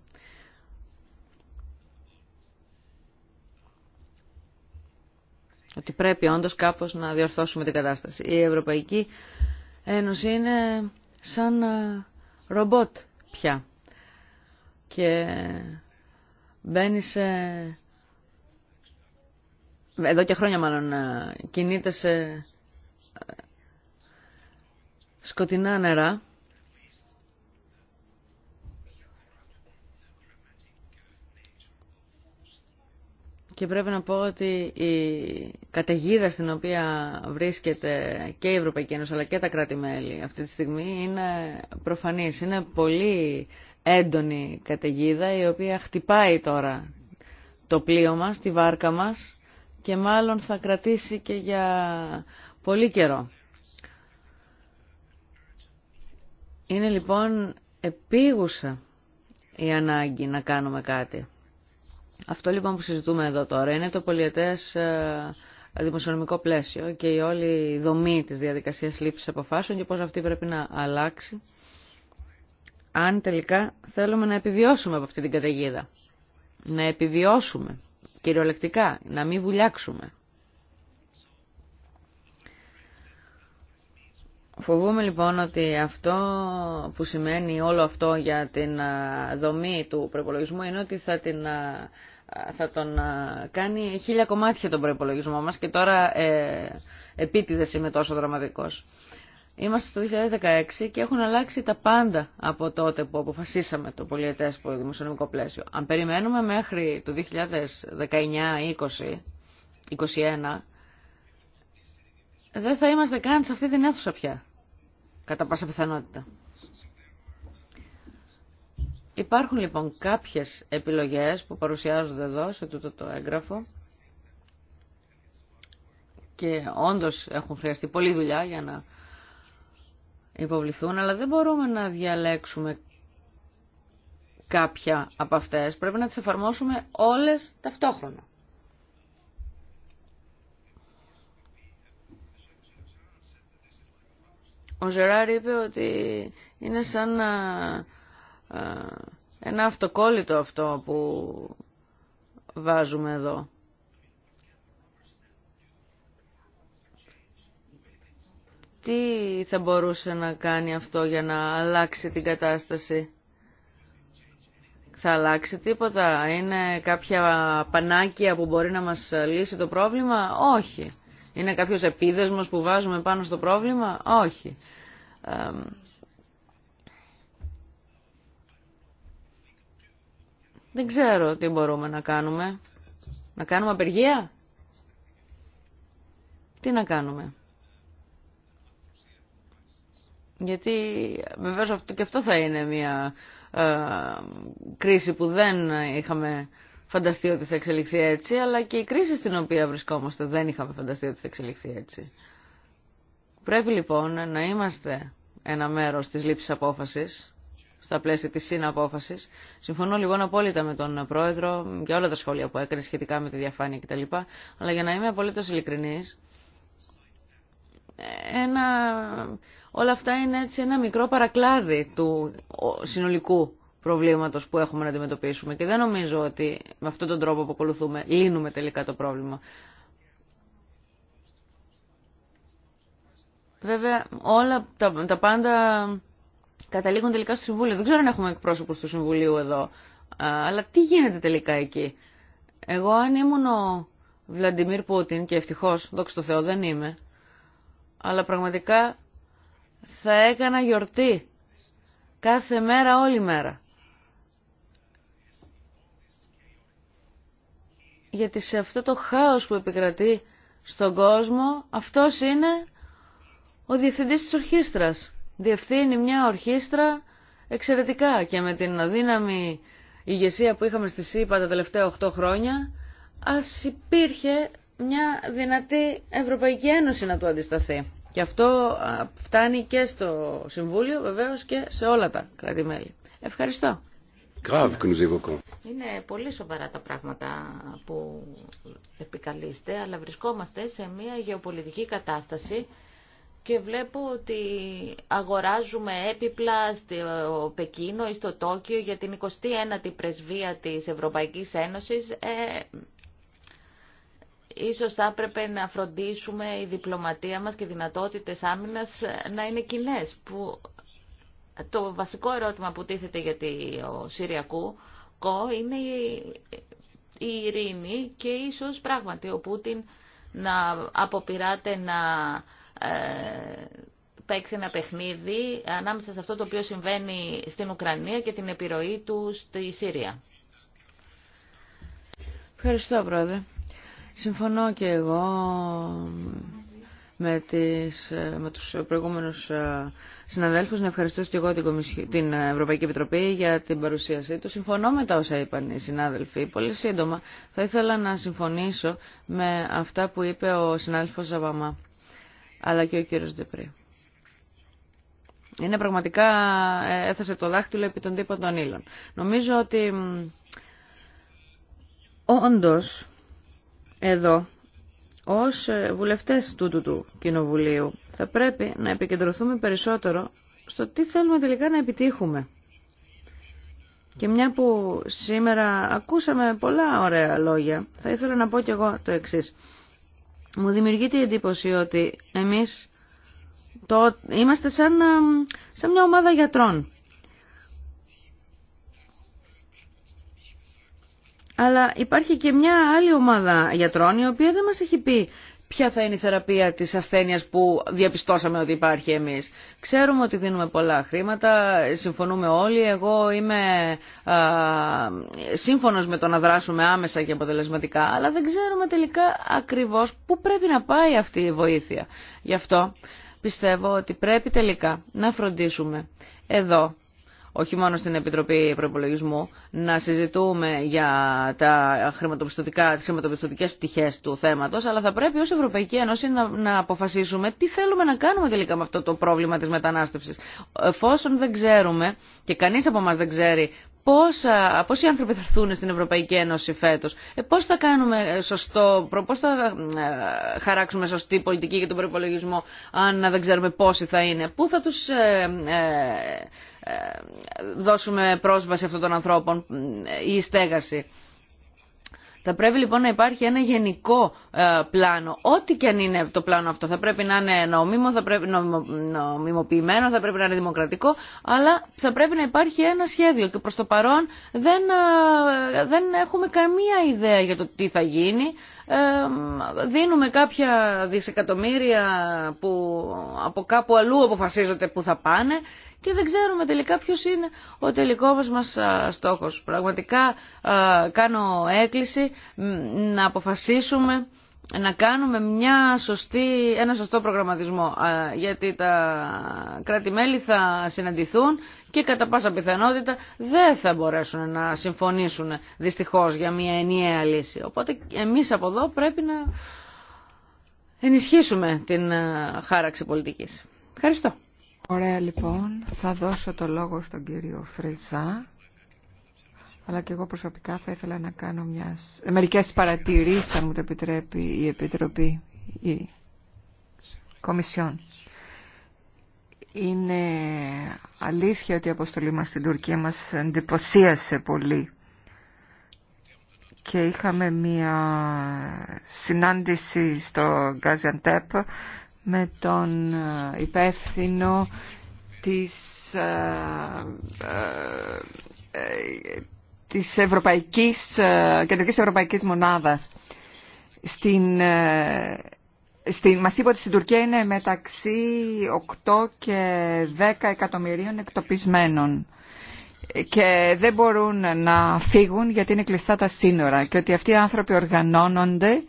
Ότι πρέπει όντως κάπως να διορθώσουμε την κατάσταση. Η Ευρωπαϊκή Ένωση είναι σαν ε, ρομπότ πια και μπαίνει σε... Εδώ και χρόνια μάλλον ε, κινείται σε ε, σκοτεινά νερά Και πρέπει να πω ότι η καταιγίδα στην οποία βρίσκεται και η Ευρωπαϊκή Ένωση αλλά και τα κράτη-μέλη αυτή τη στιγμή είναι προφανής. Είναι πολύ έντονη καταιγίδα η οποία χτυπάει τώρα το πλοίο μας, τη βάρκα μας και μάλλον θα κρατήσει και για πολύ καιρό. Είναι λοιπόν επίγουσα η ανάγκη να κάνουμε κάτι. Αυτό λοιπόν που συζητούμε εδώ τώρα είναι το πολιετές ε, δημοσιονομικό πλαίσιο και η όλη δομή της διαδικασίας λήψης αποφάσεων και πώς αυτή πρέπει να αλλάξει αν τελικά θέλουμε να επιβιώσουμε από αυτή την καταιγίδα. Να επιβιώσουμε κυριολεκτικά, να μην βουλιάξουμε. Φοβούμαι λοιπόν ότι αυτό που σημαίνει όλο αυτό για την δομή του προπολογισμού είναι ότι θα, την, θα τον κάνει χίλια κομμάτια τον προπολογισμό μας και τώρα ε, επίτηδες είμαι τόσο δραματικός. Είμαστε το 2016 και έχουν αλλάξει τα πάντα από τότε που αποφασίσαμε το πολιετές δημοσιονομικό πλαίσιο. Αν περιμένουμε μέχρι το 2019 2021 δεν θα είμαστε καν σε αυτή την αίθουσα πια κατά πάσα πιθανότητα. Υπάρχουν λοιπόν κάποιες επιλογές που παρουσιάζονται εδώ σε τούτο το έγγραφο και όντως έχουν χρειαστεί πολλή δουλειά για να υποβληθούν, αλλά δεν μπορούμε να διαλέξουμε κάποια από αυτές. Πρέπει να τις εφαρμόσουμε όλες ταυτόχρονα. Ο Ζεράρ είπε ότι είναι σαν ένα αυτοκόλλητο αυτό που βάζουμε εδώ. Τι θα μπορούσε να κάνει αυτό για να αλλάξει την κατάσταση. Θα αλλάξει τίποτα. Είναι κάποια πανάκια που μπορεί να μας λύσει το πρόβλημα. Όχι. Είναι κάποιος επίδεσμος που βάζουμε πάνω στο πρόβλημα. Όχι. δεν ξέρω τι μπορούμε να κάνουμε. Να κάνουμε απεργία. Τι να κάνουμε. Γιατί βεβαίως αυτό και αυτό θα είναι μια ε, κρίση που δεν είχαμε φανταστεί ότι θα εξελιχθεί έτσι, αλλά και η κρίση στην οποία βρισκόμαστε δεν είχαμε φανταστεί ότι θα εξελιχθεί έτσι. Πρέπει λοιπόν να είμαστε ένα μέρος της λήψης απόφασης, στα πλαίσια της συναπόφασης. Συμφωνώ λοιπόν απόλυτα με τον Πρόεδρο και όλα τα σχόλια που έκανε σχετικά με τη διαφάνεια κτλ. Αλλά για να είμαι απολύτως ειλικρινής, ένα... όλα αυτά είναι έτσι ένα μικρό παρακλάδι του συνολικού προβλήματος που έχουμε να αντιμετωπίσουμε και δεν νομίζω ότι με αυτόν τον τρόπο που ακολουθούμε λύνουμε τελικά το πρόβλημα. Βέβαια, όλα τα, τα πάντα καταλήγουν τελικά στο Συμβούλιο. Δεν ξέρω αν έχουμε εκπρόσωπους του Συμβουλίου εδώ, αλλά τι γίνεται τελικά εκεί. Εγώ αν ήμουν ο Βλαντιμίρ Πούτιν, και ευτυχώς, δόξα τω Θεώ, δεν είμαι, αλλά πραγματικά θα έκανα γιορτή κάθε μέρα, όλη μέρα. γιατί σε αυτό το χάος που επικρατεί στον κόσμο, αυτός είναι ο διευθυντής της ορχήστρας. Διευθύνει μια ορχήστρα εξαιρετικά και με την αδύναμη ηγεσία που είχαμε στη ΣΥΠΑ τα τελευταία 8 χρόνια, ας υπήρχε μια δυνατή Ευρωπαϊκή Ένωση να του αντισταθεί. Και αυτό φτάνει και στο Συμβούλιο, βεβαίως και σε όλα τα κρατη Ευχαριστώ grave que nous évoquons. Είναι πολύ σοβαρά τα πράγματα που επικαλείστε, αλλά βρισκόμαστε σε μια γεωπολιτική κατάσταση και βλέπω ότι αγοράζουμε έπιπλα στο Πεκίνο ή στο Τόκιο για την 21η πρεσβεία της Ευρωπαϊκής Ένωσης. Ε, ίσως θα πρέπει να φροντίσουμε η διπλωματία μας και οι δυνατότητες άμυνας να είναι κοινέ, που το βασικό ερώτημα που τίθεται για το Συριακού κο είναι η ειρήνη και ίσως πράγματι ο Πούτιν να αποπειράται να ε, παίξει ένα παιχνίδι ανάμεσα σε αυτό το οποίο συμβαίνει στην Ουκρανία και την επιρροή του στη Σύρια. Ευχαριστώ, Πρόεδρε. Συμφωνώ και εγώ με, τις, ε, με τους προηγούμενους ε, συναδέλφους. Να ευχαριστώ και εγώ την, την Ευρωπαϊκή Επιτροπή για την παρουσίασή του. Συμφωνώ με τα όσα είπαν οι συνάδελφοι. Πολύ σύντομα θα ήθελα να συμφωνήσω με αυτά που είπε ο συνάδελφος Ζαβαμά, αλλά και ο κύριος Ντεπρή. Είναι πραγματικά ε, έθεσε το δάχτυλο επί των τύπων των ήλων. Νομίζω ότι όντως εδώ ως ε, βουλευτές τούτου του Κοινοβουλίου θα πρέπει να επικεντρωθούμε περισσότερο στο τι θέλουμε τελικά να επιτύχουμε. Και μια που σήμερα ακούσαμε πολλά ωραία λόγια, θα ήθελα να πω κι εγώ το εξής. Μου δημιουργείται η εντύπωση ότι εμείς είμαστε σαν, ε, σαν μια ομάδα γιατρών Αλλά υπάρχει και μια άλλη ομάδα γιατρών η οποία δεν μας έχει πει ποια θα είναι η θεραπεία της ασθένειας που διαπιστώσαμε ότι υπάρχει εμείς. Ξέρουμε ότι δίνουμε πολλά χρήματα, συμφωνούμε όλοι. Εγώ είμαι α, σύμφωνος με το να δράσουμε άμεσα και αποτελεσματικά, αλλά δεν ξέρουμε τελικά ακριβώς πού πρέπει να πάει αυτή η βοήθεια. Γι' αυτό πιστεύω ότι πρέπει τελικά να φροντίσουμε εδώ όχι μόνο στην Επιτροπή Προπολογισμού, να συζητούμε για τα χρηματοπιστωτικά, τις χρηματοπιστωτικές πτυχές του θέματος, αλλά θα πρέπει ως Ευρωπαϊκή Ένωση να, να αποφασίσουμε τι θέλουμε να κάνουμε τελικά με αυτό το πρόβλημα της μετανάστευσης. Εφόσον δεν ξέρουμε και κανείς από μας δεν ξέρει πόσα, πόσοι άνθρωποι θα έρθουν στην Ευρωπαϊκή Ένωση φέτος. Ε, πώς θα κάνουμε σωστό, πώς θα ε, χαράξουμε σωστή πολιτική για τον προπολογισμό αν δεν ξέρουμε πόσοι θα είναι. Πού θα τους ε, ε, δώσουμε πρόσβαση αυτών των ανθρώπων ή στέγαση. Θα πρέπει λοιπόν να υπάρχει ένα γενικό ε, πλάνο. Ό,τι και αν είναι το πλάνο αυτό. Θα πρέπει να είναι νομίμο, θα πρέπει, νομιμο, νομιμοποιημένο, θα πρέπει να είναι δημοκρατικό, αλλά θα πρέπει να υπάρχει ένα σχέδιο. Και προς το παρόν δεν, ε, δεν έχουμε καμία ιδέα για το τι θα γίνει. Ε, δίνουμε κάποια δισεκατομμύρια που από κάπου αλλού αποφασίζονται που θα πάνε και δεν ξέρουμε τελικά ποιος είναι ο τελικός μας στόχος. Πραγματικά κάνω έκκληση να αποφασίσουμε να κάνουμε μια σωστή, ένα σωστό προγραμματισμό γιατί τα κράτη-μέλη θα συναντηθούν και κατά πάσα πιθανότητα δεν θα μπορέσουν να συμφωνήσουν δυστυχώς για μια ενιαία λύση. Οπότε εμείς από εδώ πρέπει να ενισχύσουμε την χάραξη πολιτικής. Ευχαριστώ. Ωραία λοιπόν, θα δώσω το λόγο στον κύριο Φρυζά, αλλά και εγώ προσωπικά θα ήθελα να κάνω μιας... Ε, μερικές παρατηρήσεις, αν μου το επιτρέπει η Επιτροπή, η Κομισιόν. Είναι αλήθεια ότι η αποστολή μας στην Τουρκία μας εντυπωσίασε πολύ και είχαμε μια συνάντηση στο Τεπ με τον ε, υπεύθυνο της, ε, ε, της Ευρωπαϊκής, Κεντρικής Ευρωπαϊκής Μονάδας. Στην, στην, μας είπε ότι στην Τουρκία είναι μεταξύ 8 και 10 εκατομμυρίων εκτοπισμένων και δεν μπορούν να φύγουν γιατί είναι κλειστά τα σύνορα και ότι αυτοί οι άνθρωποι οργανώνονται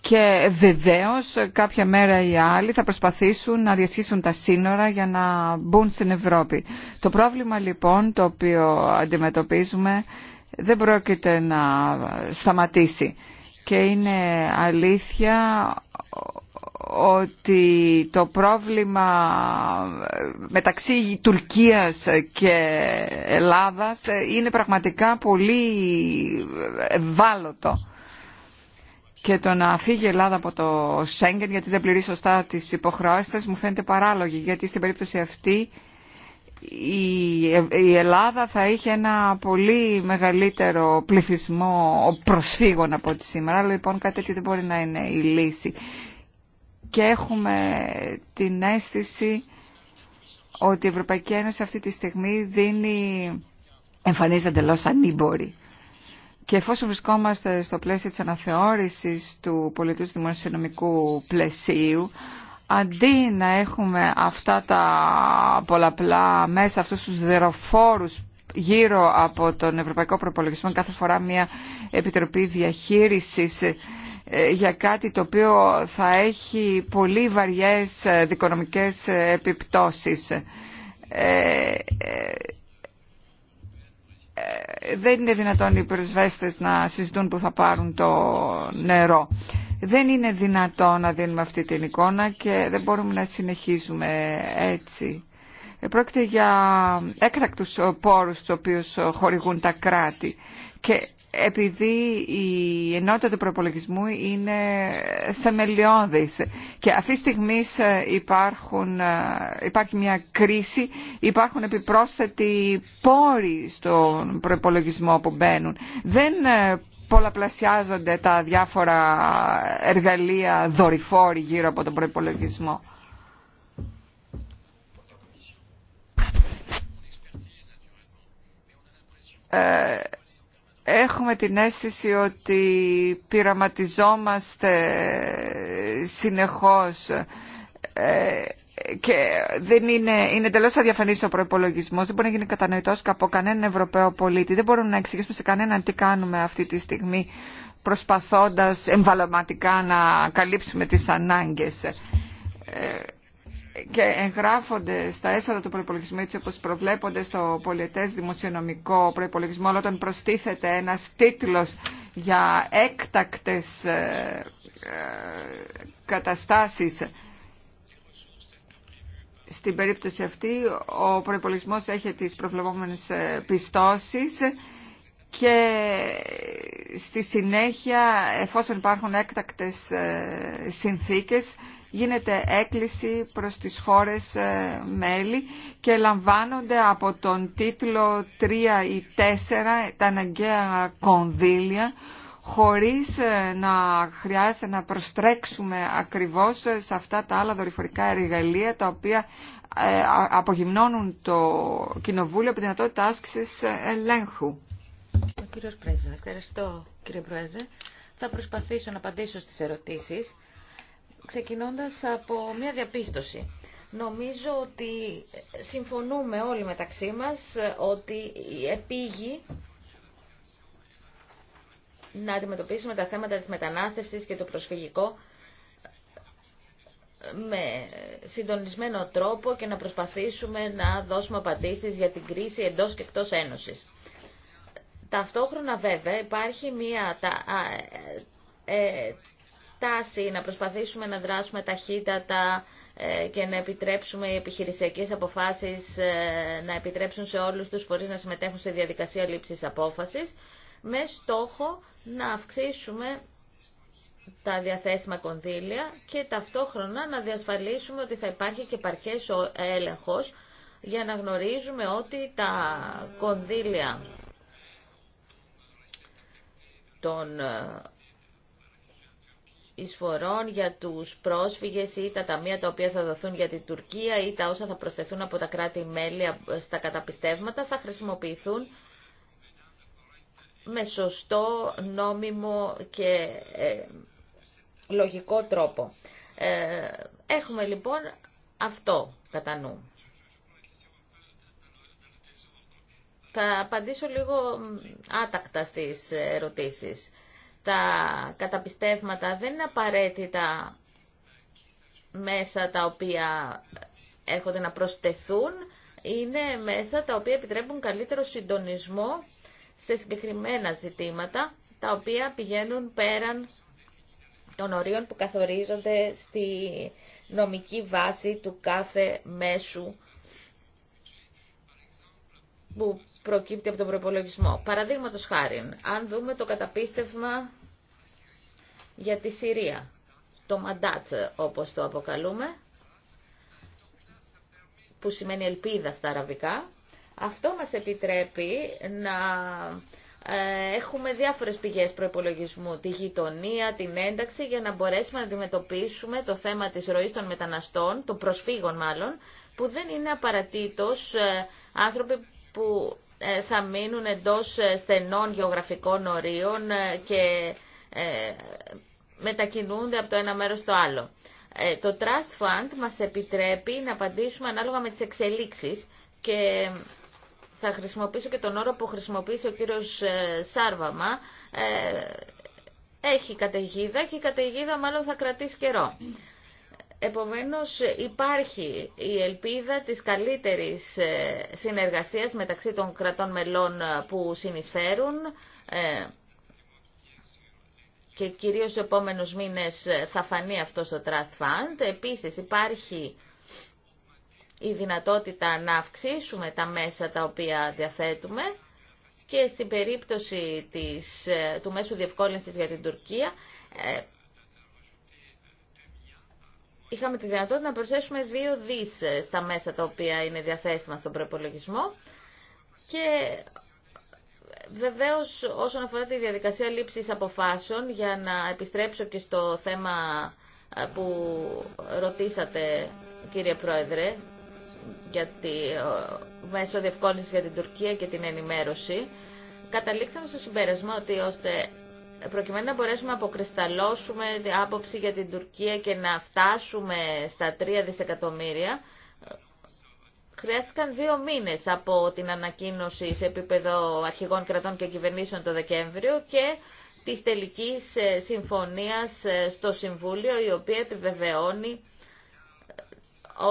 και βεβαίως κάποια μέρα ή άλλη θα προσπαθήσουν να διασχίσουν τα σύνορα για να μπουν στην Ευρώπη. Το πρόβλημα λοιπόν το οποίο αντιμετωπίζουμε δεν πρόκειται να σταματήσει. Και είναι αλήθεια ότι το πρόβλημα μεταξύ Τουρκίας και Ελλάδας είναι πραγματικά πολύ ευάλωτο και το να φύγει η Ελλάδα από το Σέγγεν γιατί δεν πληρεί σωστά τις υποχρεώσεις μου φαίνεται παράλογη γιατί στην περίπτωση αυτή η Ελλάδα θα είχε ένα πολύ μεγαλύτερο πληθυσμό προσφύγων από ό,τι σήμερα λοιπόν κάτι τέτοιο δεν μπορεί να είναι η λύση και έχουμε την αίσθηση ότι η Ευρωπαϊκή Ένωση αυτή τη στιγμή δίνει εμφανίζεται εντελώ ανήμπορη και εφόσον βρισκόμαστε στο πλαίσιο της αναθεώρησης του πολιτού δημοσιονομικού πλαισίου, αντί να έχουμε αυτά τα πολλαπλά μέσα, αυτούς τους δεροφόρους γύρω από τον Ευρωπαϊκό Προπολογισμό κάθε φορά μια επιτροπή διαχείρισης ε, για κάτι το οποίο θα έχει πολύ βαριές δικονομικές επιπτώσεις. Ε, ε, ε, δεν είναι δυνατόν οι πυροσβέστες να συζητούν που θα πάρουν το νερό. Δεν είναι δυνατόν να δίνουμε αυτή την εικόνα και δεν μπορούμε να συνεχίζουμε έτσι. Ε, πρόκειται για έκτακτους ε, πόρους στους οποίους χορηγούν τα κράτη επειδή η ενότητα του προπολογισμού είναι θεμελιώδης και αυτή τη στιγμή ε, υπάρχουν, ε, υπάρχει μια κρίση, υπάρχουν επιπρόσθετοι πόροι στον προπολογισμό που μπαίνουν. Δεν ε, πολλαπλασιάζονται τα διάφορα εργαλεία δορυφόροι γύρω από τον προπολογισμό έχουμε την αίσθηση ότι πειραματιζόμαστε συνεχώς ε, και δεν είναι, είναι εντελώ αδιαφανή ο προπολογισμό, δεν μπορεί να γίνει κατανοητό από κανέναν Ευρωπαίο πολίτη. Δεν μπορούμε να εξηγήσουμε σε κανέναν τι κάνουμε αυτή τη στιγμή, προσπαθώντα εμβαλωματικά να καλύψουμε τι ανάγκε. Ε, και εγγράφονται στα έσοδα του προπολογισμού έτσι όπως προβλέπονται στο πολιετές δημοσιονομικό προπολογισμό όταν προστίθεται ένας τίτλος για έκτακτες ε, ε, καταστάσεις στην περίπτωση αυτή ο προπολογισμό έχει τις προβλεπόμενες ε, πιστώσεις και στη συνέχεια εφόσον υπάρχουν έκτακτες ε, συνθήκες γίνεται έκκληση προς τις χώρες ε, μέλη και λαμβάνονται από τον τίτλο 3 ή 4 τα αναγκαία κονδύλια χωρίς ε, να χρειάζεται να προστρέξουμε ακριβώς σε αυτά τα άλλα δορυφορικά εργαλεία τα οποία απογυμνώνουν το Κοινοβούλιο από τη δυνατότητα άσκησης ελέγχου κύριος Ευχαριστώ, κύριε Πρόεδρε. Θα προσπαθήσω να απαντήσω στις ερωτήσεις, ξεκινώντας από μια διαπίστωση. Νομίζω ότι συμφωνούμε όλοι μεταξύ μας ότι επίγει να αντιμετωπίσουμε τα θέματα της μετανάστευσης και το προσφυγικού με συντονισμένο τρόπο και να προσπαθήσουμε να δώσουμε απαντήσεις για την κρίση εντός και εκτός Ένωσης. Ταυτόχρονα βέβαια υπάρχει μία τα, ε, ε, τάση να προσπαθήσουμε να δράσουμε ταχύτατα ε, και να επιτρέψουμε οι επιχειρησιακές αποφάσεις ε, να επιτρέψουν σε όλους τους φορείς να συμμετέχουν σε διαδικασία λήψης απόφασης με στόχο να αυξήσουμε τα διαθέσιμα κονδύλια και ταυτόχρονα να διασφαλίσουμε ότι θα υπάρχει και παρκές έλεγχος για να γνωρίζουμε ότι τα κονδύλια των ε, εισφορών για τους πρόσφυγες ή τα ταμεία τα οποία θα δοθούν για την Τουρκία ή τα όσα θα προσθεθούν από τα κράτη-μέλη ε, στα καταπιστεύματα θα χρησιμοποιηθούν με σωστό, νόμιμο και ε, λογικό τρόπο. έχουμε λοιπόν αυτό κατά νου. Θα απαντήσω λίγο άτακτα στις ερωτήσεις. Τα καταπιστεύματα δεν είναι απαραίτητα μέσα τα οποία έρχονται να προσθεθούν, είναι μέσα τα οποία επιτρέπουν καλύτερο συντονισμό σε συγκεκριμένα ζητήματα, τα οποία πηγαίνουν πέραν των ορίων που καθορίζονται στη νομική βάση του κάθε μέσου που προκύπτει από τον προπολογισμό. Παραδείγματος χάρη, αν δούμε το καταπίστευμα για τη Συρία, το μαντάτ όπως το αποκαλούμε, που σημαίνει ελπίδα στα αραβικά, αυτό μας επιτρέπει να ε, έχουμε διάφορες πηγές προϋπολογισμού, τη γειτονία, την ένταξη, για να μπορέσουμε να αντιμετωπίσουμε το θέμα της ροής των μεταναστών, των προσφύγων μάλλον, που δεν είναι απαρατήτως ε, άνθρωποι που ε, θα μείνουν εντός ε, στενών γεωγραφικών ορίων ε, και μετακινούνται από το ένα μέρος στο άλλο. Το Trust Fund μας επιτρέπει να απαντήσουμε ανάλογα με τις εξελίξεις και θα χρησιμοποιήσω και τον όρο που χρησιμοποίησε ο κύριος Σάρβαμα. Έχει καταιγίδα και η καταιγίδα μάλλον θα κρατήσει καιρό. Επομένως υπάρχει η ελπίδα της καλύτερης ε, συνεργασίας μεταξύ των κρατών μελών ε, που συνεισφέρουν ε, και κυρίως στους επόμενους μήνες θα φανεί αυτό στο Trust Fund. Επίσης υπάρχει η δυνατότητα να αυξήσουμε τα μέσα τα οποία διαθέτουμε και στην περίπτωση του μέσου διευκόλυνσης για την Τουρκία είχαμε τη δυνατότητα να προσθέσουμε δύο δις ε, στα μέσα τα οποία είναι διαθέσιμα στον προπολογισμό και βεβαίως όσον αφορά τη διαδικασία λήψης αποφάσεων για να επιστρέψω και στο θέμα ε, που ρωτήσατε κύριε Πρόεδρε για τη, ε, μέσω διευκόλυνσης για την Τουρκία και την ενημέρωση καταλήξαμε στο συμπέρασμα ότι ώστε προκειμένου να μπορέσουμε να αποκρισταλώσουμε άποψη για την Τουρκία και να φτάσουμε στα 3 δισεκατομμύρια, χρειάστηκαν δύο μήνες από την ανακοίνωση σε επίπεδο αρχηγών κρατών και κυβερνήσεων το Δεκέμβριο και της τελικής ε, συμφωνίας ε, στο Συμβούλιο, η οποία επιβεβαιώνει ε,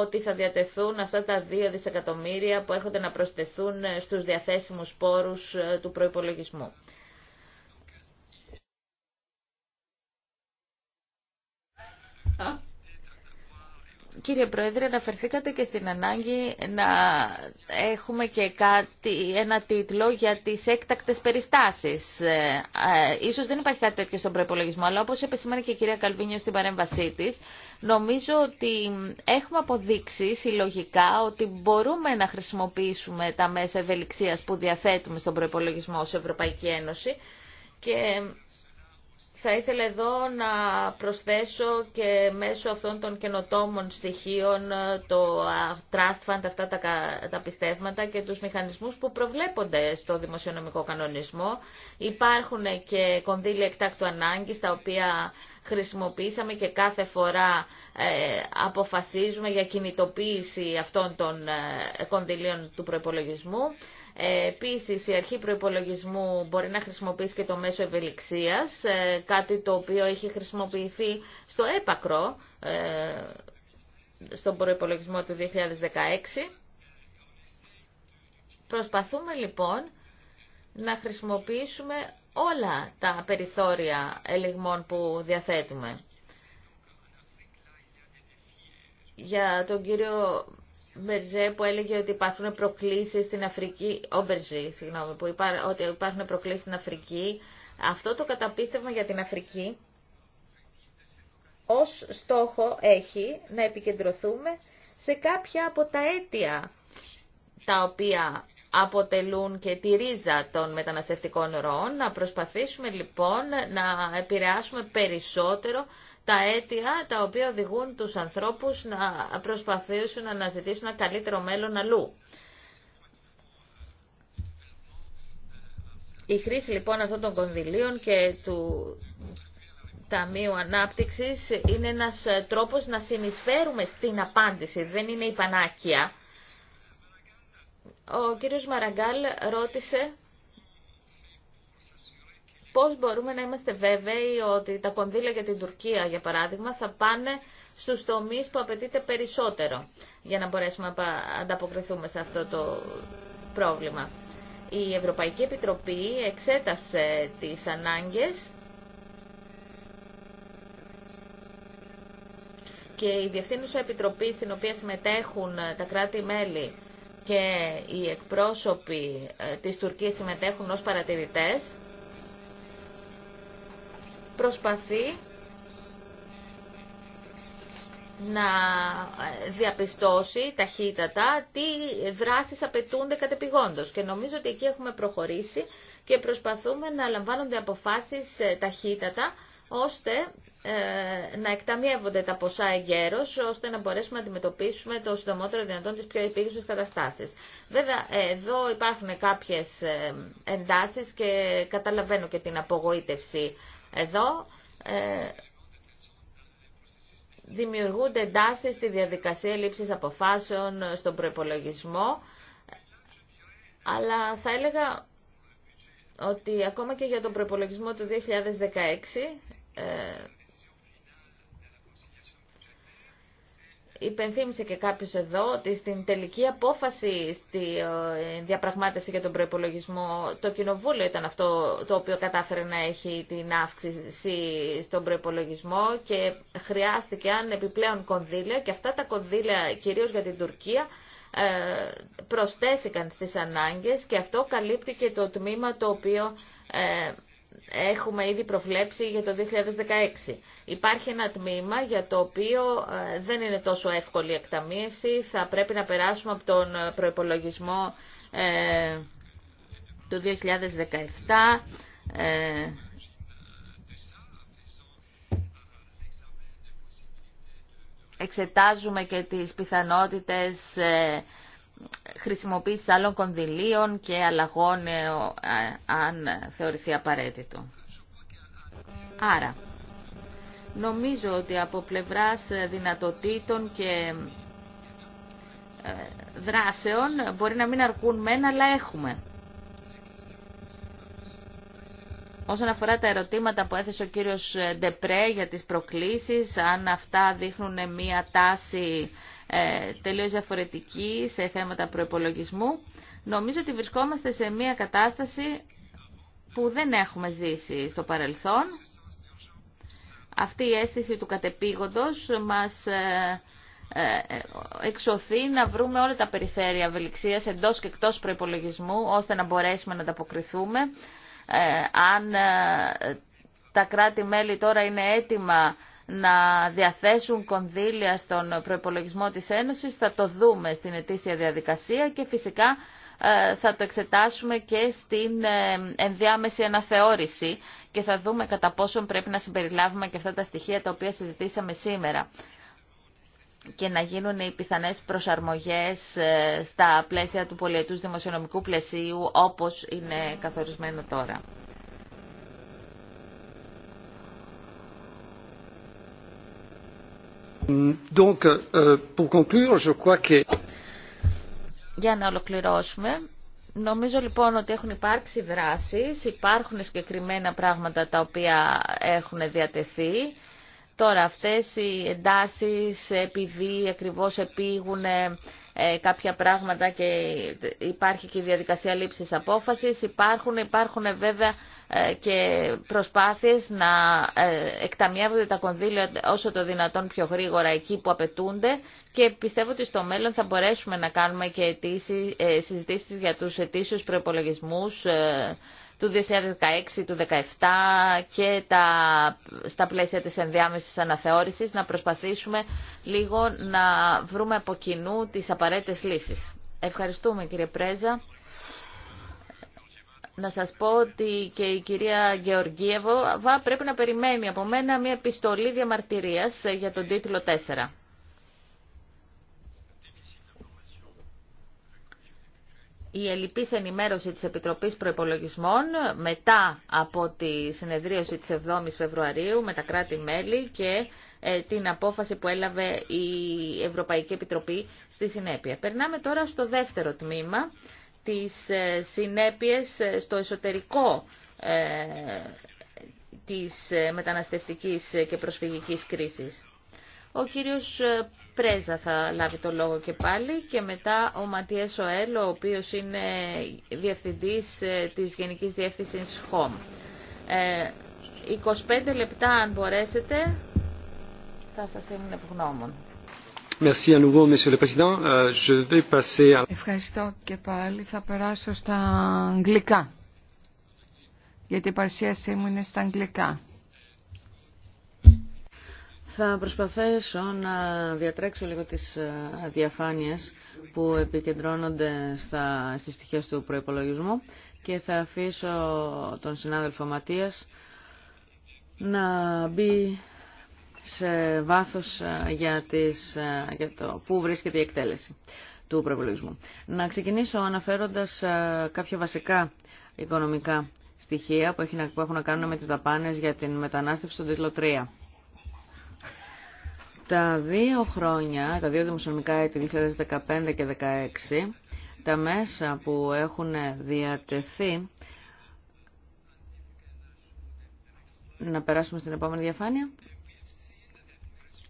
ότι θα διατεθούν αυτά τα 2 δισεκατομμύρια που έρχονται να προσθεθούν στους διαθέσιμους πόρους του προϋπολογισμού. Κύριε Πρόεδρε, αναφερθήκατε και στην ανάγκη να έχουμε και κάτι, ένα τίτλο για τις έκτακτες περιστάσεις. Ε, ε, ίσως δεν υπάρχει κάτι τέτοιο στον προπολογισμό, αλλά όπως επεσήμανε και η κυρία Καλβίνιο στην παρέμβασή της, νομίζω ότι έχουμε αποδείξει συλλογικά ότι μπορούμε να χρησιμοποιήσουμε τα μέσα ευελιξίας που διαθέτουμε στον προπολογισμό ως Ευρωπαϊκή Ένωση και θα ήθελα εδώ να προσθέσω και μέσω αυτών των καινοτόμων στοιχείων ε, το Trust Fund, αυτά τα, πιστεύματα και τους μηχανισμούς που προβλέπονται στο δημοσιονομικό κανονισμό. Υπάρχουν και κονδύλια εκτάκτου ανάγκης, τα οποία χρησιμοποιήσαμε και κάθε φορά ε, αποφασίζουμε για κινητοποίηση αυτών των ε, κονδυλίων του προπολογισμού. Ε, Επίση, η αρχή προπολογισμού μπορεί να χρησιμοποιήσει και το μέσο ευελιξίας, ε, κάτι το οποίο έχει χρησιμοποιηθεί στο έπακρο, ε, στον προπολογισμό του 2016. Προσπαθούμε λοιπόν να χρησιμοποιήσουμε όλα τα περιθώρια ελιγμών που διαθέτουμε. Για τον κύριο Μπερζέ που έλεγε ότι υπάρχουν προκλήσεις στην Αφρική, ο συγγνώμη, που ότι υπάρχουν προκλήσεις στην Αφρική. Αυτό το καταπίστευμα για την Αφρική ως στόχο έχει να επικεντρωθούμε σε κάποια από τα αίτια τα οποία αποτελούν και τη ρίζα των μεταναστευτικών ροών. Να προσπαθήσουμε λοιπόν να επηρεάσουμε περισσότερο τα αίτια τα οποία οδηγούν τους ανθρώπους να προσπαθήσουν να αναζητήσουν ένα καλύτερο μέλλον αλλού. Η χρήση λοιπόν αυτών των κονδυλίων και του Ταμείου Ανάπτυξης είναι ένας τρόπος να συνεισφέρουμε στην απάντηση, δεν είναι η πανάκια. Ο κύριος Μαραγκάλ ρώτησε πώς μπορούμε να είμαστε βέβαιοι ότι τα κονδύλια για την Τουρκία, για παράδειγμα, θα πάνε στους τομείς που απαιτείται περισσότερο για να μπορέσουμε να ανταποκριθούμε σε αυτό το πρόβλημα. Η Ευρωπαϊκή Επιτροπή εξέτασε τις ανάγκες και η Διευθύνουσα Επιτροπή στην οποία συμμετέχουν ε, τα κράτη-μέλη και οι εκπρόσωποι ε, της Τουρκίας συμμετέχουν ως παρατηρητές προσπαθεί να διαπιστώσει ταχύτατα τι δράσεις απαιτούνται κατεπηγόντως. Και νομίζω ότι εκεί έχουμε προχωρήσει και προσπαθούμε να λαμβάνονται αποφάσεις ε, ταχύτατα ώστε ε, να εκταμιεύονται τα ποσά εγκαίρως, ώστε να μπορέσουμε να αντιμετωπίσουμε το συντομότερο δυνατόν τις πιο επίγουσες καταστάσεις. Βέβαια, ε, εδώ υπάρχουν κάποιες εντάσεις και καταλαβαίνω και την απογοήτευση εδώ ε, δημιουργούνται εντάσεις στη διαδικασία λήψης αποφάσεων στον προπολογισμό, αλλά θα έλεγα ότι ακόμα και για τον προπολογισμό του 2016 υπενθύμησε και κάποιος εδώ ότι στην τελική απόφαση στη ε, διαπραγμάτευση για τον προϋπολογισμό το Κοινοβούλιο ήταν αυτό το οποίο κατάφερε να έχει την αύξηση στον προϋπολογισμό και χρειάστηκε αν επιπλέον κονδύλια και αυτά τα κονδύλια κυρίως για την Τουρκία ε, προσθέθηκαν στις ανάγκες και αυτό καλύπτει και το τμήμα το οποίο ε, έχουμε ήδη προβλέψει για το 2016. Υπάρχει ένα τμήμα για το οποίο ε, δεν είναι τόσο εύκολη η εκταμείευση. Θα πρέπει να περάσουμε από τον προϋπολογισμό ε, του 2017 ε, εξετάζουμε και τις πιθανότητες ε, χρησιμοποίηση άλλων κονδυλίων και αλλαγών ε, αν θεωρηθεί απαραίτητο. Άρα, νομίζω ότι από πλευράς δυνατοτήτων και ε, δράσεων μπορεί να μην αρκούν μένα, αλλά έχουμε. Όσον αφορά τα ερωτήματα που έθεσε ο κύριος Ντεπρέ για τις προκλήσεις, αν αυτά δείχνουν μια τάση ε, τελείως διαφορετική σε θέματα προπολογισμού. Νομίζω ότι βρισκόμαστε σε μια κατάσταση που δεν έχουμε ζήσει στο παρελθόν. Αυτή η αίσθηση του κατεπήγοντος μας ε, ε, ε, εξωθεί να βρούμε όλα τα περιφέρεια ευελιξίας εντός και εκτός προϋπολογισμού ώστε να μπορέσουμε να ανταποκριθούμε. αν τα κράτη-μέλη τώρα είναι έτοιμα να διαθέσουν κονδύλια στον προπολογισμό της Ένωσης. Θα το δούμε στην ετήσια διαδικασία και φυσικά ε, θα το εξετάσουμε και στην ε, ενδιάμεση αναθεώρηση και θα δούμε κατά πόσον πρέπει να συμπεριλάβουμε και αυτά τα στοιχεία τα οποία συζητήσαμε σήμερα και να γίνουν οι πιθανές προσαρμογές ε, στα πλαίσια του πολιετούς δημοσιονομικού πλαισίου όπως είναι καθορισμένο τώρα. Euh, Για να ολοκληρώσουμε, Νομίζω λοιπόν ότι έχουν υπάρξει δράσεις, υπάρχουν συγκεκριμένα πράγματα τα οποία έχουν διατεθεί. Τώρα αυτές οι εντάσεις επειδή ακριβώς επήγουν ε, κάποια πράγματα και υπάρχει και η διαδικασία λήψης απόφασης, υπάρχουν, υπάρχουν βέβαια ε, και προσπάθειες να ε, εκταμιεύονται τα κονδύλια όσο το δυνατόν πιο γρήγορα εκεί που απαιτούνται και πιστεύω ότι στο μέλλον θα μπορέσουμε να κάνουμε και αιτήσεις, ε, συζητήσεις για τους ετήσιους προϋπολογισμούς του 2016, του 2017 και τα, στα πλαίσια της ενδιάμεσης αναθεώρησης να προσπαθήσουμε λίγο να βρούμε από κοινού τις απαραίτητες λύσεις. Ευχαριστούμε κύριε Πρέζα να σας πω ότι και η κυρία Γεωργιέβο βα, πρέπει να περιμένει από μένα μια επιστολή διαμαρτυρίας για τον τίτλο 4. η ελληπής ενημέρωση της Επιτροπής Προϋπολογισμών μετά από τη συνεδρίωση της 7ης Φεβρουαρίου με τα κράτη-μέλη και ε, την απόφαση που έλαβε η Ευρωπαϊκή Επιτροπή στη συνέπεια. Περνάμε τώρα στο δεύτερο τμήμα τις ε, συνέπειες ε, στο εσωτερικό ε, της μεταναστευτικής και προσφυγικής κρίσης. Ο κύριος Πρέζα θα λάβει το λόγο και πάλι και μετά ο Ματιές Σοέλ, ο οποίος είναι διευθυντής της Γενικής Διεύθυνσης HOME. 25 λεπτά αν μπορέσετε θα σας ήμουν ευγνώμων. Ευχαριστώ και πάλι. Θα περάσω στα αγγλικά. Γιατί η παρουσίασή μου είναι στα αγγλικά. Θα προσπαθήσω να διατρέξω λίγο τις ε, διαφάνειες που επικεντρώνονται στι στις του προϋπολογισμού και θα αφήσω τον συνάδελφο Ματίας να μπει σε βάθος ε, για, τις, ε, για το πού βρίσκεται η εκτέλεση του προπολογισμού. Να ξεκινήσω αναφέροντας ε, κάποια βασικά οικονομικά στοιχεία που έχουν να κάνουν με τις δαπάνες για την μετανάστευση στον τίτλο 3. Τα δύο χρόνια, τα δύο δημοσιονομικά έτη 2015 και 2016, τα μέσα που έχουν διατεθεί, να περάσουμε στην επόμενη διαφάνεια,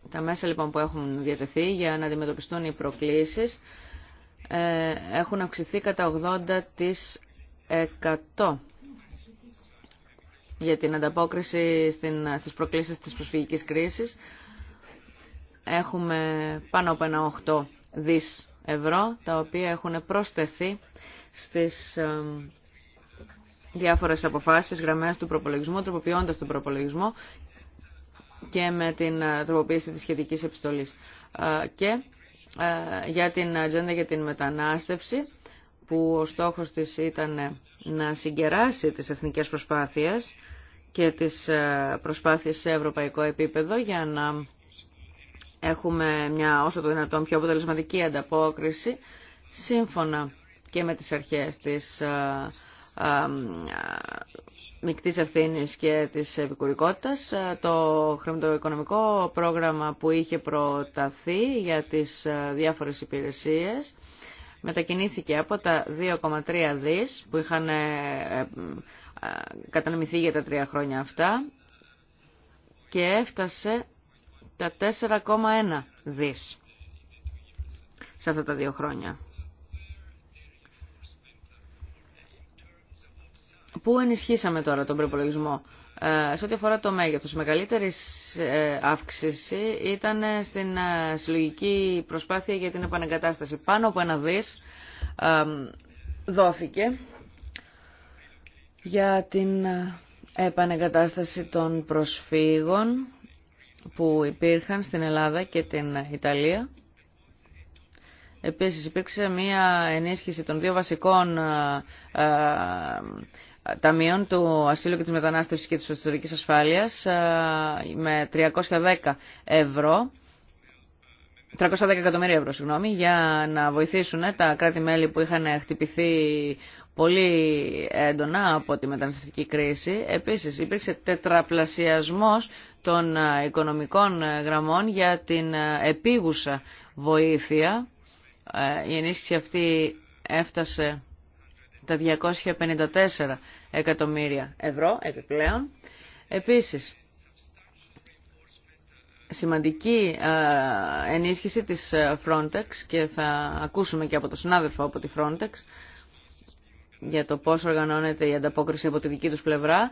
τα μέσα λοιπόν που έχουν διατεθεί για να αντιμετωπιστούν οι προκλήσεις ε, έχουν αυξηθεί κατά 80% για την ανταπόκριση στην, στις προκλήσεις της προσφυγικής κρίσης. Έχουμε πάνω από ένα 8 δις ευρώ, τα οποία έχουν προσθεθεί στις ε, διάφορες αποφάσεις, γραμμές του προπολογισμού, τροποποιώντας τον προπολογισμό και με την ε, τροποποίηση της σχετικής επιστολής. Ε, και ε, για την ατζέντα για την μετανάστευση, που ο στόχος της ήταν να συγκεράσει τις εθνικές προσπάθειες και τις προσπάθειες σε ευρωπαϊκό επίπεδο για να έχουμε μια όσο το δυνατόν πιο αποτελεσματική ανταπόκριση σύμφωνα και με τις αρχές της μικτής ευθύνη και της επικουρικότητας, ε, το χρηματοοικονομικό πρόγραμμα που είχε προταθεί για τις ε, διάφορες υπηρεσίες μετακινήθηκε από τα 2,3 δις που είχαν ε, κατανομηθεί για τα τρία χρόνια αυτά και έφτασε τα 4,1 δις σε αυτά τα δύο χρόνια. Πού ενισχύσαμε τώρα τον προπολογισμό. Ε, σε ό,τι αφορά το μέγεθος, η μεγαλύτερη ε, αύξηση ήταν ε, στην συλλογική προσπάθεια για την επανεγκατάσταση. Πάνω από ένα δις δόθηκε για την επανεγκατάσταση των προσφύγων που υπήρχαν στην Ελλάδα και την Ιταλία. Επίσης υπήρξε μία ενίσχυση των δύο βασικών ταμείων του ασύλου και της μετανάστευσης και της ιστορικής ασφάλειας ε, με 310 ευρώ 310 εκατομμύρια ευρώ, συγγνώμη, για να βοηθήσουν τα κράτη-μέλη που είχαν χτυπηθεί πολύ έντονα από τη μεταναστευτική κρίση. Επίσης, υπήρξε τετραπλασιασμός των οικονομικών γραμμών για την επίγουσα βοήθεια. Ε, η ενίσχυση αυτή έφτασε τα 254 εκατομμύρια ευρώ επιπλέον. Επίσης, σημαντική ενίσχυση της Frontex και θα ακούσουμε και από τον συνάδελφο από τη Frontex για το πώς οργανώνεται η ανταπόκριση από τη δική τους πλευρά.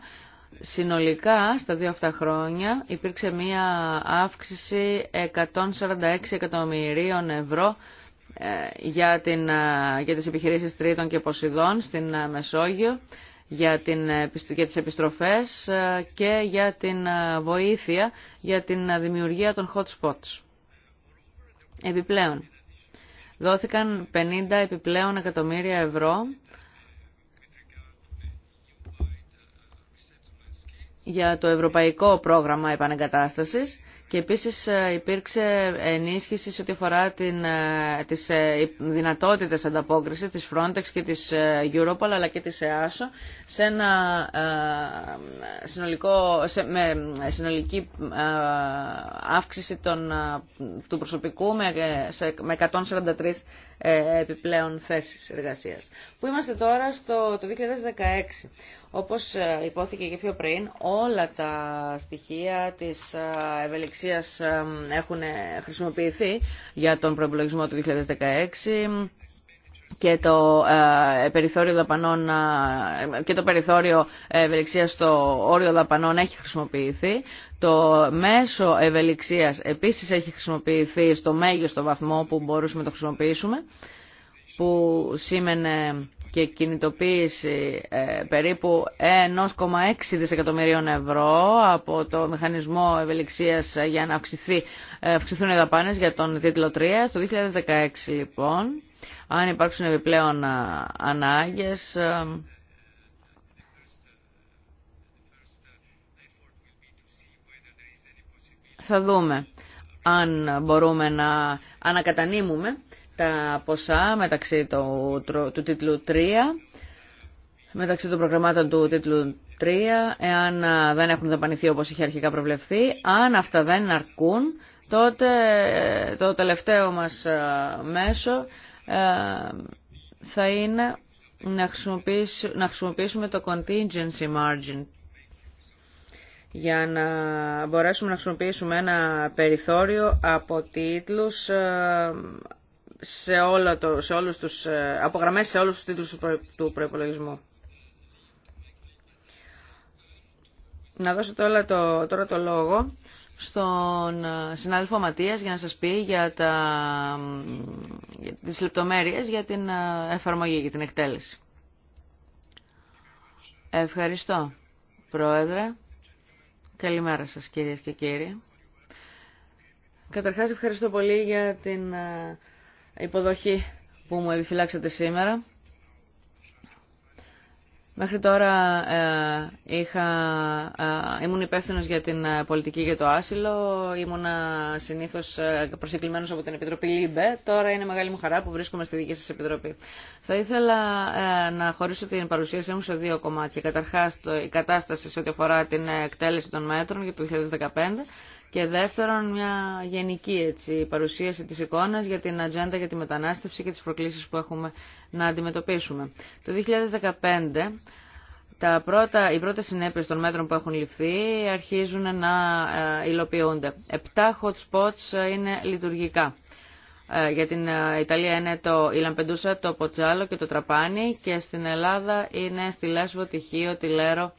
Συνολικά, στα δύο αυτά χρόνια, υπήρξε μία αύξηση 146 εκατομμυρίων ευρώ ε, για, την, ε, για τις επιχειρήσεις τρίτων και ποσειδών στην ε, Μεσόγειο, για, την, για τις επιστροφές και για την βοήθεια για την δημιουργία των hot spots. Επιπλέον, δόθηκαν 50 επιπλέον εκατομμύρια ευρώ για το Ευρωπαϊκό Πρόγραμμα Επανεγκατάστασης και επίσης ε, υπήρξε ενίσχυση σε ό,τι αφορά την, ε, τις ε, δυνατότητες ανταπόκρισης της Frontex και της Europol αλλά και της EASO σε ένα συνολικό, με συνολική αύξηση των, του προσωπικού με, σε, 143 επιπλέον θέσεις εργασίας. Πού είμαστε τώρα στο το 2016. Όπως υπόθηκε και πιο πριν, όλα τα στοιχεία της ευελιξίας ευελιξία έχουν χρησιμοποιηθεί για τον προϋπολογισμό του 2016 και το ε, περιθώριο δαπανών ε, και το περιθώριο ευελιξίας στο όριο δαπανών έχει χρησιμοποιηθεί. Το μέσο ευελιξίας επίσης έχει χρησιμοποιηθεί στο μέγιστο βαθμό που μπορούμε να το χρησιμοποιήσουμε που σήμαινε και κινητοποίηση ε, περίπου 1,6 δισεκατομμυρίων ευρώ από το Μηχανισμό Ευελιξίας για να αυξηθεί, ε, αυξηθούν οι δαπάνες για τον τίτλο 3. Στο 2016 λοιπόν, αν υπάρξουν επιπλέον ε, ανάγκες... Θα δούμε αν μπορούμε να ανακατανείμουμε τα ποσά μεταξύ του, του τίτλου 3, μεταξύ των προγραμμάτων του τίτλου 3, εάν δεν έχουν δαπανηθεί όπως είχε αρχικά προβλεφθεί, αν αυτά δεν αρκούν, τότε ε, το τελευταίο μας μέσο ε, θα είναι να χρησιμοποιήσουμε, να χρησιμοποιήσουμε το contingency margin για να μπορέσουμε να χρησιμοποιήσουμε ένα περιθώριο από τίτλους ε, σε, όλα το, σε όλους τους, ε, απογραμμές σε όλους τους τίτλους του προϋπολογισμού. Να δώσω τώρα το, τώρα το λόγο στον ε, συνάδελφο Ματίας για να σας πει για, τα, για τις λεπτομέρειες για την ε, εφαρμογή, για την εκτέλεση. Ευχαριστώ, Πρόεδρε. Καλημέρα σας, κυρίες και κύριοι. Καταρχάς, ευχαριστώ πολύ για την υποδοχή που μου επιφυλάξατε σήμερα. Μέχρι τώρα ε, είχα, ε, ήμουν υπεύθυνο για την ε, πολιτική για το άσυλο, ήμουνα συνήθως προσεκλημένο από την Επιτροπή ΛΥΜΠΕ, τώρα είναι μεγάλη μου χαρά που βρίσκομαι στη δική σα Επιτροπή. Θα ήθελα να χωρίσω την παρουσίασή μου σε δύο κομμάτια. Καταρχάς η κατάσταση σε ό,τι αφορά την εκτέλεση των μέτρων για το 2015 και δεύτερον μια γενική έτσι, παρουσίαση της εικόνας για την ατζέντα για τη μετανάστευση και τις προκλήσεις που έχουμε να αντιμετωπίσουμε. Το 2015 τα πρώτα, οι πρώτες συνέπειες των μέτρων που έχουν ληφθεί αρχίζουν να ε, υλοποιούνται. Επτά hot spots ε, είναι λειτουργικά. Ε, για την Ιταλία είναι το, η το Ποτζάλο και το Τραπάνι και στην Ελλάδα είναι στη Λέσβο, τη Χίο, τη Λέρο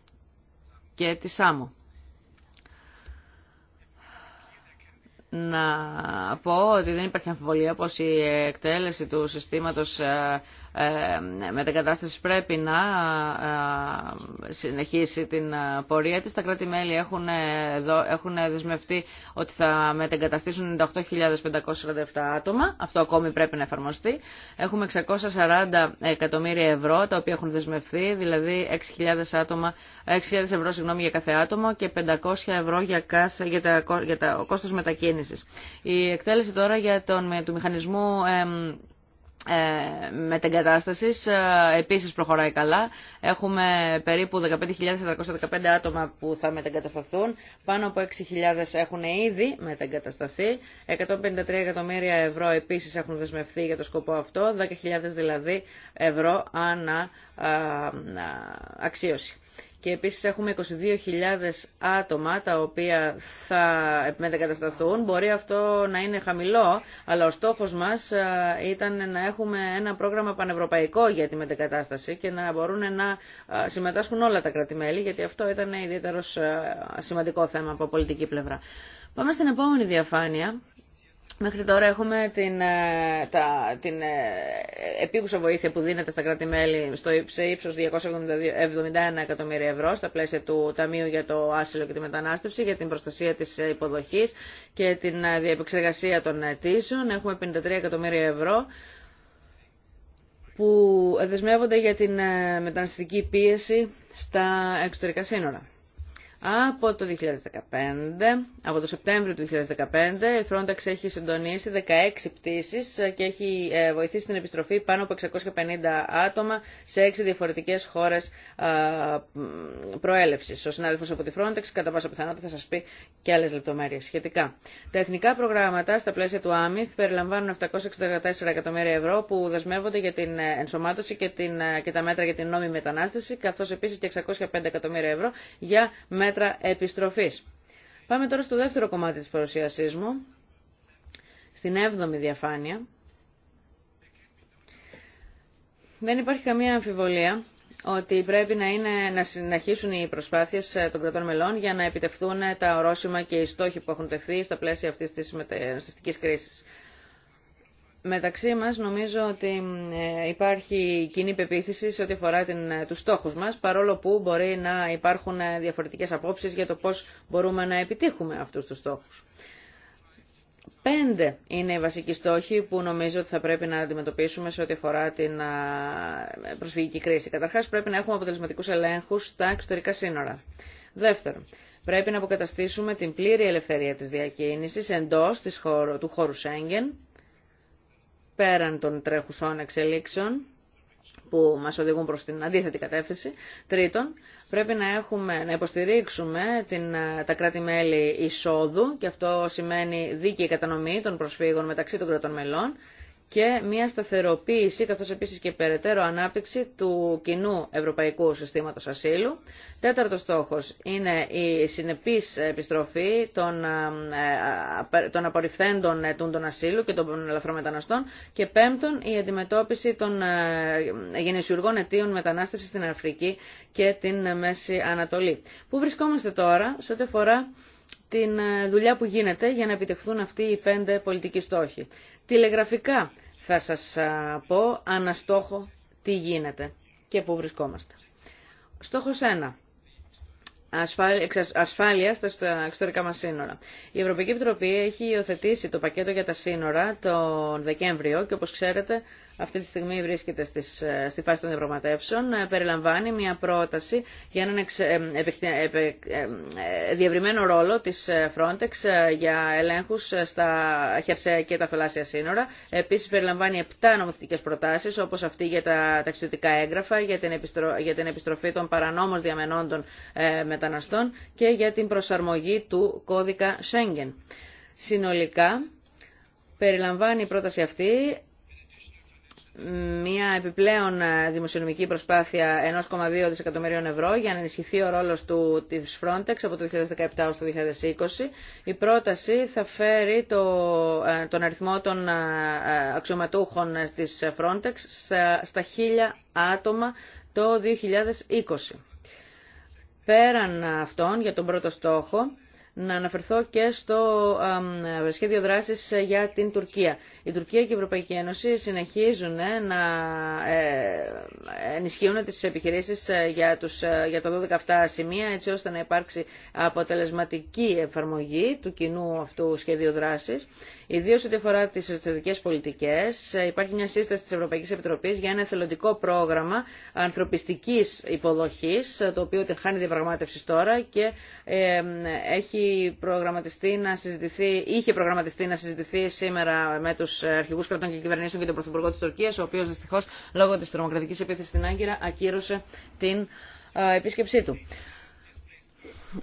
και τη Σάμο. να πω ότι δεν υπάρχει αμφιβολία πως η εκτέλεση του συστήματος ε, ε, μετεγκατάσταση πρέπει να ε, συνεχίσει την ε, πορεία της. Τα κράτη-μέλη έχουν, δεσμευτεί ότι θα μετεγκαταστήσουν 98.547 άτομα. Αυτό ακόμη πρέπει να εφαρμοστεί. Έχουμε 640 εκατομμύρια ευρώ τα οποία έχουν δεσμευτεί, δηλαδή 6.000 άτομα, 6.000 ευρώ συγγνώμη, για κάθε άτομο και 500 ευρώ για, κάθε, για, τα, για τα, ο κόστος μετακίνησης. Η εκτέλεση τώρα για τον, του μηχανισμού ε, μετεγκατάστασης ε, επίσης προχωράει καλά. Έχουμε περίπου 15.415 άτομα που θα μετεγκατασταθούν. Πάνω από 6.000 έχουν ήδη μετεγκατασταθεί. 153 εκατομμύρια ευρώ επίσης έχουν δεσμευθεί για το σκοπό αυτό. 10.000 δηλαδή ευρώ ανά ε, αξίωση και επίσης έχουμε 22.000 άτομα τα οποία θα μετακατασταθούν. Μπορεί αυτό να είναι χαμηλό, αλλά ο στόχος μας ήταν να έχουμε ένα πρόγραμμα πανευρωπαϊκό για τη μετακατάσταση και να μπορούν να συμμετάσχουν όλα τα κρατημέλη, γιατί αυτό ήταν ιδιαίτερο σημαντικό θέμα από πολιτική πλευρά. Πάμε στην επόμενη διαφάνεια Μέχρι τώρα έχουμε την, ε, τα, την ε, επίκουσα βοήθεια που δίνεται στα κράτη-μέλη στο σε ύψος 271 εκατομμύρια ευρώ στα πλαίσια του Ταμείου για το Άσυλο και τη Μετανάστευση για την προστασία της υποδοχής και την ε, διαπεξεργασία των αιτήσεων. Έχουμε 53 εκατομμύρια ευρώ που δεσμεύονται για την μεταναστευτική πίεση στα εξωτερικά σύνορα. Από το 2015, από το Σεπτέμβριο του 2015, η Frontex έχει συντονίσει 16 πτήσεις και έχει ε, βοηθήσει την επιστροφή πάνω από 650 άτομα σε 6 διαφορετικές χώρες προέλευσης. Ο συνάδελφος από τη Frontex κατά πάσα πιθανότητα θα σας πει και άλλες λεπτομέρειες σχετικά. Τα εθνικά προγράμματα στα πλαίσια του ΆΜΙΦ περιλαμβάνουν 764 εκατομμύρια ευρώ που δεσμεύονται για την ε, ενσωμάτωση και, την, ε, και τα μέτρα για την νόμιμη μετανάστευση, καθώς επίσης και 605 εκατομμύρια ευρώ για επιστροφής. Πάμε τώρα στο δεύτερο κομμάτι της παρουσίασής μου, στην έβδομη διαφάνεια. Δεν υπάρχει καμία αμφιβολία ότι πρέπει να, είναι, να συνεχίσουν οι προσπάθειες ε, των κρατών μελών για να επιτευχθούν τα ορόσημα και οι στόχοι που έχουν τεθεί στα πλαίσια αυτής της μεταναστευτικής κρίσης. Μεταξύ μας νομίζω ότι ε, υπάρχει κοινή πεποίθηση σε ό,τι αφορά την, ε, τους στόχους μας, παρόλο που μπορεί να υπάρχουν ε, διαφορετικές απόψεις για το πώς μπορούμε να επιτύχουμε αυτούς τους στόχους. Πέντε είναι οι βασικοί στόχοι που νομίζω ότι θα πρέπει να αντιμετωπίσουμε σε ό,τι αφορά την προσφυγική κρίση. Καταρχάς πρέπει να έχουμε αποτελεσματικούς ελέγχους στα εξωτερικά σύνορα. Δεύτερον, πρέπει να αποκαταστήσουμε την πλήρη ελευθερία της διακίνησης εντός του χώρου Σέγγεν πέραν των τρέχουσών εξελίξεων που μας οδηγούν προς την αντίθετη κατεύθυνση. Τρίτον, πρέπει να, έχουμε, να υποστηρίξουμε την, τα κράτη-μέλη εισόδου και αυτό σημαίνει δίκαιη κατανομή των προσφύγων μεταξύ των κρατών μελών και μια σταθεροποίηση καθώς επίσης και περαιτέρω ανάπτυξη του κοινού ευρωπαϊκού συστήματος ασύλου. Τέταρτος στόχος είναι η συνεπής επιστροφή των, ε, των απορριφθέντων ετούντων ασύλου και των ελαφρομεταναστών και πέμπτον η αντιμετώπιση των ε, γενεσιουργών αιτίων μετανάστευσης στην Αφρική και την Μέση Ανατολή. Πού βρισκόμαστε τώρα σε ό,τι αφορά την ε, δουλειά που γίνεται για να επιτευχθούν αυτοί οι πέντε πολιτικοί στόχοι. Τηλεγραφικά θα σας πω αναστόχο τι γίνεται και πού βρισκόμαστε. Στόχος 1 ασφάλεια στα εξωτερικά μας σύνορα. Η Ευρωπαϊκή Επιτροπή έχει υιοθετήσει το πακέτο για τα σύνορα τον Δεκέμβριο και όπως ξέρετε αυτή τη στιγμή βρίσκεται στις, ε, στη φάση των διαπραγματεύσεων, ε, περιλαμβάνει μια πρόταση για έναν εξ, ε, διευρυμένο ρόλο της Frontex για ελέγχους στα χερσαία και τα θαλάσσια σύνορα. Επίσης περιλαμβάνει 7 νομοθετικές προτάσεις όπως αυτή για τα ταξιδιωτικά έγγραφα, για την, για την επιστροφή των παρανόμων διαμενών των μεταναστών και για την προσαρμογή του κώδικα Schengen. Συνολικά, περιλαμβάνει η πρόταση αυτή μια επιπλέον ε, δημοσιονομική προσπάθεια 1,2 δισεκατομμυρίων ευρώ για να ενισχυθεί ο ρόλος του, της Frontex από το 2017 ως το 2020. Η πρόταση θα φέρει το, ε, τον αριθμό των ε, αξιωματούχων της Frontex στα 1000 άτομα το 2020. Πέραν αυτών, για τον πρώτο στόχο, να αναφερθώ και στο σχέδιο δράσης για την Τουρκία. Η Τουρκία και η Ευρωπαϊκή Ένωση συνεχίζουν ε, να ε, ενισχύουν τις επιχειρήσεις ε, για, για τα 12 αυτά σημεία έτσι ώστε να υπάρξει αποτελεσματική εφαρμογή του κοινού αυτού σχεδίου δράσης Ιδίω ό,τι αφορά τι εσωτερικέ πολιτικέ, ε, υπάρχει μια σύσταση τη Ευρωπαϊκή Επιτροπή για ένα εθελοντικό πρόγραμμα ανθρωπιστική υποδοχή, ε, το οποίο χάνει διαπραγμάτευση τώρα και ε, έχει προγραμματιστεί να συζητηθεί, είχε προγραμματιστεί να συζητηθεί σήμερα με του αρχηγού κρατών και κυβερνήσεων και τον Πρωθυπουργό τη Τουρκία, ο οποίο δυστυχώ λόγω τη τρομοκρατικής επίθεση στην Άγκυρα ακύρωσε την επίσκεψή του.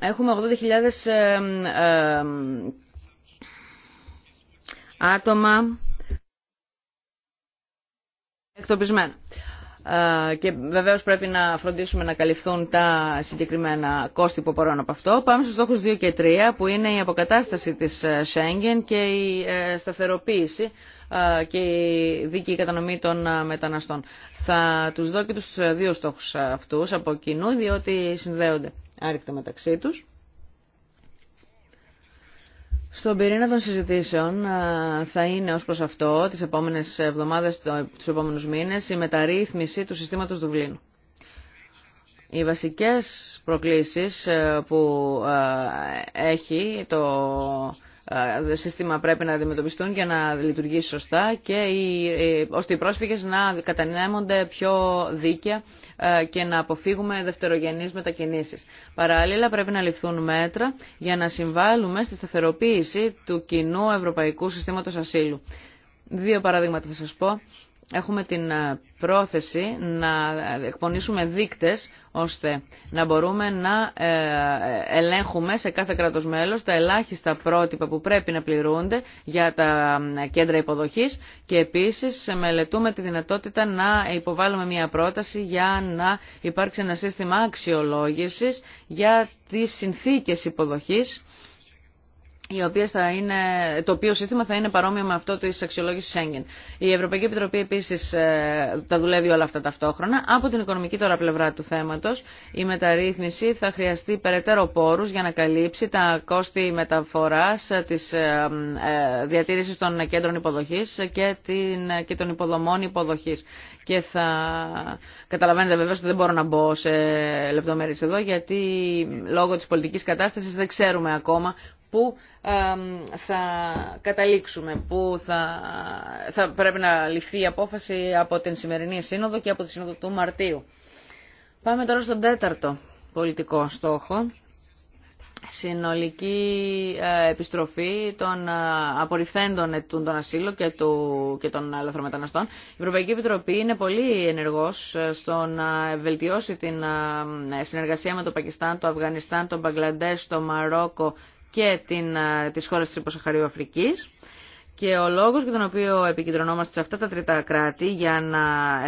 Έχουμε 80.000 άτομα εκτοπισμένα. Ε, και βεβαίως πρέπει να φροντίσουμε να καλυφθούν τα συγκεκριμένα κόστη που απορρώνουν από αυτό. Πάμε στους στόχους 2 και 3 που είναι η αποκατάσταση της Schengen ε, και η ε, σταθεροποίηση και η δίκαιη κατανομή των μεταναστών. Θα τους δω και τους δύο στόχους αυτούς από κοινού διότι συνδέονται άρρηκτα μεταξύ τους. Στον πυρήνα των συζητήσεων θα είναι ως προς αυτό τις επόμενες εβδομάδες, τους επόμενους μήνες η μεταρρύθμιση του συστήματος Δουβλίνου. Οι βασικές προκλήσεις ε, που έχει το ε, σύστημα πρέπει να αντιμετωπιστούν για να λειτουργήσει σωστά και οι, ώστε οι πρόσφυγες να κατανέμονται πιο δίκαια ε, και να αποφύγουμε δευτερογενείς μετακινήσεις. Παράλληλα πρέπει να ληφθούν μέτρα για να συμβάλλουμε στη σταθεροποίηση του κοινού ευρωπαϊκού συστήματος ασύλου. Δύο παραδείγματα θα σας πω έχουμε την ε, πρόθεση να εκπονήσουμε δείκτες ώστε να μπορούμε να ε, ελέγχουμε σε κάθε κράτος μέλος τα ελάχιστα πρότυπα που πρέπει να πληρούνται για τα κέντρα υποδοχής και επίσης μελετούμε τη δυνατότητα να υποβάλουμε μια πρόταση για να υπάρξει ένα σύστημα αξιολόγησης για τις συνθήκες υποδοχής η οποία είναι, το οποίο σύστημα θα είναι παρόμοιο με αυτό της αξιολόγησης Schengen. Η Ευρωπαϊκή Επιτροπή επίσης ε, τα δουλεύει όλα αυτά ταυτόχρονα. Από την οικονομική τώρα πλευρά του θέματος, η μεταρρύθμιση θα χρειαστεί περαιτέρω πόρους για να καλύψει τα κόστη μεταφοράς ε, της ε, διατήρησης των κέντρων υποδοχής και, την, και των υποδομών υποδοχής. Και θα καταλαβαίνετε βεβαίως ότι δεν μπορώ να μπω σε λεπτομέρειες εδώ, γιατί λόγω της πολιτικής κατάστασης δεν ξέρουμε ακόμα πού θα καταλήξουμε, πού θα, θα πρέπει να ληφθεί η απόφαση από την σημερινή σύνοδο και από τη σύνοδο του Μαρτίου. Πάμε τώρα στον τέταρτο πολιτικό στόχο, συνολική ε, επιστροφή των ε, απορριφθέντων των ασύλων και, του, και των λαθρομεταναστών. Η Ευρωπαϊκή Επιτροπή είναι πολύ ενεργός ε, στο να βελτιώσει την συνεργασία με το Πακιστάν, το Αφγανιστάν, το Μπαγκλαντές, το Μαρόκο και την, ε, τις χώρες της Υποσαχαρίου Αφρικής. Και ο λόγο για τον οποίο επικεντρωνόμαστε σε αυτά τα τρίτα κράτη για να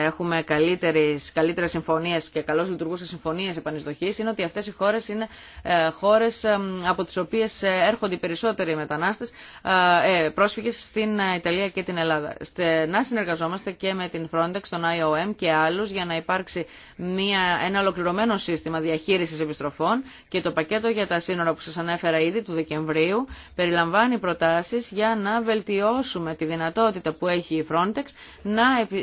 έχουμε καλύτερε συμφωνίε συμφωνίες και καλώς λειτουργούσε συμφωνίε επανεισδοχή είναι ότι αυτέ οι χώρε είναι ε, χώρες ε, από τι οποίε έρχονται οι περισσότεροι μετανάστες ε, ε, πρόσφυγες στην Ιταλία και την Ελλάδα. να συνεργαζόμαστε και με την Frontex, τον IOM και άλλου, για να υπάρξει μια, ένα ολοκληρωμένο σύστημα διαχείριση επιστροφών και το πακέτο για τα σύνορα που σα ανέφερα ήδη του Δεκεμβρίου περιλαμβάνει προτάσει για να βελτιώσουμε βελτιώσουμε τη δυνατότητα που έχει η Frontex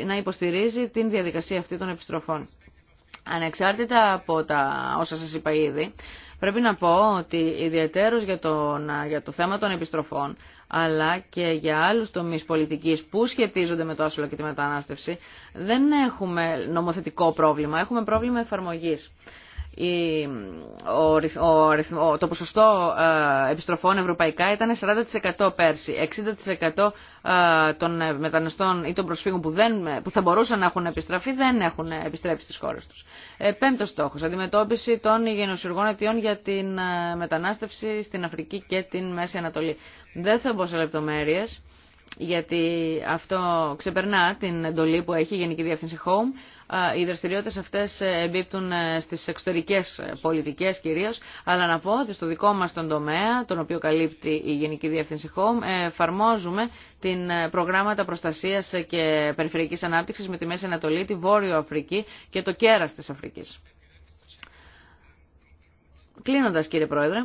να υποστηρίζει την διαδικασία αυτή των επιστροφών. Ανεξάρτητα από τα όσα σας είπα ήδη, πρέπει να πω ότι ιδιαίτερος για, για το θέμα των επιστροφών, αλλά και για άλλους τομείς πολιτικής που σχετίζονται με το άσυλο και τη μετανάστευση, δεν έχουμε νομοθετικό πρόβλημα, έχουμε πρόβλημα εφαρμογής το ποσοστό ε, επιστροφών ευρωπαϊκά ήταν 40% πέρσι. 60% ε, των ε, μεταναστών ή των προσφύγων που, δεν, που θα μπορούσαν να έχουν επιστραφεί δεν έχουν επιστρέψει στις χώρες τους. πέμπτος στόχος, αντιμετώπιση των γενοσυργών αιτιών για την μετανάστευση στην Αφρική και την Μέση Ανατολή. Δεν θα μπω σε λεπτομέρειες γιατί αυτό ξεπερνά την εντολή που έχει η Γενική Διεύθυνση Home οι δραστηριότητε αυτές ε, εμπίπτουν ε, στις εξωτερικές ε, πολιτικές κυρίω, αλλά να πω ότι στο δικό μας τον τομέα, τον οποίο καλύπτει η Γενική Διεύθυνση Home, εφαρμόζουμε την προγράμματα προστασίας και περιφερειακής ανάπτυξης με τη Μέση Ανατολή, τη Βόρειο Αφρική και το κέρα τη Αφρική. Κλείνοντας κύριε Πρόεδρε,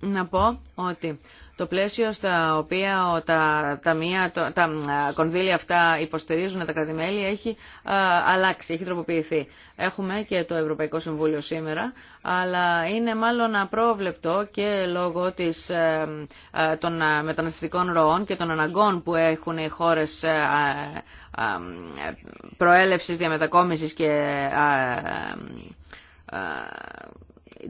να πω ότι το πλαίσιο στα οποία τα, τα, μία, τα, κονδύλια αυτά υποστηρίζουν τα κρατημέλη έχει αλλάξει, έχει τροποποιηθεί. Έχουμε και το Ευρωπαϊκό Συμβούλιο σήμερα, αλλά είναι μάλλον απρόβλεπτο και λόγω της, ε, ε, των ε, μεταναστευτικών ροών και των αναγκών που έχουν οι χώρες α, α προέλευσης, διαμετακόμισης και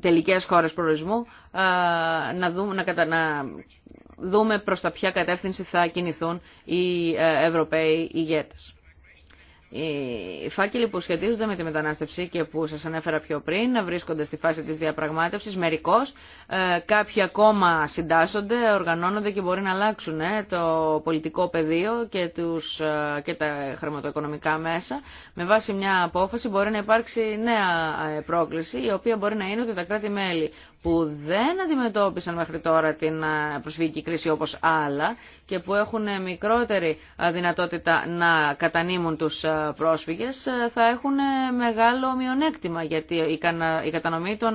τελικές χώρες προορισμού ε, να δούμε, να, προς τα ποια κατεύθυνση θα κινηθούν οι ε, Ευρωπαίοι ηγέτες. Οι φάκελοι που σχετίζονται με τη μετανάστευση και που σας ανέφερα πιο πριν βρίσκονται στη φάση της διαπραγμάτευσης μερικώς. Ε, κάποιοι ακόμα συντάσσονται, οργανώνονται και μπορεί να αλλάξουν ε, το πολιτικό πεδίο και, τους, ε, και τα χρηματοοικονομικά μέσα. Με βάση μια απόφαση μπορεί να υπάρξει νέα πρόκληση η οποία μπορεί να είναι ότι τα κράτη-μέλη που δεν αντιμετώπισαν μέχρι τώρα την ε, προσφυγική κρίση όπως άλλα και που έχουν μικρότερη ε, δυνατότητα να κατανείμουν τους ε, πρόσφυγες θα έχουν μεγάλο μειονέκτημα γιατί η κατανομή των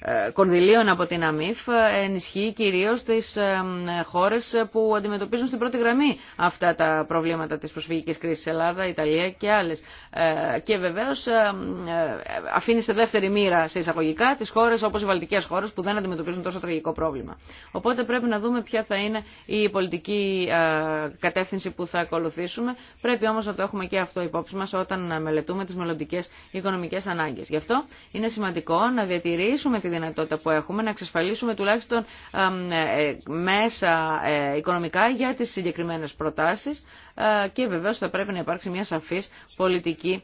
ε, κονδυλίων από την ΑΜΥΦ ε, ενισχύει κυρίως τις ε, χώρες που αντιμετωπίζουν στην πρώτη γραμμή αυτά τα προβλήματα της προσφυγικής κρίσης Ελλάδα, Ιταλία και άλλες. Και βεβαίως αφήνει σε δεύτερη μοίρα σε εισαγωγικά τις χώρες όπως οι βαλτικές χώρες που δεν αντιμετωπίζουν τόσο τραγικό πρόβλημα. Οπότε πρέπει να δούμε ποια θα είναι η πολιτική κατεύθυνση που θα ακολουθήσουμε. Πρέπει όμως να το έχουμε και αυτό υπόψη μας όταν μελετούμε τις μελλοντικέ οικονομικές ανάγκες. Γι' αυτό είναι σημαντικό να διατηρήσουμε δυνατότητα που έχουμε να εξασφαλίσουμε τουλάχιστον ε, ε, μέσα ε, οικονομικά για τις συγκεκριμένες προτάσεις και βεβαίως θα πρέπει να υπάρξει μια σαφής πολιτική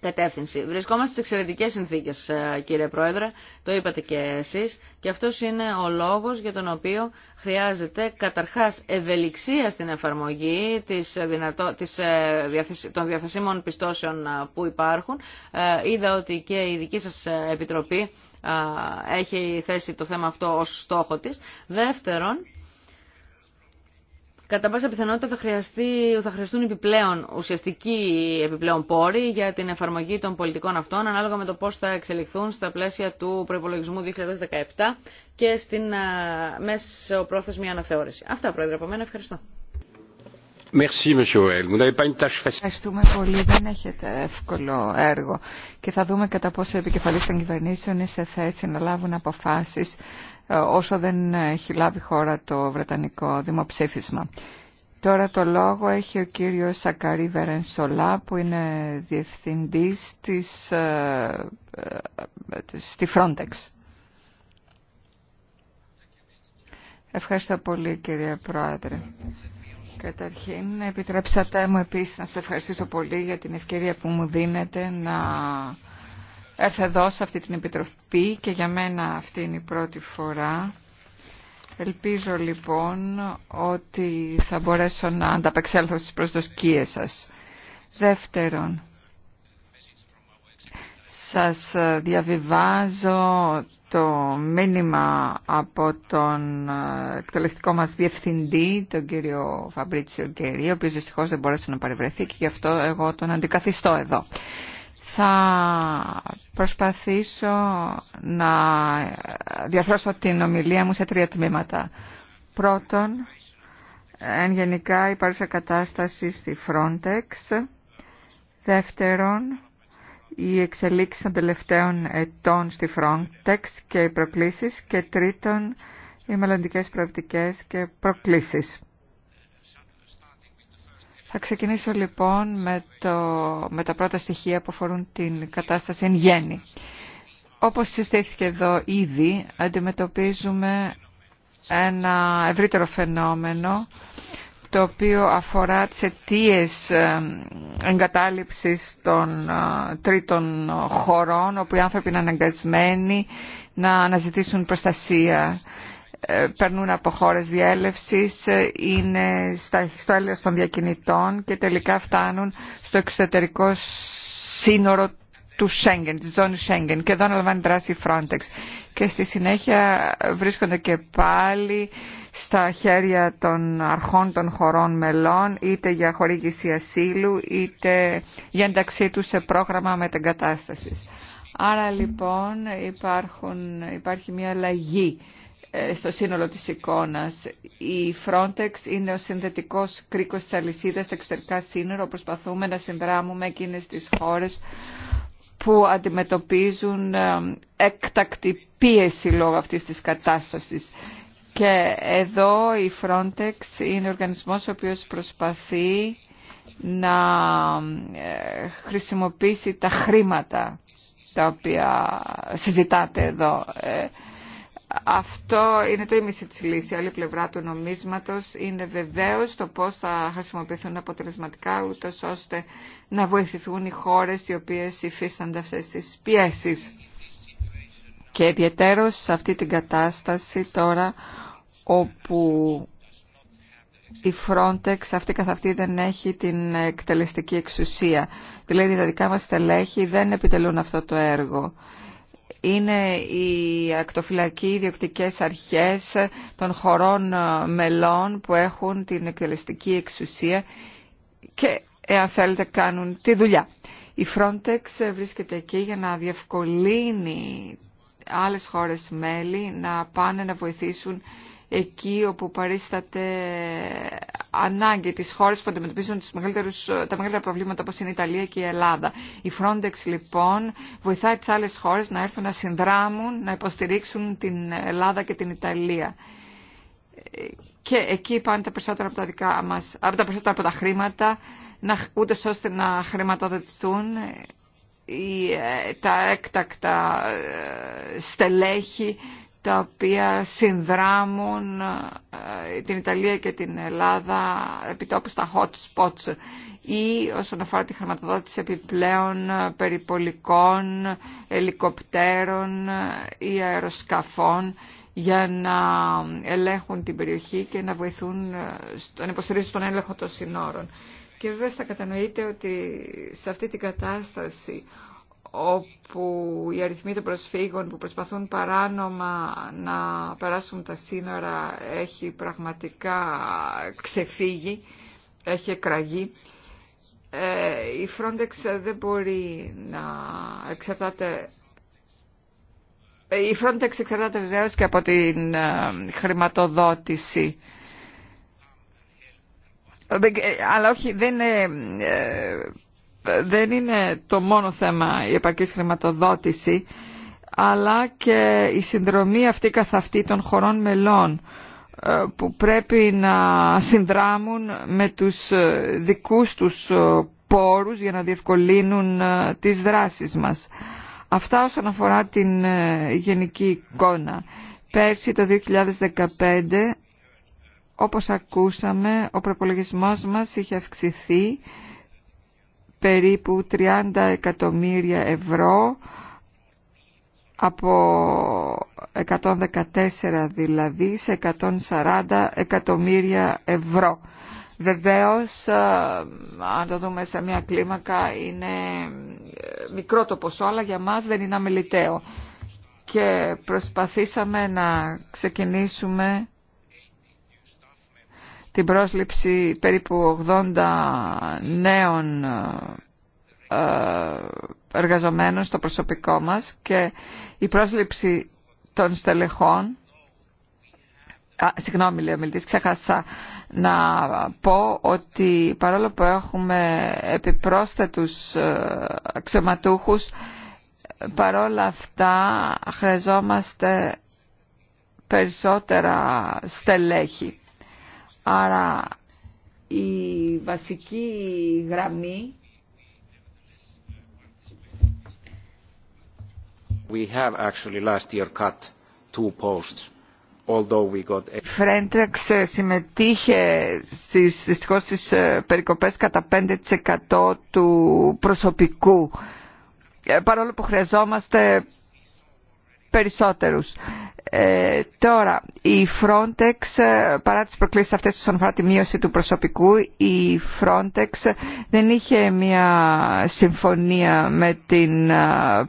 κατεύθυνση. Βρισκόμαστε σε εξαιρετικέ συνθήκε, ε, κύριε Πρόεδρε, το είπατε και εσεί, και αυτό είναι ο λόγο για τον οποίο χρειάζεται καταρχά ευελιξία στην εφαρμογή της ε, δυνατό, της, ε, των διαθεσίμων πιστώσεων που υπάρχουν. Είδα ότι και η δική σα επιτροπή έχει θέσει το θέμα αυτό ως στόχο της. Δεύτερον, Κατά πάσα πιθανότητα θα, χρειαστεί, θα χρειαστούν επιπλέον, ουσιαστικοί επιπλέον πόροι για την εφαρμογή των πολιτικών αυτών, ανάλογα με το πώς θα εξελιχθούν στα πλαίσια του προπολογισμού 2017 και στην πρόθεσμη αναθεώρηση. Αυτά, Πρόεδρε, από μένα. Ευχαριστώ. Ευχαριστούμε πολύ. Δεν έχετε εύκολο έργο και θα δούμε κατά πόσο οι επικεφαλής των κυβερνήσεων είναι σε θέση να λάβουν αποφάσεις ε, όσο δεν έχει λάβει χώρα το Βρετανικό δημοψήφισμα. Τώρα το λόγο έχει ο κύριος Σακαρή Βερενσολά που είναι διευθυντής της, ε, ε, στη Frontex. Ευχαριστώ πολύ κύριε Πρόεδρε. Καταρχήν, επιτρέψατε μου επίσης να σας ευχαριστήσω πολύ για την ευκαιρία που μου δίνετε να έρθω εδώ σε αυτή την επιτροπή και για μένα αυτή είναι η πρώτη φορά. Ελπίζω λοιπόν ότι θα μπορέσω να ανταπεξέλθω στις προσδοσκίες σας. Δεύτερον, σας διαβιβάζω το μήνυμα από τον ε, εκτελεστικό μας διευθυντή, τον κύριο Φαμπρίτσιο Γκέρι, ο οποίος δυστυχώς δεν μπόρεσε να παρευρεθεί και γι' αυτό εγώ τον αντικαθιστώ εδώ. Θα προσπαθήσω να διαφρώσω την ομιλία μου σε τρία τμήματα. Πρώτον, εν γενικά η κατάσταση στη Frontex. Δεύτερον, οι εξελίξεις των τελευταίων ετών στη Frontex και οι προκλήσεις και τρίτον οι μελλοντικέ προοπτικές και προκλήσεις. Θα ξεκινήσω λοιπόν με, το, με τα πρώτα στοιχεία που αφορούν την κατάσταση εν γέννη. Όπως συστήθηκε εδώ ήδη, αντιμετωπίζουμε ένα ευρύτερο φαινόμενο το οποίο αφορά τις αιτίες ε, εγκατάλειψης των ε, τρίτων χωρών όπου οι άνθρωποι είναι αναγκασμένοι να αναζητήσουν προστασία. Ε, περνούν από χώρες διέλευσης, είναι στο έλεος των διακινητών και τελικά φτάνουν στο εξωτερικό σύνορο του Σέγγεν, της ζώνης Σέγγεν και εδώ αναλαμβάνει δράση Frontex. Και στη συνέχεια βρίσκονται και πάλι στα χέρια των αρχών των χωρών μελών είτε για χορήγηση ασύλου είτε για ένταξή του σε πρόγραμμα μετεγκατάστασης. Άρα λοιπόν υπάρχουν, υπάρχει μια αλλαγή ε, στο σύνολο της εικόνας. Η Frontex είναι ο συνδετικός κρίκος της αλυσίδας στα εξωτερικά σύνορα. Προσπαθούμε να συνδράμουμε εκείνες τις χώρες που αντιμετωπίζουν ε, έκτακτη πίεση λόγω αυτής της κατάστασης. Και εδώ η Frontex είναι οργανισμός ο οποίος προσπαθεί να ε, χρησιμοποιήσει τα χρήματα τα οποία συζητάτε εδώ. Ε, αυτό είναι το ίμιση της λύσης. Η άλλη πλευρά του νομίσματος είναι βεβαίως το πώς θα χρησιμοποιηθούν αποτελεσματικά ούτω ώστε να βοηθηθούν οι χώρες οι οποίες υφίστανται αυτές τις πιέσεις. Και ιδιαίτερος σε αυτή την κατάσταση τώρα όπου η Frontex αυτή καθ' αυτή δεν έχει την εκτελεστική εξουσία. Δηλαδή τα δικά μας στελέχη δεν επιτελούν αυτό το έργο είναι οι ακτοφυλακοί ιδιοκτικές αρχές των χωρών ε, μελών που έχουν την εκτελεστική εξουσία και εάν θέλετε κάνουν τη δουλειά. Η Frontex βρίσκεται εκεί για να διευκολύνει άλλες χώρες μέλη να πάνε να βοηθήσουν εκεί όπου παρίσταται ανάγκη τις χώρες που αντιμετωπίζουν τις μεγαλύτερους, τα μεγαλύτερα προβλήματα όπως είναι η Ιταλία και η Ελλάδα. Η Frontex λοιπόν βοηθάει τις άλλες χώρες να έρθουν να συνδράμουν, να υποστηρίξουν την Ελλάδα και την Ιταλία. Και εκεί πάνε τα περισσότερα από τα δικά μας, από τα περισσότερα από τα χρήματα, να, ούτε ώστε να χρηματοδοτηθούν ε, τα έκτακτα ε, στελέχη τα οποία συνδράμουν ε, την Ιταλία και την Ελλάδα επιτόπου στα hot spots ή όσον αφορά τη χρηματοδότηση επιπλέον περιπολικών, ελικοπτέρων ή αεροσκαφών για να ελέγχουν την περιοχή και να βοηθούν, ε, να υποστηρίζουν τον έλεγχο των συνόρων. Και βέβαια θα κατανοείτε ότι σε αυτή την κατάσταση όπου οι αριθμοί των προσφύγων που προσπαθούν παράνομα να περάσουν τα σύνορα έχει πραγματικά ξεφύγει, έχει εκραγεί. Ε, η Frontex δεν μπορεί να εξαρτάται ε, η Frontex εξαρτάται βεβαίως και από την ε, χρηματοδότηση. Αλλά όχι, δεν είναι δεν είναι το μόνο θέμα η επαρκής χρηματοδότηση, αλλά και η συνδρομή αυτή καθ' αυτή των χωρών μελών ε, που πρέπει να συνδράμουν με τους ε, δικούς τους ε, πόρους για να διευκολύνουν τις δράσεις μας. Αυτά όσον αφορά την γενική εικόνα. Πέρσι το 2015, όπως ακούσαμε, ο προπολογισμός μας είχε αυξηθεί περίπου 30 εκατομμύρια ευρώ από 114 δηλαδή σε 140 εκατομμύρια ευρώ. Βεβαίως, ε, αν το δούμε σε μια κλίμακα, είναι ε, μικρό το ποσό, αλλά για μας δεν είναι αμεληταίο. Και προσπαθήσαμε να ξεκινήσουμε την πρόσληψη περίπου 80 νέων ε, εργαζομένων στο προσωπικό μας και η πρόσληψη των στελεχών Α, συγγνώμη λέει ο ξέχασα να πω ότι παρόλο που έχουμε επιπρόσθετους ε, αξιωματούχους παρόλα αυτά χρειαζόμαστε περισσότερα στελέχη. Άρα η βασική γραμμή We συμμετείχε στις, στις ε, περικοπές κατά 5% του προσωπικού ε, παρόλο που χρειαζόμαστε περισσότερους. Ε, τώρα, η Frontex, ε, παρά τις προκλήσεις αυτές όσον αφορά τη μείωση του προσωπικού, η Frontex δεν είχε μια συμφωνία με την ε,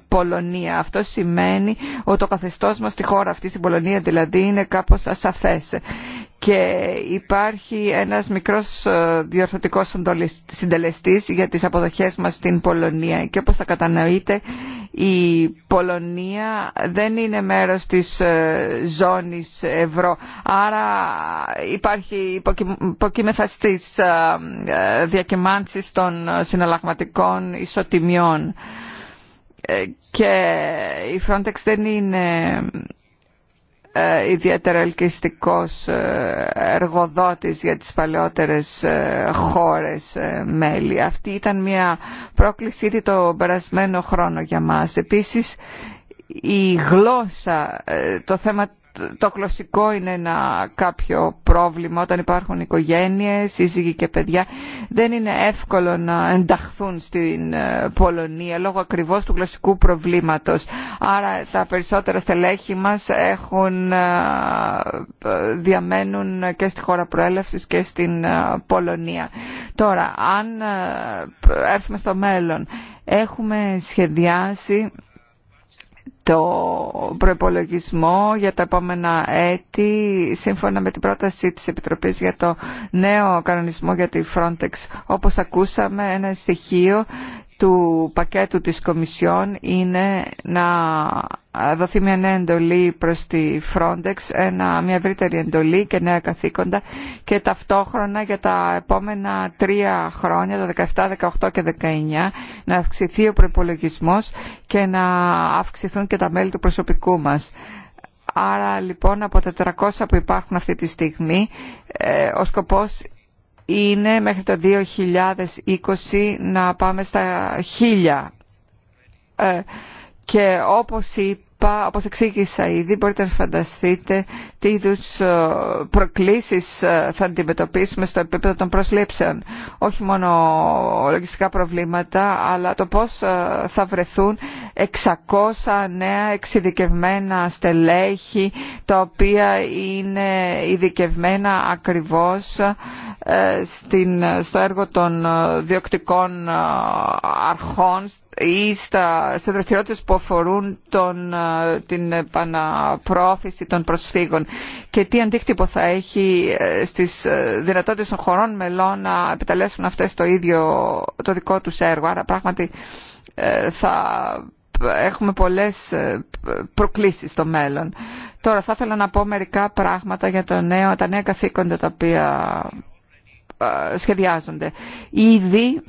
Πολωνία. Αυτό σημαίνει ότι το καθεστώς μας στη χώρα αυτή, στην Πολωνία δηλαδή, είναι κάπως ασαφές και υπάρχει ένας μικρός ε, διορθωτικός συντελεστής για τις αποδοχές μας στην Πολωνία και όπως θα κατανοείτε η Πολωνία δεν είναι μέρος της ε, ζώνης ευρώ άρα υπάρχει υποκείμεθα στις ε, διακυμάνσεις των συναλλαγματικών ισοτιμιών και η Frontex δεν είναι ε, ιδιαίτερα ελκυστικός ε, εργοδότης για τις παλαιότερες ε, χώρες μέλη. Αυτή ήταν μια πρόκληση ήδη το περασμένο χρόνο για μας. Επίσης η γλώσσα, το θέμα το γλωσσικό είναι ένα κάποιο πρόβλημα όταν υπάρχουν οικογένειες, σύζυγοι και παιδιά. Δεν είναι εύκολο να ενταχθούν στην ε, Πολωνία λόγω ακριβώς του γλωσσικού προβλήματος. Άρα τα περισσότερα στελέχη μας έχουν, ε, διαμένουν και στη χώρα προέλευσης και στην ε, Πολωνία. Τώρα, αν έρθουμε στο μέλλον, έχουμε σχεδιάσει το προπολογισμό για τα επόμενα έτη σύμφωνα με την πρόταση της Επιτροπής για το νέο κανονισμό για τη Frontex. Όπως ακούσαμε ένα στοιχείο του πακέτου της Κομισιόν είναι να δοθεί μια νέα εντολή προς τη Frontex, ένα, μια ευρύτερη εντολή και νέα καθήκοντα και ταυτόχρονα για τα επόμενα τρία χρόνια, το 17, 18 και 19, να αυξηθεί ο και να αυξηθούν και τα μέλη του προσωπικού μας. Άρα λοιπόν από τα 400 που υπάρχουν αυτή τη στιγμή ε, ο σκοπός είναι μέχρι το 2020 να πάμε στα 1000. Ε, και όπως είπα Όπω όπως εξήγησα ήδη, μπορείτε να φανταστείτε τι είδου ε, προκλήσεις ε, θα αντιμετωπίσουμε στο επίπεδο των προσλήψεων. Όχι μόνο λογιστικά προβλήματα, αλλά το πώς ε, θα βρεθούν 600 νέα εξειδικευμένα στελέχη, τα οποία είναι ειδικευμένα ακριβώς στην, στο έργο των διοκτικών αρχών, ή στα, σε δραστηριότητες που αφορούν ε, την επαναπρόθεση των προσφύγων και τι αντίκτυπο θα έχει ε, στις ε, δυνατότητες των χωρών μελών να επιταλέσουν αυτές το ίδιο το δικό τους έργο. Άρα πράγματι θα έχουμε πολλές προκλήσεις στο μέλλον. Τώρα θα ήθελα να πω μερικά πράγματα για το νέο, τα νέα καθήκοντα τα οποία σχεδιάζονται. Ήδη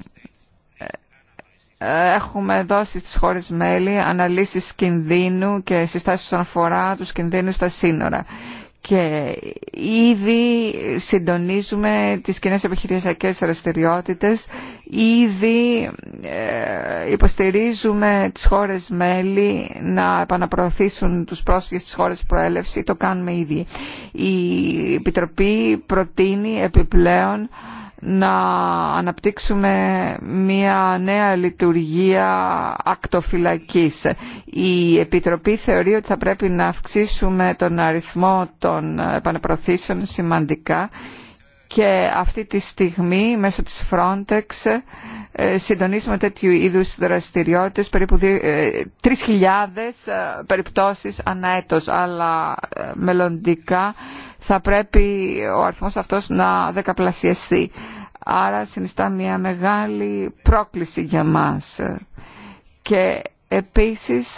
έχουμε δώσει στις χώρες μέλη αναλύσεις κινδύνου και συστάσεις όσον αφορά τους κινδύνους στα σύνορα. Και ήδη συντονίζουμε τις κοινέ επιχειρησιακές δραστηριότητε, ήδη ε, υποστηρίζουμε τις χώρες μέλη να επαναπροωθήσουν τους πρόσφυγες στις χώρες προέλευση, το κάνουμε ήδη. Η Επιτροπή προτείνει επιπλέον να αναπτύξουμε μια νέα λειτουργία ακτοφυλακής. Η Επιτροπή θεωρεί ότι θα πρέπει να αυξήσουμε τον αριθμό των επαναπροθήσεων σημαντικά και αυτή τη στιγμή μέσω της Frontex ε, συντονίζουμε τέτοιου είδους δραστηριότητες περίπου 3.000 ε, ε, περιπτώσεις ανά έτος αλλά μελλοντικά θα πρέπει ο αριθμός αυτός να δεκαπλασιαστεί. Άρα συνιστά μια μεγάλη πρόκληση για μας. Και επίσης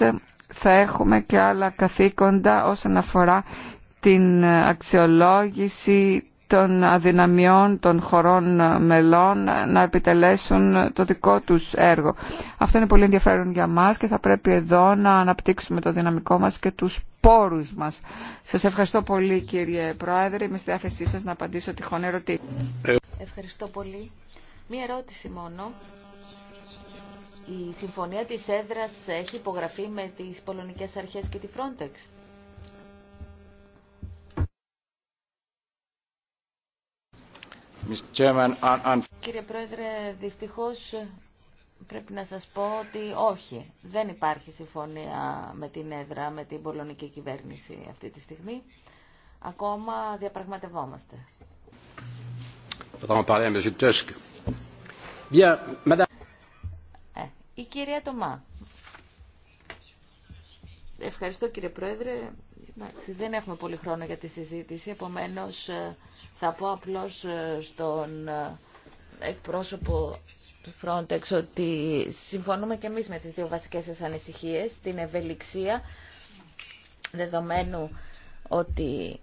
θα έχουμε και άλλα καθήκοντα όσον αφορά την αξιολόγηση των αδυναμιών των χωρών μελών να επιτελέσουν το δικό τους έργο. Αυτό είναι πολύ ενδιαφέρον για μας και θα πρέπει εδώ να αναπτύξουμε το δυναμικό μας και τους πόρους μας. Σας ευχαριστώ πολύ κύριε Πρόεδρε. Είμαι στη διάθεσή σας να απαντήσω τυχόν ερωτή. Ευχαριστώ πολύ. Μία ερώτηση μόνο. Η συμφωνία της έδρας έχει υπογραφεί με τις πολωνικές αρχές και τη Frontex. Κύριε Πρόεδρε, δυστυχώς πρέπει να σας πω ότι όχι, δεν υπάρχει συμφωνία με την έδρα, με την πολωνική κυβέρνηση αυτή τη στιγμή. Ακόμα διαπραγματευόμαστε. Ε, η κυρία Τομά. Ευχαριστώ κύριε Πρόεδρε δεν έχουμε πολύ χρόνο για τη συζήτηση, επομένως ε, θα πω απλώς ε, στον ε, εκπρόσωπο του Frontex ότι συμφωνούμε και εμείς με τις δύο βασικές σας ανησυχίες, την ευελιξία δεδομένου ότι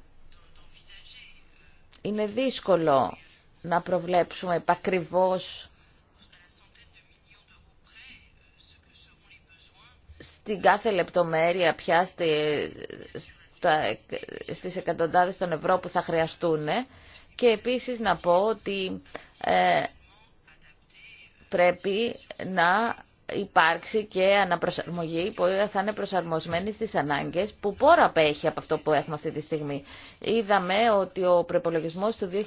είναι δύσκολο να προβλέψουμε επακριβώς στην κάθε λεπτομέρεια πιάστε στις εκατοντάδες των ευρώ που θα χρειαστούν και επίσης να πω ότι ε, πρέπει να υπάρξει και αναπροσαρμογή που θα είναι προσαρμοσμένη στις ανάγκες που πόρα απέχει από αυτό που έχουμε αυτή τη στιγμή. Είδαμε ότι ο προπολογισμό του 2016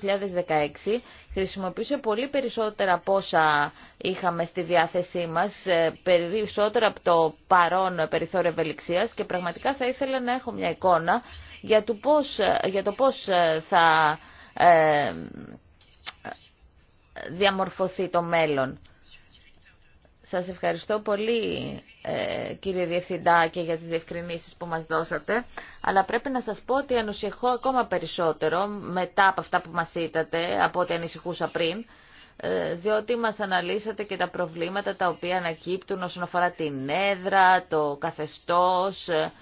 χρησιμοποιούσε πολύ περισσότερα πόσα είχαμε στη διάθεσή μας, ε, περισσότερα από το παρόν περιθώριο ευελιξίας και πραγματικά θα ήθελα να έχω μια εικόνα για το πώς, για το πώς ε, θα ε, διαμορφωθεί το μέλλον. Σας ευχαριστώ πολύ ε, κύριε Διευθυντά και για τις διευκρινήσεις που μας δώσατε. Αλλά πρέπει να σας πω ότι ανοσυχώ ακόμα περισσότερο μετά από αυτά που μας είδατε, από ό,τι ανησυχούσα πριν, ε, διότι μας αναλύσατε και τα προβλήματα τα οποία ανακύπτουν όσον αφορά την έδρα, το καθεστώς, ε,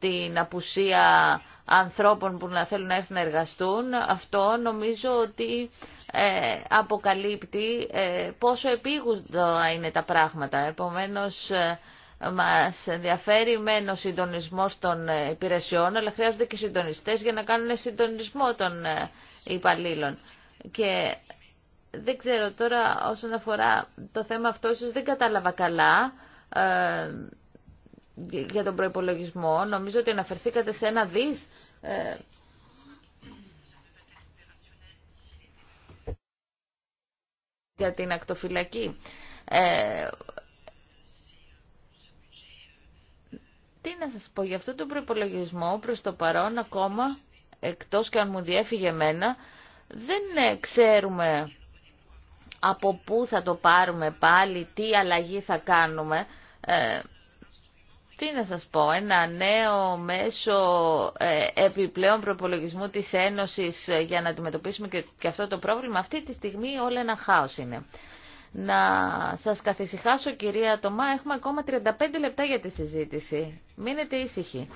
την απουσία ανθρώπων που να θέλουν να έρθουν να εργαστούν, αυτό νομίζω ότι ε, αποκαλύπτει ε, πόσο επίγοντα είναι τα πράγματα. Επομένως, ε, μας ενδιαφέρει μεν ο συντονισμός των ε, υπηρεσιών, αλλά χρειάζονται και συντονιστές για να κάνουν συντονισμό των υπαλλήλων. Και δεν ξέρω τώρα όσον αφορά το θέμα αυτό, ίσως δεν κατάλαβα καλά για τον προϋπολογισμό. Νομίζω ότι αναφερθήκατε σε ένα δις. Ε, για την ακτοφυλακή. Ε, τι να σας πω, για αυτό τον προϋπολογισμό προς το παρόν ακόμα, εκτός και αν μου διέφυγε εμένα, δεν ε, ξέρουμε από πού θα το πάρουμε πάλι, τι αλλαγή θα κάνουμε. Ε, τι να σας πω, ένα νέο μέσο ε, επιπλέον προπολογισμού της Ένωσης ε, για να αντιμετωπίσουμε και αυτό το πρόβλημα. Αυτή τη στιγμή όλο ένα χάος είναι. Να σας καθησυχάσω κυρία Τομά, έχουμε ακόμα 35 λεπτά για τη συζήτηση. Μείνετε ήσυχοι.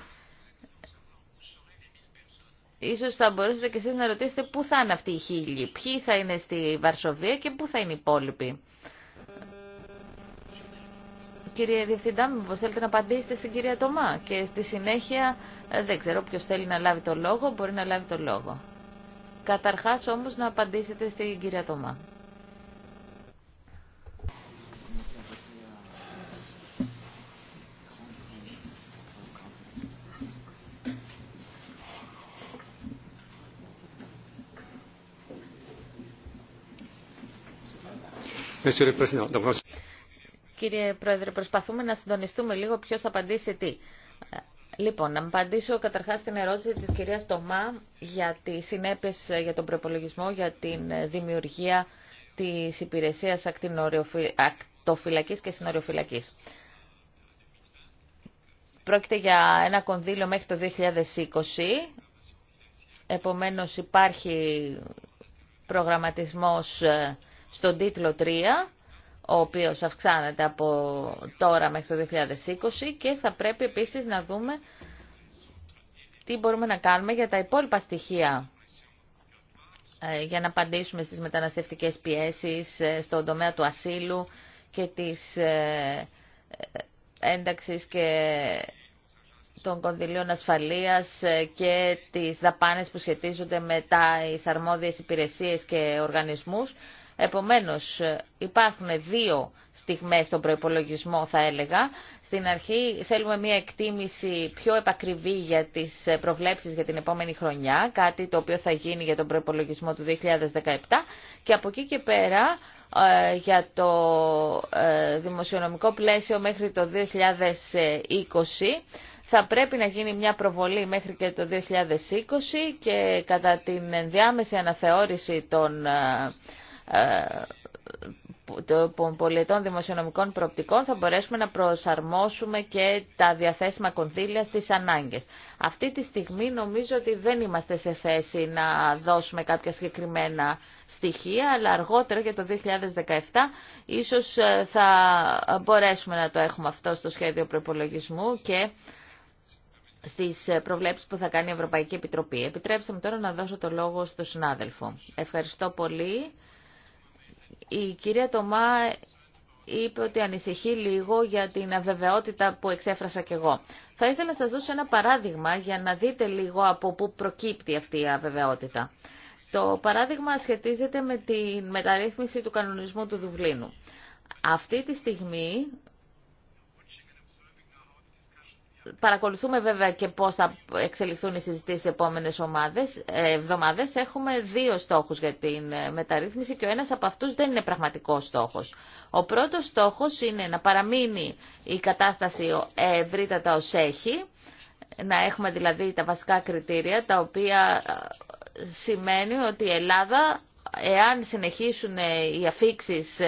Ίσως θα μπορούσατε και εσείς να ρωτήσετε πού θα είναι αυτοί οι χίλιοι, ποιοι θα είναι στη Βαρσοβία και πού θα είναι οι υπόλοιποι. Κύριε Διευθυντά, μήπω θέλετε να απαντήσετε στην κυρία Τομά και στη συνέχεια ε, δεν ξέρω ποιο θέλει να λάβει το λόγο, μπορεί να λάβει το λόγο. Καταρχά όμω να απαντήσετε στην κυρία Τομά. Monsieur le Président, Κύριε Πρόεδρε, προσπαθούμε να συντονιστούμε λίγο ποιος θα απαντήσει τι. Λοιπόν, να απαντήσω καταρχάς στην ερώτηση της κυρίας Τομά για τις συνέπειες για τον προπολογισμό, για την δημιουργία της υπηρεσίας ακτοφυλακής και συνοριοφυλακής. Πρόκειται για ένα κονδύλιο μέχρι το 2020, επομένως υπάρχει προγραμματισμός ε, στον τίτλο 3 ο οποίος αυξάνεται από τώρα μέχρι το 2020 και θα πρέπει επίσης να δούμε τι μπορούμε να κάνουμε για τα υπόλοιπα στοιχεία ε, για να απαντήσουμε στις μεταναστευτικές πιέσεις ε, στον τομέα του ασύλου και της ε, ένταξης και των κονδυλίων ασφαλείας και τις δαπάνες που σχετίζονται με τα αρμόδιες υπηρεσίες και οργανισμούς. Επομένως, υπάρχουν δύο στιγμές στον προϋπολογισμό θα έλεγα. Στην αρχή θέλουμε μια εκτίμηση πιο επακριβή για τις προβλέψεις για την επόμενη χρονιά, κάτι το οποίο θα γίνει για τον προϋπολογισμό του 2017 και από εκεί και πέρα ε, για το ε, δημοσιονομικό πλαίσιο μέχρι το 2020 θα πρέπει να γίνει μια προβολή μέχρι και το 2020 και κατά την ενδιάμεση αναθεώρηση των ε, ε, των πολιτών δημοσιονομικών προοπτικών θα μπορέσουμε να προσαρμόσουμε και τα διαθέσιμα κονδύλια στις ανάγκες. Αυτή τη στιγμή νομίζω ότι δεν είμαστε σε θέση να δώσουμε κάποια συγκεκριμένα στοιχεία, αλλά αργότερα για το 2017 ίσως ε, θα μπορέσουμε να το έχουμε αυτό στο σχέδιο προπολογισμού και στις προβλέψεις που θα κάνει η Ευρωπαϊκή Επιτροπή. Επιτρέψτε μου τώρα να δώσω το λόγο στον συνάδελφο. Ευχαριστώ πολύ. Η κυρία Τομά είπε ότι ανησυχεί λίγο για την αβεβαιότητα που εξέφρασα κι εγώ. Θα ήθελα να σας δώσω ένα παράδειγμα για να δείτε λίγο από πού προκύπτει αυτή η αβεβαιότητα. Το παράδειγμα σχετίζεται με τη μεταρρύθμιση του κανονισμού του Δουβλίνου. Αυτή τη στιγμή Παρακολουθούμε βέβαια και πώς θα εξελιχθούν οι συζητήσεις επόμενες ομάδες, ε, εβδομάδες. Έχουμε δύο στόχους για την ε, μεταρρύθμιση και ο ένας από αυτούς δεν είναι πραγματικός στόχος. Ο πρώτος στόχος είναι να παραμείνει η κατάσταση ε, ευρύτατα ως έχει, να έχουμε δηλαδή τα βασικά κριτήρια, τα οποία σημαίνει ότι η Ελλάδα, εάν συνεχίσουν οι αφήξεις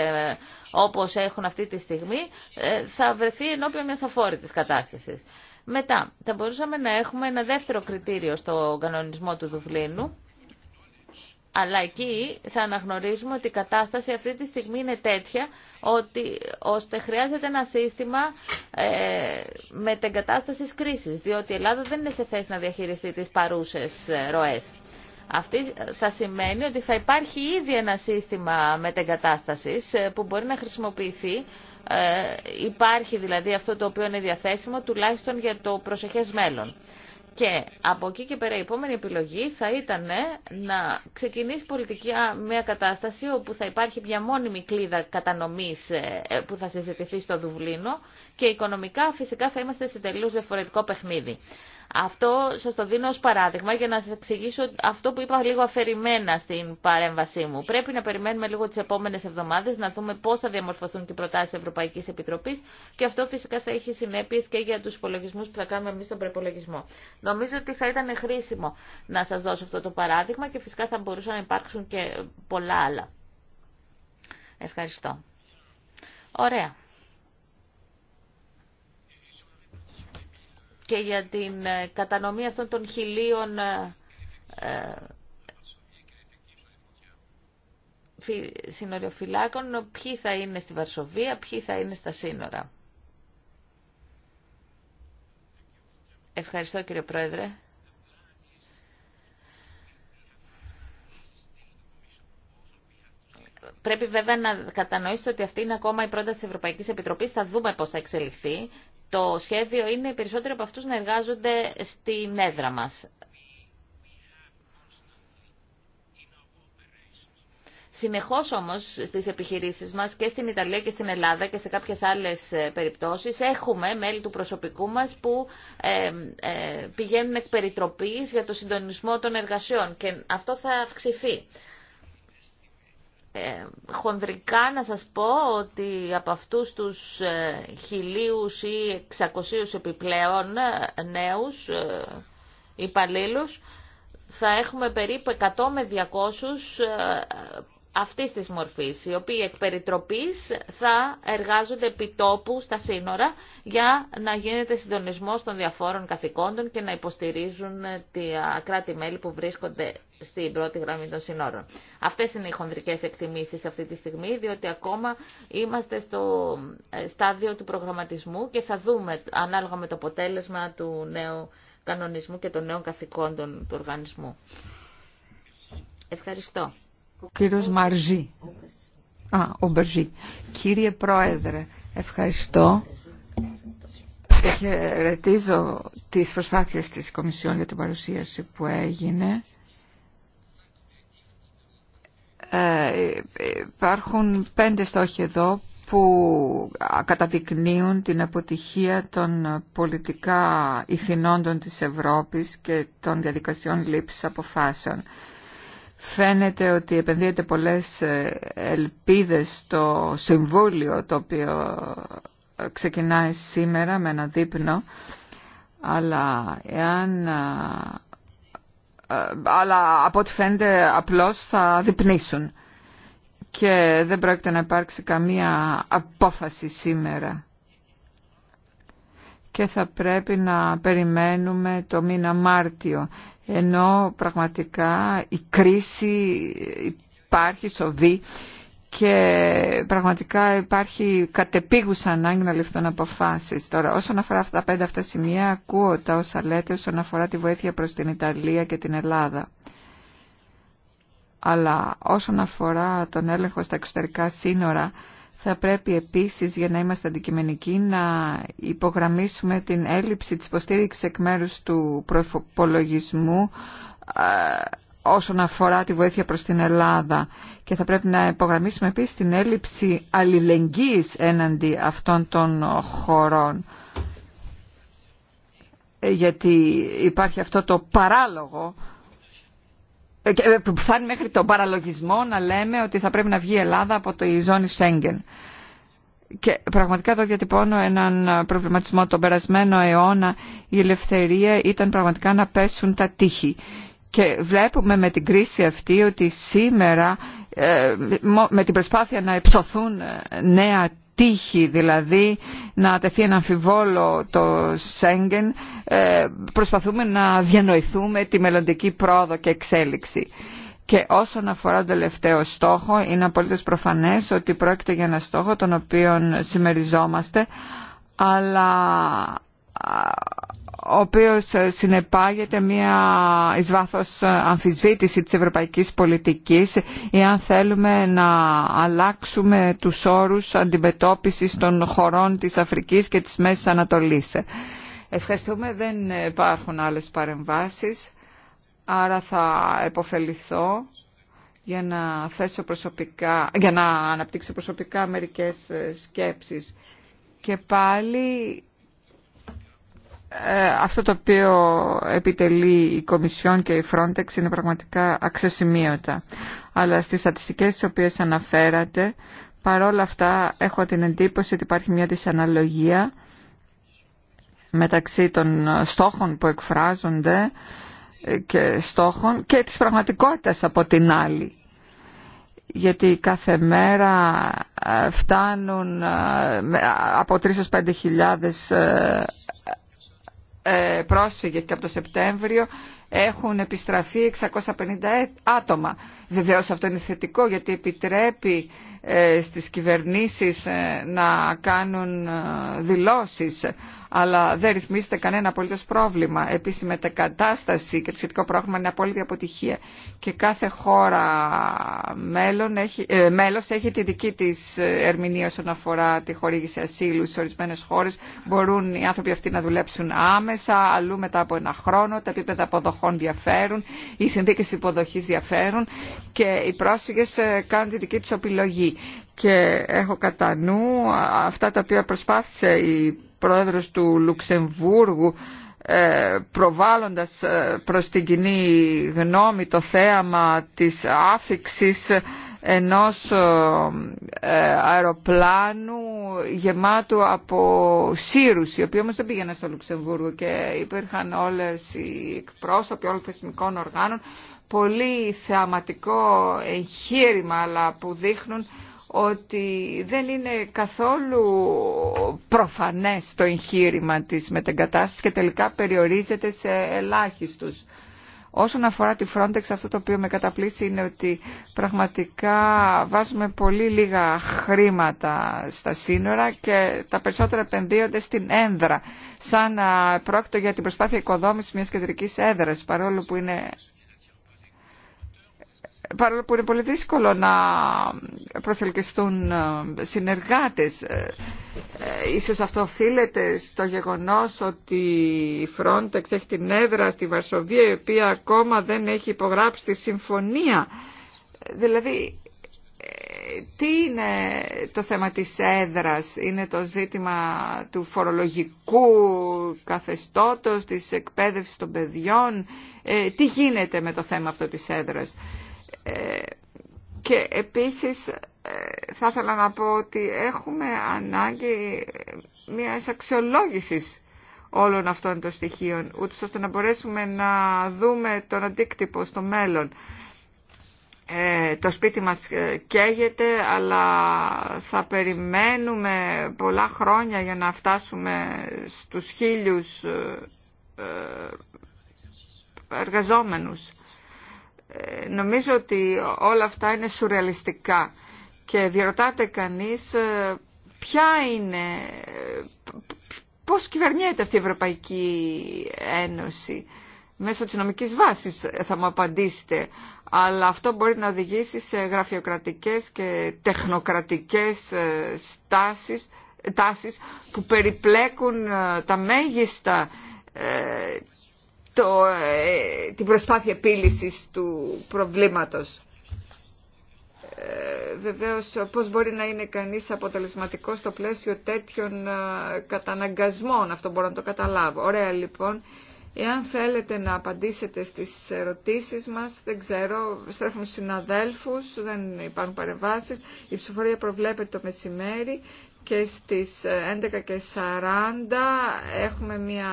όπως έχουν αυτή τη στιγμή, θα βρεθεί ενώπιον μιας αφόρητης κατάστασης. Μετά, θα μπορούσαμε να έχουμε ένα δεύτερο κριτήριο στο κανονισμό του Δουβλίνου, αλλά εκεί θα αναγνωρίζουμε ότι η κατάσταση αυτή τη στιγμή είναι τέτοια ότι, ώστε χρειάζεται ένα σύστημα ε, με κρίσης, διότι η Ελλάδα δεν είναι σε θέση να διαχειριστεί τις παρούσες ε, ροές. Αυτή θα σημαίνει ότι θα υπάρχει ήδη ένα σύστημα μετεγκατάστασης ε, που μπορεί να χρησιμοποιηθεί ε, υπάρχει δηλαδή αυτό το οποίο είναι διαθέσιμο τουλάχιστον για το προσεχές μέλλον. Και από εκεί και πέρα η επόμενη επιλογή θα ήταν να ξεκινήσει πολιτική μια κατάσταση όπου θα υπάρχει μια μόνιμη κλίδα κατανομής ε, που θα συζητηθεί στο Δουβλίνο και οικονομικά φυσικά θα είμαστε σε τελείως διαφορετικό παιχνίδι. Αυτό σας το δίνω ως παράδειγμα για να σας εξηγήσω αυτό που είπα λίγο αφαιρημένα στην παρέμβασή μου. Πρέπει να περιμένουμε λίγο τις επόμενες εβδομάδες να δούμε πώς θα διαμορφωθούν και οι προτάσεις της Ευρωπαϊκής Επιτροπής και αυτό φυσικά θα έχει συνέπειες και για τους υπολογισμού που θα κάνουμε εμείς στον προπολογισμό. Νομίζω ότι θα ήταν χρήσιμο να σας δώσω αυτό το παράδειγμα και φυσικά θα μπορούσαν να υπάρξουν και πολλά άλλα. Ευχαριστώ. Ωραία. και για την ε, κατανομή αυτών των χιλίων ε, ε, συνοριοφυλάκων, ποιοι θα είναι στη Βαρσοβία, ποιοι θα είναι στα σύνορα. Ευχαριστώ κύριε Πρόεδρε. Πρέπει βέβαια να κατανοήσετε ότι αυτή είναι ακόμα η πρόταση τη Ευρωπαϊκή Επιτροπή. Θα δούμε πώ θα εξελιχθεί. Το σχέδιο είναι οι περισσότεροι από αυτού να εργάζονται στην έδρα μα. Συνεχώ όμω, στι επιχειρήσει μα και στην Ιταλία και στην Ελλάδα και σε κάποιε άλλε περιπτώσει έχουμε μέλη του προσωπικού μα που ε, ε, πηγαίνουν εκ περιτροπή για το συντονισμό των εργασιών και αυτό θα αυξηθεί. Ε, χονδρικά να σας πω ότι από αυτούς τους ε, χιλίους ή εξακοσίους επιπλέον ε, νέους υπαλλήλους θα έχουμε περίπου 100 με 200 αυτής της μορφής, οι οποίοι εκ περιτροπής θα εργάζονται επιτόπου τόπου στα σύνορα για να γίνεται συντονισμός των διαφόρων καθηκόντων και να υποστηρίζουν τα κράτη-μέλη που βρίσκονται στην πρώτη γραμμή των σύνορων. Αυτές είναι οι χονδρικές εκτιμήσεις αυτή τη στιγμή, διότι ακόμα είμαστε στο ε, στάδιο του προγραμματισμού και θα δούμε ανάλογα με το αποτέλεσμα του νέου κανονισμού και των νέων καθηκόντων του οργανισμού. Ευχαριστώ. Ο Μαρζή. Α, ο Κύριε Πρόεδρε, ευχαριστώ και χαιρετίζω τις προσπάθειες της Κομισιόν για την παρουσίαση που έγινε. Ε, υπάρχουν πέντε στόχοι εδώ που καταδεικνύουν την αποτυχία των πολιτικά ηθινόντων της Ευρώπης και των διαδικασιών λήψης αποφάσεων. Φαίνεται ότι επενδύεται πολλές ε, ελπίδες στο συμβούλιο το οποίο ξεκινάει σήμερα με ένα δείπνο, αλλά εάν ε, ε, αλλά από ό,τι φαίνεται απλώς θα διπνήσουν και δεν πρόκειται να υπάρξει καμία απόφαση σήμερα και θα πρέπει να περιμένουμε το μήνα Μάρτιο ενώ πραγματικά η κρίση υπάρχει σοβή και πραγματικά υπάρχει κατεπίγουσα ανάγκη να ληφθούν αποφάσεις. Τώρα, όσον αφορά αυτά τα πέντε αυτά σημεία, ακούω τα όσα λέτε όσον αφορά τη βοήθεια προς την Ιταλία και την Ελλάδα. Αλλά όσον αφορά τον έλεγχο στα εξωτερικά σύνορα, θα πρέπει επίσης για να είμαστε αντικειμενικοί να υπογραμμίσουμε την έλλειψη της υποστήριξης εκ μέρους του προπολογισμού ε, όσον αφορά τη βοήθεια προς την Ελλάδα και θα πρέπει να υπογραμμίσουμε επίσης την έλλειψη αλληλεγγύης έναντι αυτών των χωρών ε, γιατί υπάρχει αυτό το παράλογο ε, ε, που φτάνει μέχρι τον παραλογισμό να λέμε ότι θα πρέπει να βγει η Ελλάδα από τη ζώνη Σέγγεν. Και πραγματικά εδώ διατυπώνω έναν προβληματισμό. Τον περασμένο αιώνα η ελευθερία ήταν πραγματικά να πέσουν τα τείχη. Και βλέπουμε με την κρίση αυτή ότι σήμερα ε, με την προσπάθεια να εψωθούν νέα τύχη δηλαδή να τεθεί ένα αμφιβόλο το Σέγγεν ε, προσπαθούμε να διανοηθούμε τη μελλοντική πρόοδο και εξέλιξη. Και όσον αφορά τον τελευταίο στόχο, είναι απολύτως προφανές ότι πρόκειται για ένα στόχο τον οποίο συμμεριζόμαστε, αλλά ο οποίος ε, συνεπάγεται μια εις βάθος ε, αμφισβήτηση της ευρωπαϊκής πολιτικής αν θέλουμε να αλλάξουμε τους όρους αντιμετώπισης των χωρών της Αφρικής και της Μέσης Ανατολής. Ευχαριστούμε, δεν υπάρχουν άλλες παρεμβάσεις, άρα θα επωφεληθώ για να, θέσω προσωπικά, για να αναπτύξω προσωπικά μερικές ε, σκέψεις. Και πάλι ε, αυτό το οποίο επιτελεί η Κομισιόν και η Frontex είναι πραγματικά αξιοσημείωτα. Αλλά στις στατιστικές τις οποίες αναφέρατε, παρόλα αυτά έχω την εντύπωση ότι υπάρχει μια δυσαναλογία μεταξύ των στόχων που εκφράζονται και στόχων και της πραγματικότητας από την άλλη. Γιατί κάθε μέρα ε, φτάνουν ε, από 3 5 ε, πρόσφυγες και από το Σεπτέμβριο έχουν επιστραφεί 650 άτομα. Βεβαίως αυτό είναι θετικό γιατί επιτρέπει ε, στις κυβερνήσεις ε, να κάνουν δηλώσεις αλλά δεν ρυθμίζεται κανένα απολύτως πρόβλημα. Επίσης η μετακατάσταση και το σχετικό πρόγραμμα είναι απόλυτη αποτυχία. Και κάθε χώρα μέλον έχει, ε, μέλος έχει τη δική της ε, ερμηνεία όσον αφορά τη χορήγηση ασύλου σε ορισμένες χώρες. Μπορούν οι άνθρωποι αυτοί να δουλέψουν άμεσα, αλλού μετά από ένα χρόνο, τα επίπεδα αποδοχών διαφέρουν, οι συνθήκες υποδοχής διαφέρουν και οι πρόσφυγες ε, κάνουν τη δική τους επιλογή και έχω κατά νου αυτά τα οποία προσπάθησε η πρόεδρος του Λουξεμβούργου ε, προβάλλοντας ε, προς την κοινή γνώμη το θέαμα της άφηξης ενός ε, αεροπλάνου γεμάτου από σύρους, οι οποίοι όμως δεν πήγαιναν στο Λουξεμβούργο και υπήρχαν όλες οι εκπρόσωποι όλων θεσμικών οργάνων, πολύ θεαματικό εγχείρημα αλλά που δείχνουν ότι δεν είναι καθόλου προφανές το εγχείρημα της μετεγκατάστασης και τελικά περιορίζεται σε ελάχιστους. Όσον αφορά τη Frontex, αυτό το οποίο με καταπλήσει είναι ότι πραγματικά βάζουμε πολύ λίγα χρήματα στα σύνορα και τα περισσότερα επενδύονται στην ένδρα, σαν να πρόκειται για την προσπάθεια οικοδόμησης μιας κεντρικής έδρας, παρόλο που είναι παρόλο που είναι πολύ δύσκολο να προσελκυστούν ε, συνεργάτες. Ε, ε, ίσως αυτό οφείλεται στο γεγονός ότι η Frontex έχει την έδρα στη Βαρσοβία η οποία ακόμα δεν έχει υπογράψει τη συμφωνία. Δηλαδή, τι είναι το θέμα της έδρας, είναι το ζήτημα του φορολογικού καθεστώτος, της εκπαίδευσης των παιδιών, τι γίνεται με το θέμα αυτό της έδρας. Ε, και επίσης ε, θα ήθελα να πω ότι έχουμε ανάγκη μια αξιολόγηση όλων αυτών των στοιχείων, ώστε να μπορέσουμε να δούμε τον αντίκτυπο στο μέλλον. Ε, το σπίτι μας καίγεται, αλλά θα περιμένουμε πολλά χρόνια για να φτάσουμε στους χίλιους εργαζόμενους. Ε, νομίζω ότι όλα αυτά είναι σουρεαλιστικά και διερωτάται κανείς ε, ποια είναι, ε, πώς κυβερνιέται αυτή η Ευρωπαϊκή Ένωση μέσω της νομικής βάσης θα μου απαντήσετε, αλλά αυτό μπορεί να οδηγήσει σε γραφειοκρατικές και τεχνοκρατικές στάσεις, τάσεις που περιπλέκουν τα μέγιστα το, ε, την προσπάθεια επίλυσης του προβλήματος. Ε, βεβαίως πώς μπορεί να είναι κανείς αποτελεσματικός στο πλαίσιο τέτοιων ε, καταναγκασμών, αυτό μπορώ να το καταλάβω. Ωραία λοιπόν, εάν θέλετε να απαντήσετε στις ερωτήσεις μας, δεν ξέρω, στρέφουμε στους συναδέλφους, δεν υπάρχουν παρεμβάσεις, η ψηφορία προβλέπεται το μεσημέρι, και στις 11.40 ε, έχουμε μια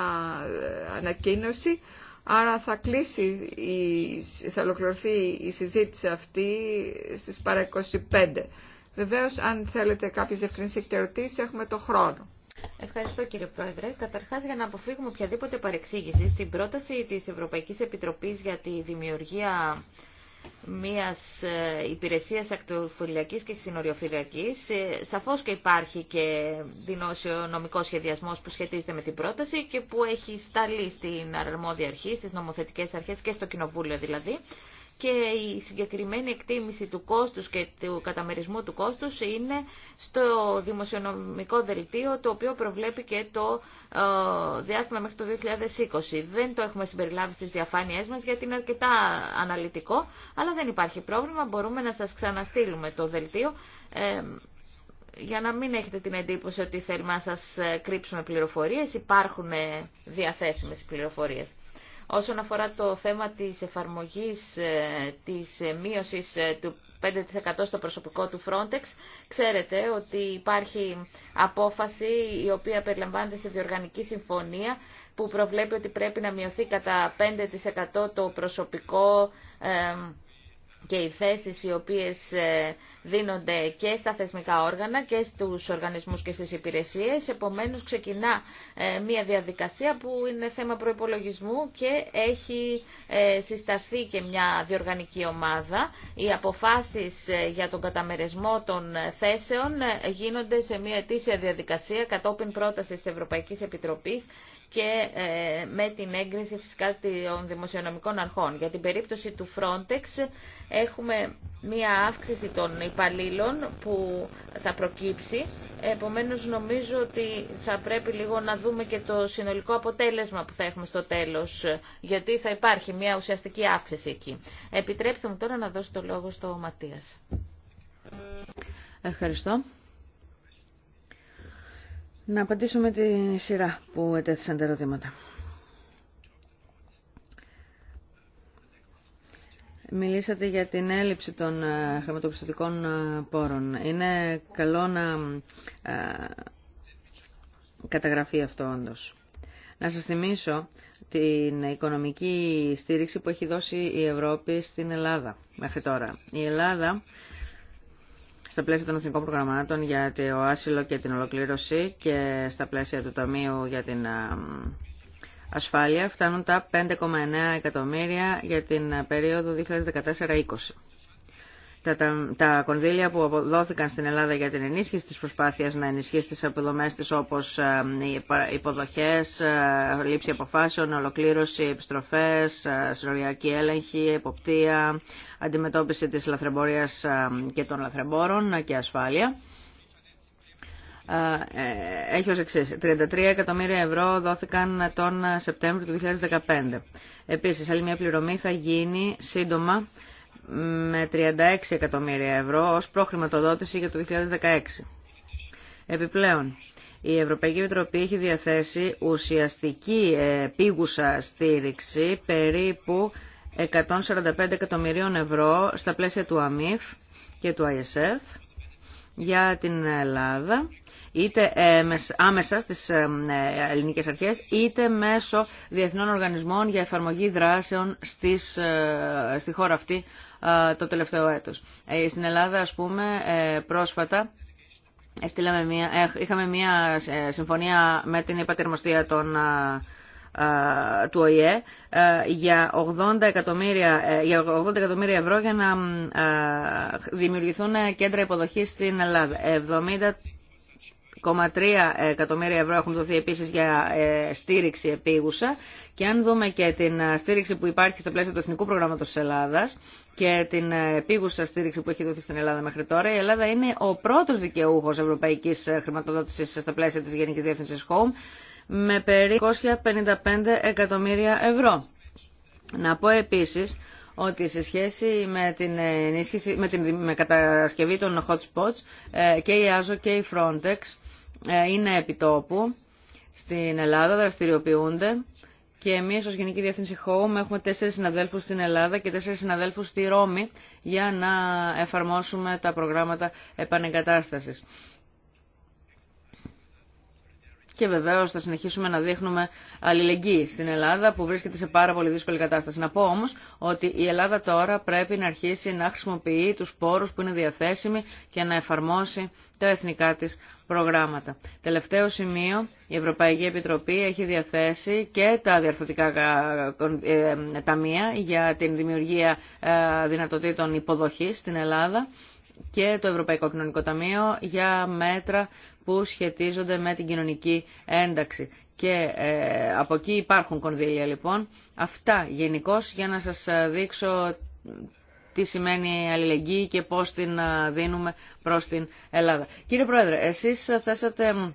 ε, ανακοίνωση. Άρα θα κλείσει, η, θα ολοκληρωθεί η συζήτηση αυτή στις παρα 25. Βεβαίως, αν θέλετε κάποιες ευκρινήσεις και ερωτήσεις, έχουμε το χρόνο. Ευχαριστώ κύριε Πρόεδρε. Καταρχάς, για να αποφύγουμε οποιαδήποτε παρεξήγηση, στην πρόταση της Ευρωπαϊκής Επιτροπής για τη δημιουργία μια ε, υπηρεσία ακτοφυλιακή και συνοριοφυλιακή. Ε, Σαφώ και υπάρχει και δημόσιο νομικό σχεδιασμό που σχετίζεται με την πρόταση και που έχει σταλεί στην αρμόδια αρχή, στι νομοθετικέ αρχέ και στο Κοινοβούλιο δηλαδή και η συγκεκριμένη εκτίμηση του κόστους και του καταμερισμού του κόστους είναι στο δημοσιονομικό δελτίο το οποίο προβλέπει και το ε, διάστημα μέχρι το 2020. Δεν το έχουμε συμπεριλάβει στις διαφάνειές μας γιατί είναι αρκετά αναλυτικό, αλλά δεν υπάρχει πρόβλημα, μπορούμε να σας ξαναστείλουμε το δελτίο ε, για να μην έχετε την εντύπωση ότι θέλουμε να σας ε, κρύψουμε πληροφορίες, υπάρχουν διαθέσιμες πληροφορίες. Όσον αφορά το θέμα της εφαρμογής ε, της ε, μείωσης ε, του 5% στο προσωπικό του Frontex. Ξέρετε ότι υπάρχει απόφαση η οποία περιλαμβάνεται στη διοργανική συμφωνία που προβλέπει ότι πρέπει να μειωθεί κατά 5% το προσωπικό και οι θέσεις οι οποίες ε, δίνονται και στα θεσμικά όργανα και στους οργανισμούς και στις υπηρεσίες. Επομένως ξεκινά ε, μια διαδικασία που είναι θέμα προϋπολογισμού και έχει ε, συσταθεί και μια διοργανική ομάδα. Οι αποφάσεις για τον καταμερισμό των θέσεων γίνονται σε μια αιτήσια διαδικασία κατόπιν πρόταση της Ευρωπαϊκής Επιτροπής και με την έγκριση φυσικά των δημοσιονομικών αρχών. Για την περίπτωση του Frontex έχουμε μία αύξηση των υπαλλήλων που θα προκύψει. Επομένως νομίζω ότι θα πρέπει λίγο να δούμε και το συνολικό αποτέλεσμα που θα έχουμε στο τέλος, γιατί θα υπάρχει μία ουσιαστική αύξηση εκεί. Επιτρέψτε μου τώρα να δώσω το λόγο στο Ματίας. Ευχαριστώ. Να απαντήσω με τη σειρά που ετέθησαν τα ερωτήματα. Μιλήσατε για την έλλειψη των ε, χρηματοπιστωτικών ε, πόρων. Είναι καλό να ε, καταγραφεί αυτό όντως. Να σας θυμίσω την οικονομική στήριξη που έχει δώσει η Ευρώπη στην Ελλάδα μέχρι τώρα. Η Ελλάδα στα πλαίσια των εθνικών προγραμμάτων για το άσυλο και την ολοκλήρωση και στα πλαίσια του Ταμείου για την ασφάλεια φτάνουν τα 5,9 εκατομμύρια για την ε, περίοδο 2014-2020. Τα, τα, κονδύλια που αποδόθηκαν στην Ελλάδα για την ενίσχυση της προσπάθειας να ενισχύσει τις αποδομές της όπως ε, οι υποδοχές, ε, λήψη αποφάσεων, ολοκλήρωση, επιστροφές, συνοριακή έλεγχη, εποπτεία, αντιμετώπιση της λαθρεμπορίας και των λαθρεμπόρων και ασφάλεια. Ε, ε, έχει ως εξής. 33 εκατομμύρια ευρώ δόθηκαν τον Σεπτέμβριο του 2015. Επίσης, άλλη μια πληρωμή θα γίνει σύντομα με 36 εκατομμύρια ευρώ ως προχρηματοδότηση για το 2016. Επιπλέον, η Ευρωπαϊκή Επιτροπή έχει διαθέσει ουσιαστική πήγουσα στήριξη περίπου 145 εκατομμυρίων ευρώ στα πλαίσια του ΑΜΙΦ και του ISF για την Ελλάδα είτε ε, άμεσα στις ε, ε, ελληνικές αρχές, είτε μέσω διεθνών οργανισμών για εφαρμογή δράσεων στις, στη χώρα αυτή το τελευταίο έτος. Στην Ελλάδα, ας πούμε, πρόσφατα μια, είχαμε μια συμφωνία με την υπατερμοστία του ΟΗΕ για 80 εκατομμύρια, για 80 εκατομμύρια ευρώ για να δημιουργηθούν κέντρα υποδοχής στην Ελλάδα. 6,3 εκατομμύρια ευρώ έχουν δοθεί επίσης για ε, στήριξη επίγουσα και αν δούμε και την ε, στήριξη που υπάρχει στα πλαίσια του Εθνικού Προγράμματος της Ελλάδας και την ε, επίγουσα στήριξη που έχει δοθεί στην Ελλάδα μέχρι τώρα, η Ελλάδα είναι ο πρώτος δικαιούχος ευρωπαϊκής χρηματοδότησης στα πλαίσια της Γενικής Διεύθυνσης Home με περίπου 255 εκατομμύρια ευρώ. Να πω επίσης ότι σε σχέση με την, ενίσχυση, με την με κατασκευή των hot spots και η ΆΖΟ και η Frontex ε, είναι επιτόπου στην Ελλάδα, δραστηριοποιούνται και εμεί ω Γενική Διεύθυνση Home έχουμε τέσσερι συναδέλφου στην Ελλάδα και τέσσερι συναδέλφου στη Ρώμη για να εφαρμόσουμε τα προγράμματα επανεγκατάσταση και βεβαίως θα συνεχίσουμε να δείχνουμε αλληλεγγύη στην Ελλάδα που βρίσκεται σε πάρα πολύ δύσκολη κατάσταση. Να πω όμως ότι η Ελλάδα τώρα πρέπει να αρχίσει να χρησιμοποιεί τους πόρους που είναι διαθέσιμοι και να εφαρμόσει τα εθνικά της προγράμματα. Τελευταίο σημείο, η Ευρωπαϊκή Επιτροπή έχει διαθέσει και τα διαρθωτικά ε, ταμεία για την δημιουργία ε, δυνατοτήτων υποδοχής στην Ελλάδα και το Ευρωπαϊκό Κοινωνικό Ταμείο για μέτρα που σχετίζονται με την κοινωνική ένταξη. Και ε, από εκεί υπάρχουν κονδύλια λοιπόν. Αυτά γενικώ για να σας ε, δείξω τι σημαίνει αλληλεγγύη και πώς την ε, δίνουμε προς την Ελλάδα. Κύριε Πρόεδρε, εσείς θέσατε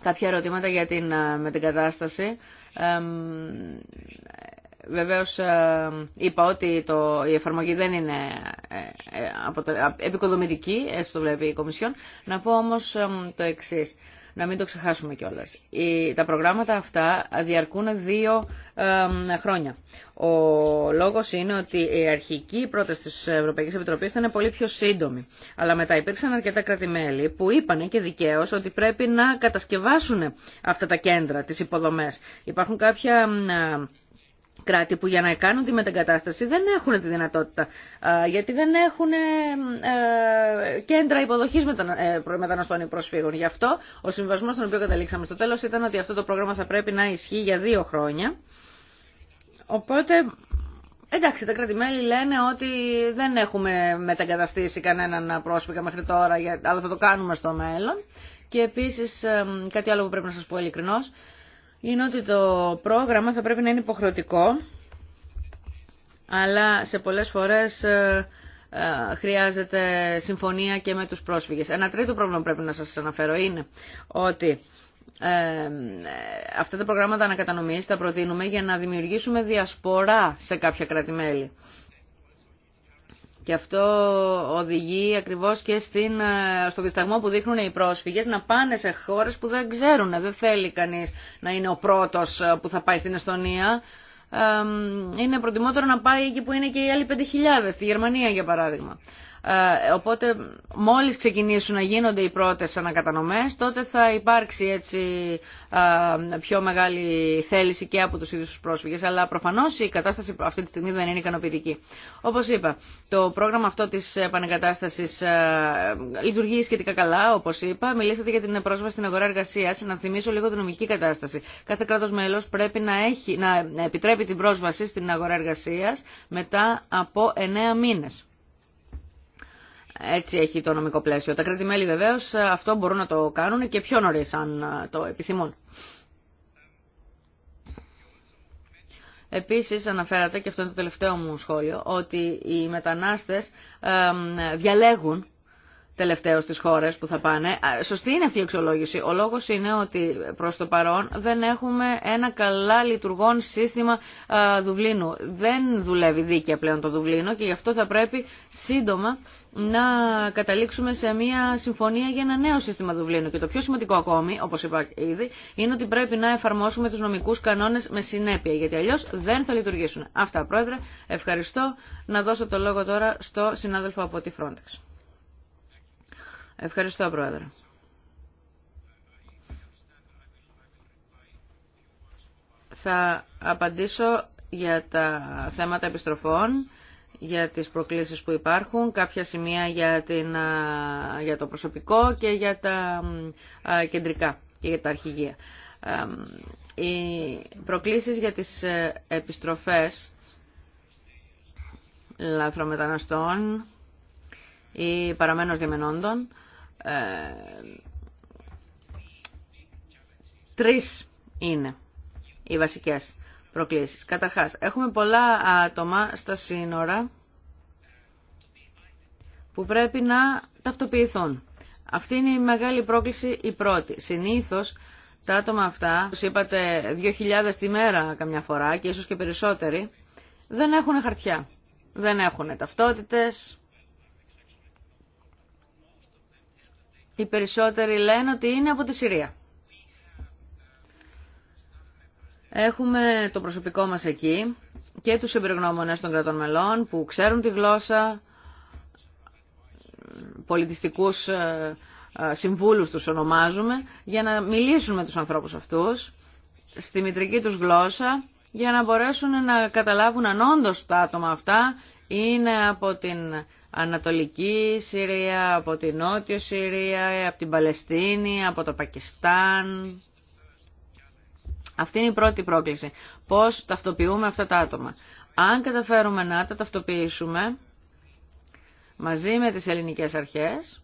κάποια ερωτήματα για την μετεγκατάσταση. Ε, Βεβαίως ε, είπα ότι το, η εφαρμογή δεν είναι ε, ε, επικοδομητική, έτσι το βλέπει η Κομισιόν. Να πω όμως το εξής, να μην το ξεχάσουμε κιόλα. τα προγράμματα αυτά διαρκούν δύο χρόνια. Ο λόγος είναι ότι η αρχική πρόταση της Ευρωπαϊκής Επιτροπής ήταν πολύ πιο σύντομη. Αλλά μετά υπήρξαν αρκετά κρατημέλη που είπαν και δικαίως ότι πρέπει να κατασκευάσουν αυτά τα κέντρα, τις υποδομές. Υπάρχουν κάποια κράτη που για να κάνουν τη μετεγκατάσταση δεν έχουν τη δυνατότητα, γιατί δεν έχουν ε, ε, κέντρα υποδοχής ε, μεταναστών ή προσφύγων. Γι' αυτό ο συμβασμός στον οποίο καταλήξαμε στο τέλος ήταν ότι αυτό το πρόγραμμα θα πρέπει να ισχύει για δύο χρόνια. Οπότε Εντάξει, τα κράτη-μέλη λένε ότι δεν έχουμε μεταγκαταστήσει κανέναν πρόσφυγα μέχρι τώρα, αλλά θα το κάνουμε στο μέλλον. Και επίσης, κάτι άλλο που πρέπει να σας πω ειλικρινώς, είναι ότι το πρόγραμμα θα πρέπει να είναι υποχρεωτικό, αλλά σε πολλές φορές ε, ε, χρειάζεται συμφωνία και με τους πρόσφυγες. Ένα τρίτο πρόβλημα που πρέπει να σας αναφέρω είναι ότι ε, αυτά τα προγράμματα ανακατανομής τα προτείνουμε για να δημιουργήσουμε διασπορά σε κάποια και αυτό οδηγεί ακριβώς και στην, ε, στο δισταγμό που δείχνουν οι πρόσφυγες να πάνε σε χώρες που δεν ξέρουν. Δεν θέλει κανείς να είναι ο πρώτος ε, που θα πάει στην Εστονία. Είναι προτιμότερο να πάει εκεί που είναι και οι άλλοι 5.000, στη Γερμανία για παράδειγμα. Ε, οπότε μόλις ξεκινήσουν να γίνονται οι πρώτες ανακατανομές τότε θα υπάρξει έτσι ε, πιο μεγάλη θέληση και από τους ίδιους τους πρόσφυγες αλλά προφανώς η κατάσταση αυτή τη στιγμή δεν είναι ικανοποιητική. Όπως είπα, το πρόγραμμα αυτό της επανεγκατάστασης ε, λειτουργεί σχετικά καλά όπως είπα. Μιλήσατε για την πρόσβαση στην αγορά εργασίας. Να θυμίσω λίγο την νομική κατάσταση. Κάθε κράτος μέλος πρέπει να, έχει, να επιτρέπει την πρόσβαση στην αγορά εργασίας μετά από 9 μήνες. Έτσι έχει το νομικό πλαίσιο. Τα κράτη-μέλη βεβαίω ε, αυτό μπορούν να το κάνουν και πιο νωρί αν ε, το επιθυμούν. Επίσης αναφέρατε, και αυτό είναι το τελευταίο μου σχόλιο, ότι οι μετανάστες ε, διαλέγουν τελευταίο στις χώρες που θα πάνε. Σωστή είναι αυτή η αξιολόγηση. Ο λόγος είναι ότι προς το παρόν δεν έχουμε ένα καλά λειτουργών σύστημα Δουβλίνου. Δεν δουλεύει δίκαια πλέον το Δουβλίνο και γι' αυτό θα πρέπει σύντομα να καταλήξουμε σε μια συμφωνία για ένα νέο σύστημα Δουβλίνου. Και το πιο σημαντικό ακόμη, όπως είπα ήδη, είναι ότι πρέπει να εφαρμόσουμε τους νομικούς κανόνες με συνέπεια, γιατί αλλιώς δεν θα λειτουργήσουν. Αυτά, Πρόεδρε. Ευχαριστώ. Να δώσω το λόγο τώρα στο συνάδελφο από τη Frontex. Ευχαριστώ, Πρόεδρε. Θα απαντήσω για τα θέματα επιστροφών, για τις προκλήσεις που υπάρχουν, κάποια σημεία για, την, για το προσωπικό και για τα κεντρικά και για τα αρχηγεία. Οι προκλήσεις για τις ε, επιστροφές λαθρομεταναστών ή παραμένως διαμενόντων ε, τρεις είναι οι βασικές προκλήσεις. Καταρχάς, έχουμε πολλά άτομα στα σύνορα που πρέπει να ταυτοποιηθούν. Αυτή είναι η μεγάλη πρόκληση η πρώτη. Συνήθως τα άτομα αυτά, όπω είπατε 2.000 τη μέρα καμιά φορά και ίσως και περισσότεροι, δεν έχουν χαρτιά. Δεν έχουν ταυτότητες, Οι περισσότεροι λένε ότι είναι από τη Συρία. Έχουμε το προσωπικό μας εκεί και τους εμπειρογνώμονες των κρατών μελών που ξέρουν τη γλώσσα, πολιτιστικούς ε, ε, συμβούλους τους ονομάζουμε, για να μιλήσουν με τους ανθρώπους αυτούς στη μητρική τους γλώσσα, για να μπορέσουν να καταλάβουν αν όντως τα άτομα αυτά είναι από την Ανατολική Συρία, από την Νότιο Συρία, από την Παλαιστίνη, από το Πακιστάν. Αυτή είναι η πρώτη πρόκληση. Πώς ταυτοποιούμε αυτά τα άτομα. Αν καταφέρουμε να τα ταυτοποιήσουμε μαζί με τις ελληνικές αρχές,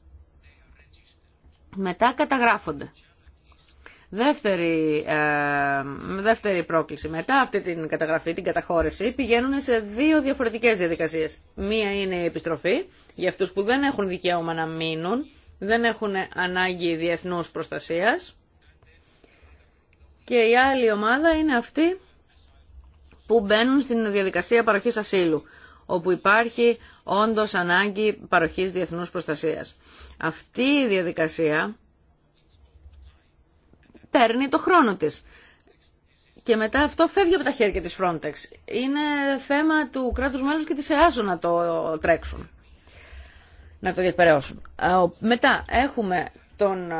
μετά καταγράφονται. Δεύτερη, ε, δεύτερη πρόκληση. Μετά αυτή την καταγραφή, την καταχώρηση, πηγαίνουν σε δύο διαφορετικές διαδικασίες. Μία είναι η επιστροφή για αυτούς που δεν έχουν δικαίωμα να μείνουν, δεν έχουν ανάγκη διεθνούς προστασίας. Και η άλλη ομάδα είναι αυτή που μπαίνουν στην διαδικασία παροχής ασύλου, όπου υπάρχει όντως ανάγκη παροχής διεθνούς προστασίας. Αυτή η διαδικασία παίρνει το χρόνο της. Και μετά αυτό φεύγει από τα χέρια της Frontex. Είναι θέμα του κράτους μέλους και της ΕΑΖΟ να το τρέξουν, να το διεκπαιρεώσουν. Μετά έχουμε τον,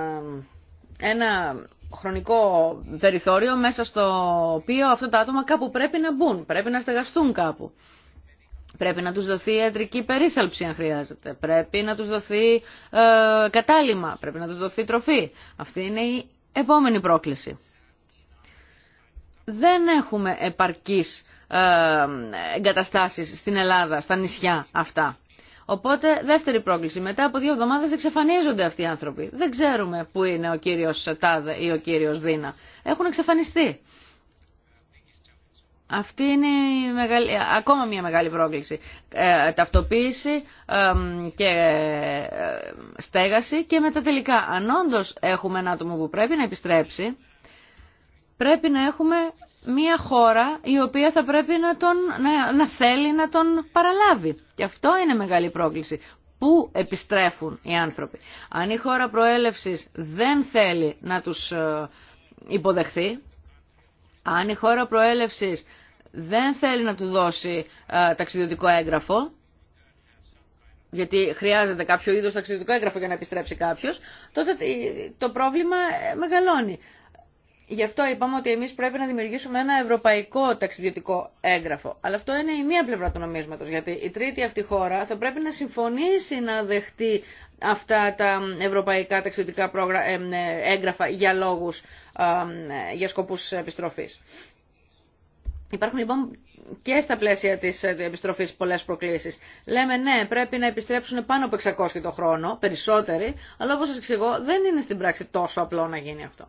ένα χρονικό περιθώριο μέσα στο οποίο αυτά τα άτομα κάπου πρέπει να μπουν, πρέπει να στεγαστούν κάπου. Πρέπει να τους δοθεί ιατρική περίθαλψη αν χρειάζεται. Πρέπει να τους δοθεί ε, κατάλημα. Πρέπει να τους δοθεί τροφή. Αυτή είναι η Επόμενη πρόκληση. Δεν έχουμε επαρκείς ε, εγκαταστάσεις στην Ελλάδα, στα νησιά αυτά. Οπότε, δεύτερη πρόκληση. Μετά από δύο εβδομάδες εξαφανίζονται αυτοί οι άνθρωποι. Δεν ξέρουμε πού είναι ο κύριος Τάδε ή ο κύριος Δίνα. Έχουν εξαφανιστεί. Αυτή είναι ακόμα μια μεγάλη πρόκληση. Ε, ταυτοποίηση και ε, στέγαση και μετά τελικά. Αν όντω έχουμε ένα άτομο που πρέπει να επιστρέψει, πρέπει να έχουμε μια χώρα η οποία θα πρέπει να, τον, να, θέλει να τον παραλάβει. Και αυτό είναι μεγάλη πρόκληση. Πού επιστρέφουν οι άνθρωποι. Αν η χώρα προέλευσης δεν θέλει να τους ε, υποδεχθεί, αν η χώρα προέλευσης δεν θέλει να του δώσει ε, ταξιδιωτικό έγγραφο, γιατί χρειάζεται κάποιο είδος ταξιδιωτικό έγγραφο για να επιστρέψει κάποιος, τότε το πρόβλημα ε, μεγαλώνει. Γι' αυτό είπαμε ότι εμεί πρέπει να δημιουργήσουμε ένα ευρωπαϊκό ταξιδιωτικό έγγραφο. Αλλά αυτό είναι η μία πλευρά του νομίσματος, γιατί η τρίτη αυτή χώρα θα πρέπει να συμφωνήσει να δεχτεί αυτά τα ευρωπαϊκά ταξιδιωτικά ε, ε, έγγραφα για λόγους, ε, για σκοπούς επιστροφή. Υπάρχουν λοιπόν και στα πλαίσια τη επιστροφή πολλέ προκλήσει. Λέμε ναι, πρέπει να επιστρέψουν πάνω από 600 το χρόνο, περισσότεροι, αλλά όπω σα εξηγώ, δεν είναι στην πράξη τόσο απλό να γίνει αυτό.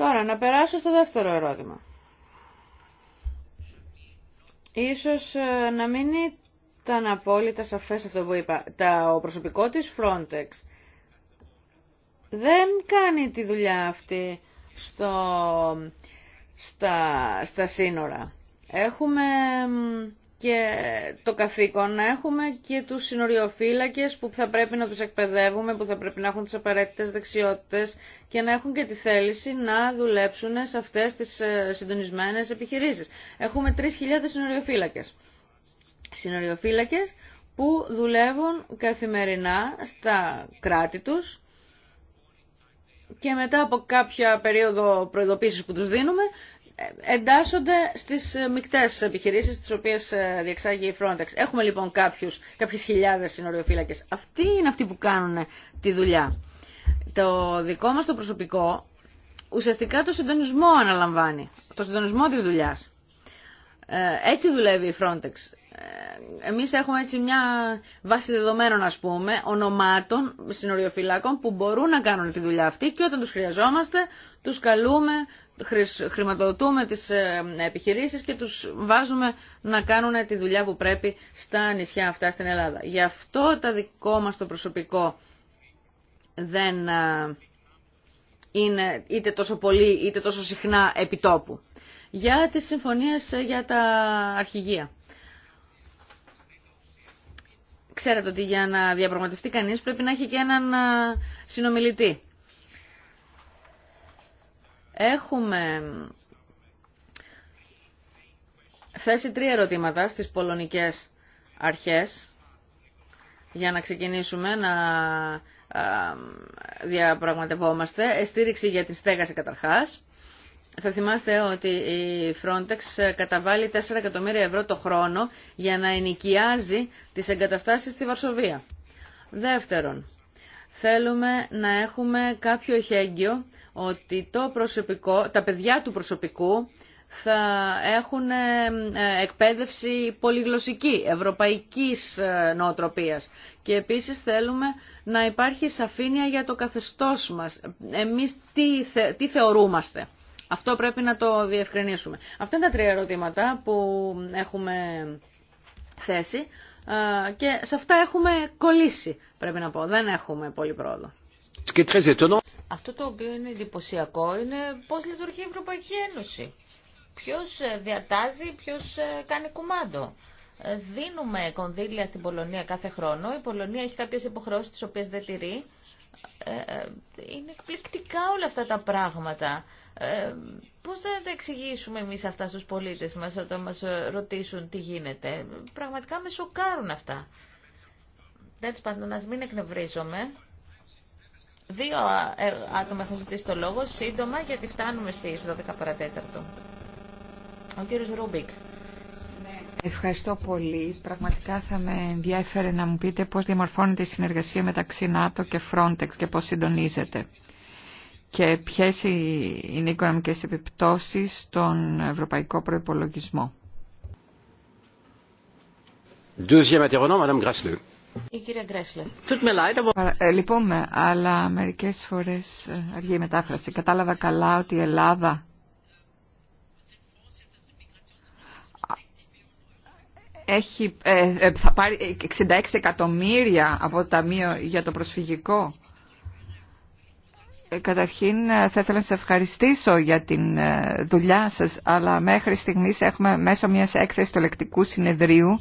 Τώρα, να περάσω στο δεύτερο ερώτημα. Ίσως ε, να μην ήταν απόλυτα σαφές αυτό που είπα. Τα, ο προσωπικό της Frontex δεν κάνει τη δουλειά αυτή στο, στα, στα σύνορα. Έχουμε και το καθήκον να έχουμε και τους συνοριοφύλακες που θα πρέπει να τους εκπαιδεύουμε, που θα πρέπει να έχουν τις απαραίτητες δεξιότητες και να έχουν και τη θέληση να δουλέψουν σε αυτές τις ε, συντονισμένες επιχειρήσεις. Έχουμε 3.000 συνοριοφύλακες. Συνοριοφύλακες που δουλεύουν καθημερινά στα κράτη τους και μετά από κάποια περίοδο προειδοποίησης που τους δίνουμε εντάσσονται στις ε, μικτές επιχειρήσεις τις οποίες ε, διεξάγει η Frontex. Έχουμε λοιπόν κάποιους, κάποιες χιλιάδες συνοριοφύλακες. Αυτοί είναι αυτοί που κάνουν ε, τη δουλειά. Το δικό μας το προσωπικό ουσιαστικά το συντονισμό αναλαμβάνει, το συντονισμό της δουλειάς. Έτσι δουλεύει η Frontex. Εμείς έχουμε έτσι μια βάση δεδομένων ας πούμε, ονομάτων συνοριοφυλάκων που μπορούν να κάνουν τη δουλειά αυτή και όταν τους χρειαζόμαστε τους καλούμε, χρηματοδοτούμε τις ε, επιχειρήσεις και τους βάζουμε να κάνουν τη δουλειά που πρέπει στα νησιά αυτά στην Ελλάδα. Γι' αυτό τα δικό μας το προσωπικό δεν ε, είναι είτε τόσο πολύ είτε τόσο συχνά επιτόπου. Για τις συμφωνίες ε, για τα αρχηγεία. Ξέρετε ότι για να διαπραγματευτεί κανείς πρέπει να έχει και έναν συνομιλητή. Έχουμε θέσει τρία ερωτήματα στις πολωνικές αρχές για να ξεκινήσουμε να διαπραγματευόμαστε. Εστήριξη για τη στέγαση καταρχάς. Θα θυμάστε ότι η Frontex καταβάλει 4 εκατομμύρια ευρώ το χρόνο για να ενοικιάζει τις εγκαταστάσεις στη Βαρσοβία. Δεύτερον, θέλουμε να έχουμε κάποιο εχέγγυο ότι το προσωπικό, τα παιδιά του προσωπικού θα έχουν ε, ε, εκπαίδευση πολυγλωσσική, ευρωπαϊκής ε, νοοτροπίας. Και επίσης θέλουμε να υπάρχει σαφήνεια για το καθεστώς μας. Εμείς τι, τι θεωρούμαστε. Αυτό πρέπει να το διευκρινίσουμε. Αυτά είναι τα τρία ερωτήματα που έχουμε θέσει και σε αυτά έχουμε κολλήσει, πρέπει να πω. Δεν έχουμε πολύ πρόοδο. Αυτό το οποίο είναι εντυπωσιακό είναι πώς λειτουργεί η Ευρωπαϊκή Ένωση. Ποιος ε, διατάζει, ποιος ε, κάνει κουμάντο. Ε, δίνουμε κονδύλια στην Πολωνία κάθε χρόνο. Η Πολωνία έχει κάποιες υποχρεώσεις τις οποίες δεν τηρεί. Είναι εκπληκτικά όλα αυτά τα πράγματα. πώς θα τα εξηγήσουμε εμείς αυτά στους πολίτες μας όταν μας ρωτήσουν τι γίνεται. Πραγματικά με σοκάρουν αυτά. Δεν πάντων, μην εκνευρίζομαι. Δύο ε, άτομα έχουν ζητήσει το λόγο, σύντομα, γιατί φτάνουμε στις 12 παρατέταρτο. Ο κύριο Ρούμπικ. Ναι, ευχαριστώ πολύ. Πραγματικά θα με ενδιαφέρει να μου πείτε πώς διαμορφώνεται η συνεργασία μεταξύ ΝΑΤΟ και Frontex και πώς συντονίζεται. Και ποιες είναι οι οικονομικές επιπτώσεις στον ευρωπαϊκό προϋπολογισμό. Deuxième intervenant, Madame η κυρία ε, Λυπούμε, αλλά μερικές φορές ε, αργεί μετάφραση. Κατάλαβα καλά ότι η Ελλάδα έχει, ε, θα πάρει 66 εκατομμύρια από το Ταμείο για το προσφυγικό. Καταρχήν θα ήθελα να σας ευχαριστήσω για την δουλειά σας, αλλά μέχρι στιγμής έχουμε μέσω μιας έκθεσης του ελεκτικού συνεδρίου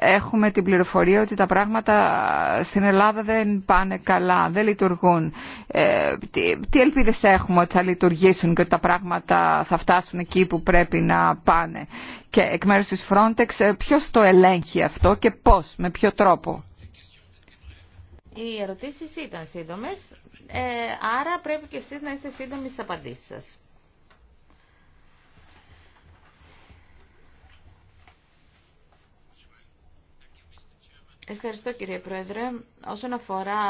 έχουμε την πληροφορία ότι τα πράγματα στην Ελλάδα δεν πάνε καλά, δεν λειτουργούν. Ε, τι, τι ελπίδες έχουμε ότι θα λειτουργήσουν και ότι τα πράγματα θα φτάσουν εκεί που πρέπει να πάνε. Και εκ μέρους της Frontex ε, ποιος το ελέγχει αυτό και πώς, με ποιο τρόπο. Οι ερωτήσεις ήταν σύντομες, ε, άρα πρέπει και εσείς να είστε σύντομοι στις απαντήσεις σας. Ευχαριστώ κύριε Πρόεδρε. Όσον αφορά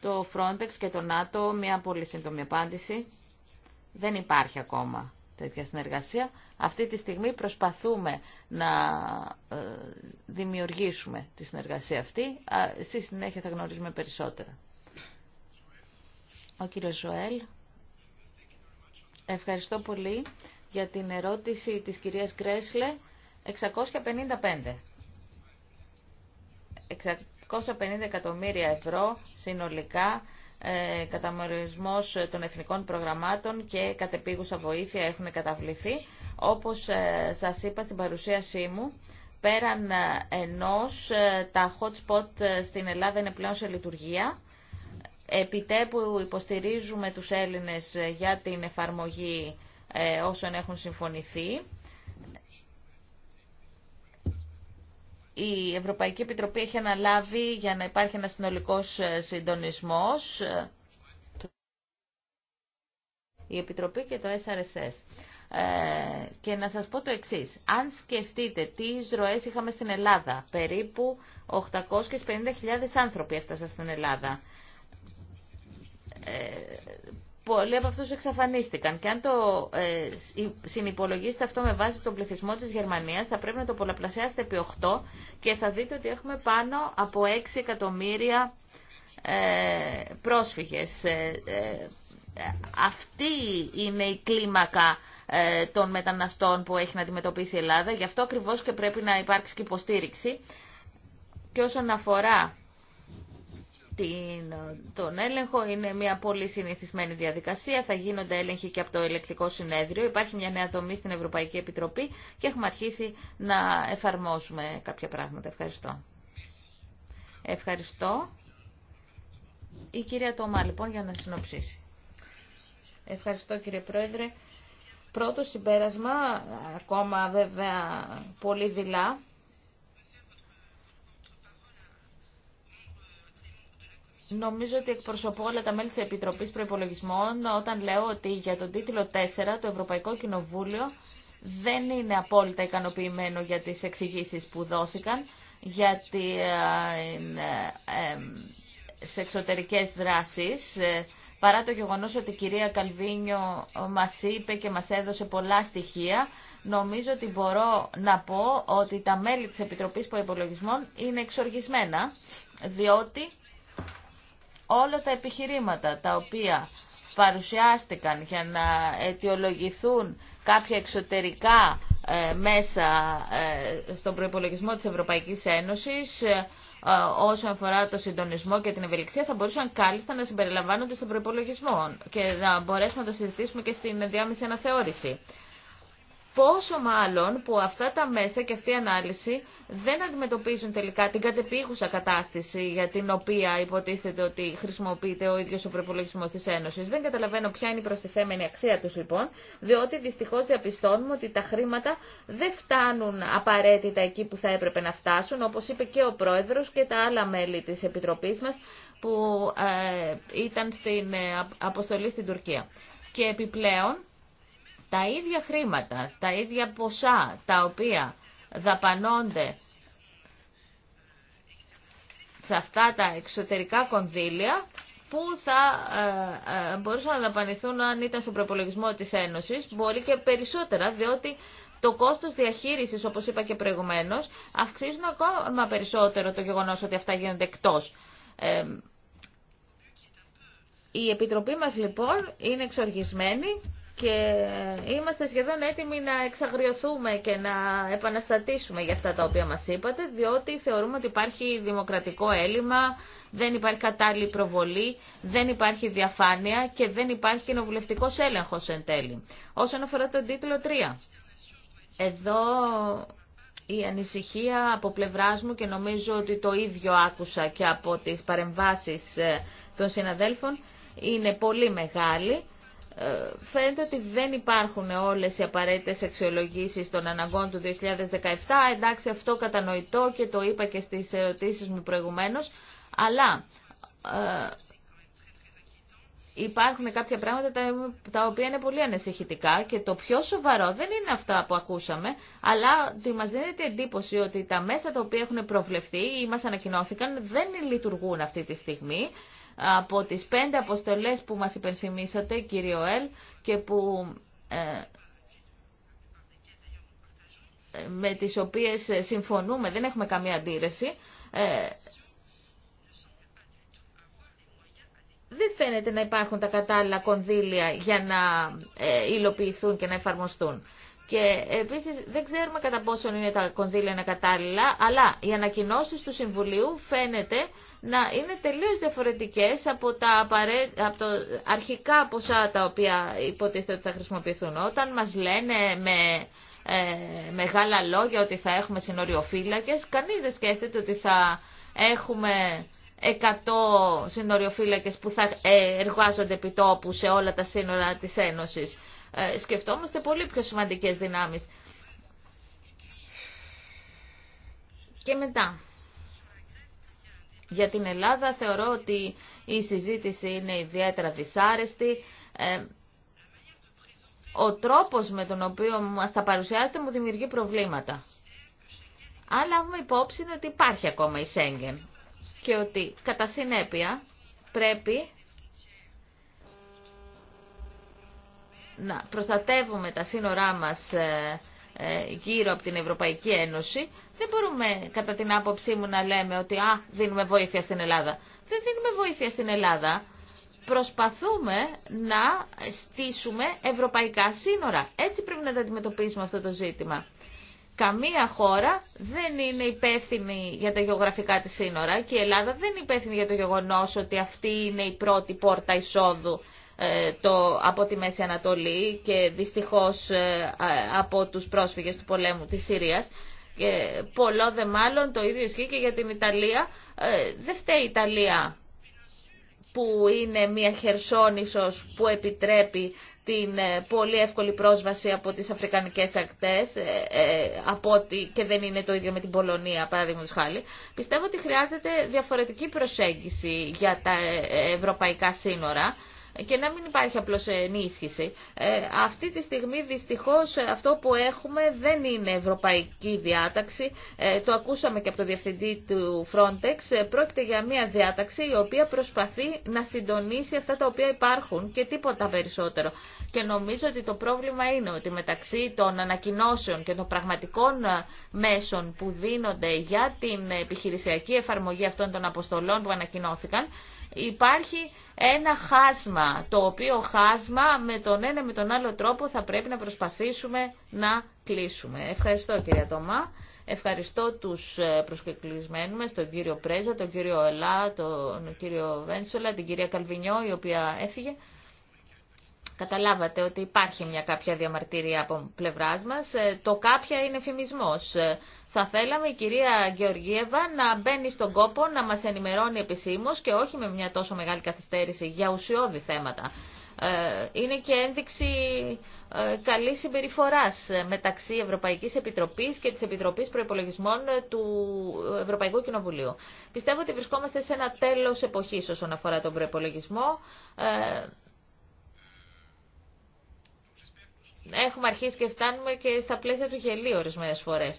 το Frontex και το ΝΑΤΟ, μια πολύ σύντομη απάντηση. Δεν υπάρχει ακόμα τέτοια συνεργασία. Αυτή τη στιγμή προσπαθούμε να ε, δημιουργήσουμε τη συνεργασία αυτή. Στη συνέχεια θα γνωρίζουμε περισσότερα. Ο κύριος Ζωέλ. Ευχαριστώ πολύ για την ερώτηση της κυρίας Κρέσλε 655. 650 εκατομμύρια ευρώ συνολικά ε, καταμορισμός των εθνικών προγραμμάτων και κατεπίγουσα βοήθεια έχουν καταβληθεί. Όπως ε, σας είπα στην παρουσίασή μου, πέραν ε, ενός ε, τα hot spot ε, στην Ελλάδα είναι πλέον σε λειτουργία. Επιτέπου υποστηρίζουμε τους Έλληνες για την εφαρμογή όσων έχουν συμφωνηθεί. η Ευρωπαϊκή Επιτροπή έχει αναλάβει για να υπάρχει ένα συνολικός ε, συντονισμός ε, η Επιτροπή και το SRSS. Ε, και να σας πω το εξής. Αν σκεφτείτε τι ροές είχαμε στην Ελλάδα, περίπου 850.000 άνθρωποι έφτασαν στην Ελλάδα πολλοί από αυτούς εξαφανίστηκαν. Και αν το ε, συνυπολογίσετε αυτό με βάση τον πληθυσμό της Γερμανίας, θα πρέπει να το πολλαπλασιάσετε επί 8 και θα δείτε ότι έχουμε πάνω από 6 εκατομμύρια ε, πρόσφυγες. Ε, ε, αυτή είναι η κλίμακα ε, των μεταναστών που έχει να αντιμετωπίσει η Ελλάδα. Γι' αυτό ακριβώς και πρέπει να υπάρξει και υποστήριξη. Και όσον αφορά την, τον έλεγχο. Είναι μια πολύ συνηθισμένη διαδικασία. Θα γίνονται έλεγχοι και από το ελεκτικό συνέδριο. Υπάρχει μια νέα δομή στην Ευρωπαϊκή Επιτροπή και έχουμε αρχίσει να εφαρμόσουμε κάποια πράγματα. Ευχαριστώ. Ευχαριστώ. Η κυρία Τόμα, λοιπόν, για να συνοψίσει. Ευχαριστώ, κύριε Πρόεδρε. Πρώτο συμπέρασμα, ακόμα βέβαια πολύ δειλά, Νομίζω ότι εκπροσωπώ όλα τα μέλη τη Επιτροπής προπολογισμών, όταν λέω ότι για τον τίτλο 4 το Ευρωπαϊκό Κοινοβούλιο δεν είναι απόλυτα ικανοποιημένο για τις εξηγήσεις που δόθηκαν για τις ε, ε, ε, εξωτερικές δράσεις παρά το γεγονός ότι η κυρία Καλβίνιο μας είπε και μας έδωσε πολλά στοιχεία νομίζω ότι μπορώ να πω ότι τα μέλη της Επιτροπής Προϋπολογισμών είναι εξοργισμένα διότι όλα τα επιχειρήματα τα οποία παρουσιάστηκαν για να αιτιολογηθούν κάποια εξωτερικά ε, μέσα ε, στον προϋπολογισμό της Ευρωπαϊκής Ένωσης ε, όσον αφορά το συντονισμό και την ευελιξία θα μπορούσαν κάλλιστα να συμπεριλαμβάνονται στον προϋπολογισμό και να μπορέσουμε να το συζητήσουμε και στην διάμεση αναθεώρηση. Πόσο μάλλον που αυτά τα μέσα και αυτή η ανάλυση δεν αντιμετωπίζουν τελικά την κατεπίγουσα κατάσταση για την οποία υποτίθεται ότι χρησιμοποιείται ο ίδιος ο προπολογισμό της Ένωσης. Δεν καταλαβαίνω ποια είναι η προστιθέμενη αξία τους λοιπόν, διότι δυστυχώς διαπιστώνουμε ότι τα χρήματα δεν φτάνουν απαραίτητα εκεί που θα έπρεπε να φτάσουν, όπως είπε και ο Πρόεδρος και τα άλλα μέλη της Επιτροπής μας που ε, ήταν στην ε, αποστολή στην Τουρκία. Και επιπλέον, τα ίδια χρήματα, τα ίδια ποσά τα οποία δαπανώνται σε αυτά τα εξωτερικά κονδύλια που θα ε, ε, μπορούσαν να δαπανηθούν αν ήταν στον προπολογισμό της Ένωσης, μπορεί και περισσότερα, διότι το κόστος διαχείρισης, όπως είπα και προηγουμένως, αυξίζουν ακόμα περισσότερο το γεγονός ότι αυτά γίνονται εκτός. Ε, η Επιτροπή μας λοιπόν είναι εξοργισμένη και είμαστε σχεδόν έτοιμοι να εξαγριωθούμε και να επαναστατήσουμε για αυτά τα οποία μας είπατε, διότι θεωρούμε ότι υπάρχει δημοκρατικό έλλειμμα, δεν υπάρχει κατάλληλη προβολή, δεν υπάρχει διαφάνεια και δεν υπάρχει κοινοβουλευτικό έλεγχο εν τέλει. Όσον αφορά τον τίτλο 3, εδώ η ανησυχία από πλευρά μου και νομίζω ότι το ίδιο άκουσα και από τις παρεμβάσεις ε, των συναδέλφων είναι πολύ μεγάλη φαίνεται ότι δεν υπάρχουν όλες οι απαραίτητες αξιολογήσεις των αναγκών του 2017. Εντάξει, αυτό κατανοητό και το είπα και στις ερωτήσεις μου προηγουμένως, αλλά ε, υπάρχουν κάποια πράγματα τα, τα οποία είναι πολύ ανεσυχητικά. και το πιο σοβαρό δεν είναι αυτά που ακούσαμε, αλλά ότι μας δίνεται εντύπωση ότι τα μέσα τα οποία έχουν προβλεφθεί ή μας ανακοινώθηκαν δεν λειτουργούν αυτή τη στιγμή από τις πέντε αποστολές που μας υπενθυμίσατε, κύριο Ελ, και που ε, με τις οποίες συμφωνούμε, δεν έχουμε καμία αντίρρηση, ε, δεν φαίνεται να υπάρχουν τα κατάλληλα κονδύλια για να ε, υλοποιηθούν και να εφαρμοστούν. Και επίσης δεν ξέρουμε κατά πόσον είναι τα κονδύλια είναι κατάλληλα, αλλά οι ανακοινώσει του Συμβουλίου φαίνεται να είναι τελείως διαφορετικές από τα αρχικά ποσά τα οποία υποτίθεται ότι θα χρησιμοποιηθούν. Όταν μας λένε με ε, μεγάλα λόγια ότι θα έχουμε συνοριοφύλακες, κανείς δεν σκέφτεται ότι θα έχουμε 100 συνοριοφύλακες που θα ε, εργάζονται επιτόπου σε όλα τα σύνορα της Ένωσης. Ε, σκεφτόμαστε πολύ πιο σημαντικές δυνάμεις. Και μετά, για την Ελλάδα θεωρώ ότι η συζήτηση είναι ιδιαίτερα δυσάρεστη. Ε, ο τρόπος με τον οποίο μας τα παρουσιάζεται μου δημιουργεί προβλήματα. Αλλά μου υπόψη ότι υπάρχει ακόμα η Σέγγεν και ότι κατά συνέπεια πρέπει να προστατεύουμε τα σύνορά μας ε, ε, γύρω από την Ευρωπαϊκή Ένωση, δεν μπορούμε κατά την άποψή μου να λέμε ότι α, δίνουμε βοήθεια στην Ελλάδα. Δεν δίνουμε βοήθεια στην Ελλάδα. Προσπαθούμε να στήσουμε ευρωπαϊκά σύνορα. Έτσι πρέπει να τα αντιμετωπίσουμε αυτό το ζήτημα. Καμία χώρα δεν είναι υπεύθυνη για τα γεωγραφικά της σύνορα και η Ελλάδα δεν είναι υπεύθυνη για το γεγονός ότι αυτή είναι η πρώτη πόρτα εισόδου ε, το, από τη Μέση Ανατολή και δυστυχώς ε, από τους πρόσφυγες του πολέμου της Συρίας. Και πολλό δε μάλλον το ίδιο ισχύει και για την Ιταλία. Ε, δεν φταίει η Ιταλία που είναι μια χερσόνησος που επιτρέπει την πολύ εύκολη πρόσβαση από τις αφρικανικές ακτές από και δεν είναι το ίδιο με την Πολωνία παραδείγματος χάλη Πιστεύω ότι χρειάζεται διαφορετική προσέγγιση για τα ευρωπαϊκά σύνορα και να μην υπάρχει απλώς ενίσχυση. Ε, αυτή τη στιγμή δυστυχώς αυτό που έχουμε δεν είναι ευρωπαϊκή διάταξη. Ε, το ακούσαμε και από το Διευθυντή του Frontex. Ε, πρόκειται για μια διάταξη η οποία προσπαθεί να συντονίσει αυτά τα οποία υπάρχουν και τίποτα περισσότερο. Και νομίζω ότι το πρόβλημα είναι ότι μεταξύ των ανακοινώσεων και των πραγματικών μέσων που δίνονται για την επιχειρησιακή εφαρμογή αυτών των αποστολών που ανακοινώθηκαν, υπάρχει ένα χάσμα, το οποίο χάσμα με τον ένα με τον άλλο τρόπο θα πρέπει να προσπαθήσουμε να κλείσουμε. Ευχαριστώ κυρία τομά, Ευχαριστώ τους ε, προσκεκλισμένους, τον κύριο Πρέζα, τον κύριο Ελά, τον κύριο Βένσολα, την κυρία Καλβινιό η οποία έφυγε. Καταλάβατε ότι υπάρχει μια κάποια διαμαρτυρία από πλευράς μας. Ε, το κάποια είναι φημισμός. Ε, θα θέλαμε η κυρία Γεωργίευα να μπαίνει στον κόπο να μας ενημερώνει επισήμως και όχι με μια τόσο μεγάλη καθυστέρηση για ουσιώδη θέματα. Ε, είναι και ένδειξη ε, καλή συμπεριφορά ε, μεταξύ Ευρωπαϊκή Επιτροπή και τη Επιτροπή Προπολογισμών του Ευρωπαϊκού Κοινοβουλίου. Πιστεύω ότι βρισκόμαστε σε ένα τέλο εποχή όσον αφορά τον προπολογισμό. Έχουμε αρχίσει και φτάνουμε και στα πλαίσια του γελίου ορισμένε φορέ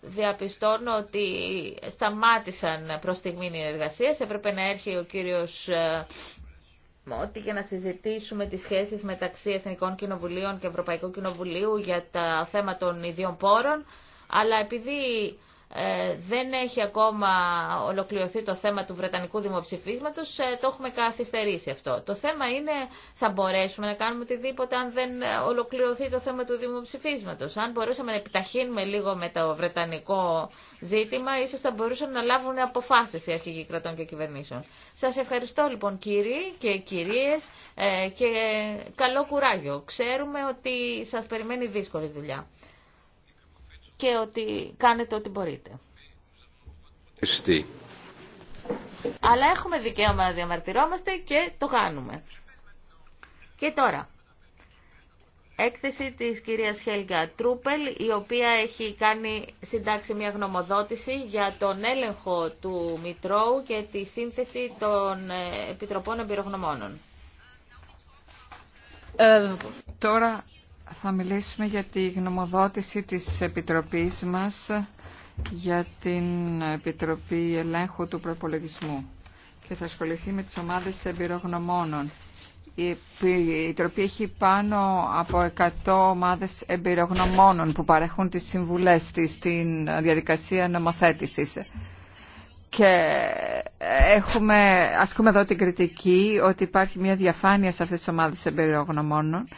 διαπιστώνω ότι σταμάτησαν προς στιγμή οι εργασίες. Έπρεπε να έρχει ο κύριος ε, Μότι για να συζητήσουμε τις σχέσεις μεταξύ Εθνικών Κοινοβουλίων και Ευρωπαϊκού Κοινοβουλίου για τα θέματα των ιδίων πόρων, αλλά επειδή ε, δεν έχει ακόμα ολοκληρωθεί το θέμα του Βρετανικού Δημοψηφίσματος, ε, το έχουμε καθυστερήσει αυτό. Το θέμα είναι θα μπορέσουμε να κάνουμε οτιδήποτε αν δεν ε, ολοκληρωθεί το θέμα του Δημοψηφίσματος. Αν μπορούσαμε να επιταχύνουμε λίγο με το Βρετανικό ζήτημα, ίσως θα μπορούσαν να λάβουν αποφάσεις οι αρχηγοί κρατών και κυβερνήσεων. Σας ευχαριστώ λοιπόν κύριοι και κυρίες και καλό κουράγιο. Ξέρουμε ότι σας περιμένει δύσκολη δουλειά και ότι κάνετε ό,τι μπορείτε. Αλλά έχουμε δικαίωμα να διαμαρτυρόμαστε και το κάνουμε. Και τώρα, έκθεση της κυρίας Χέλγα Τρούπελ, η οποία έχει κάνει συντάξει μια γνωμοδότηση για τον έλεγχο του Μητρώου και τη σύνθεση των ε, Επιτροπών Εμπειρογνωμόνων. Ε, τώρα θα μιλήσουμε για τη γνωμοδότηση της Επιτροπής μας για την Επιτροπή Ελέγχου του Προπολογισμού και θα ασχοληθεί με τις ομάδες εμπειρογνωμόνων. Η Επιτροπή έχει πάνω από 100 ομάδες εμπειρογνωμόνων που παρέχουν τις συμβουλές της στην διαδικασία νομοθέτησης. Και έχουμε, ασκούμε εδώ την κριτική ότι υπάρχει μια διαφάνεια σε αυτές τις ομάδες εμπειρογνωμόνων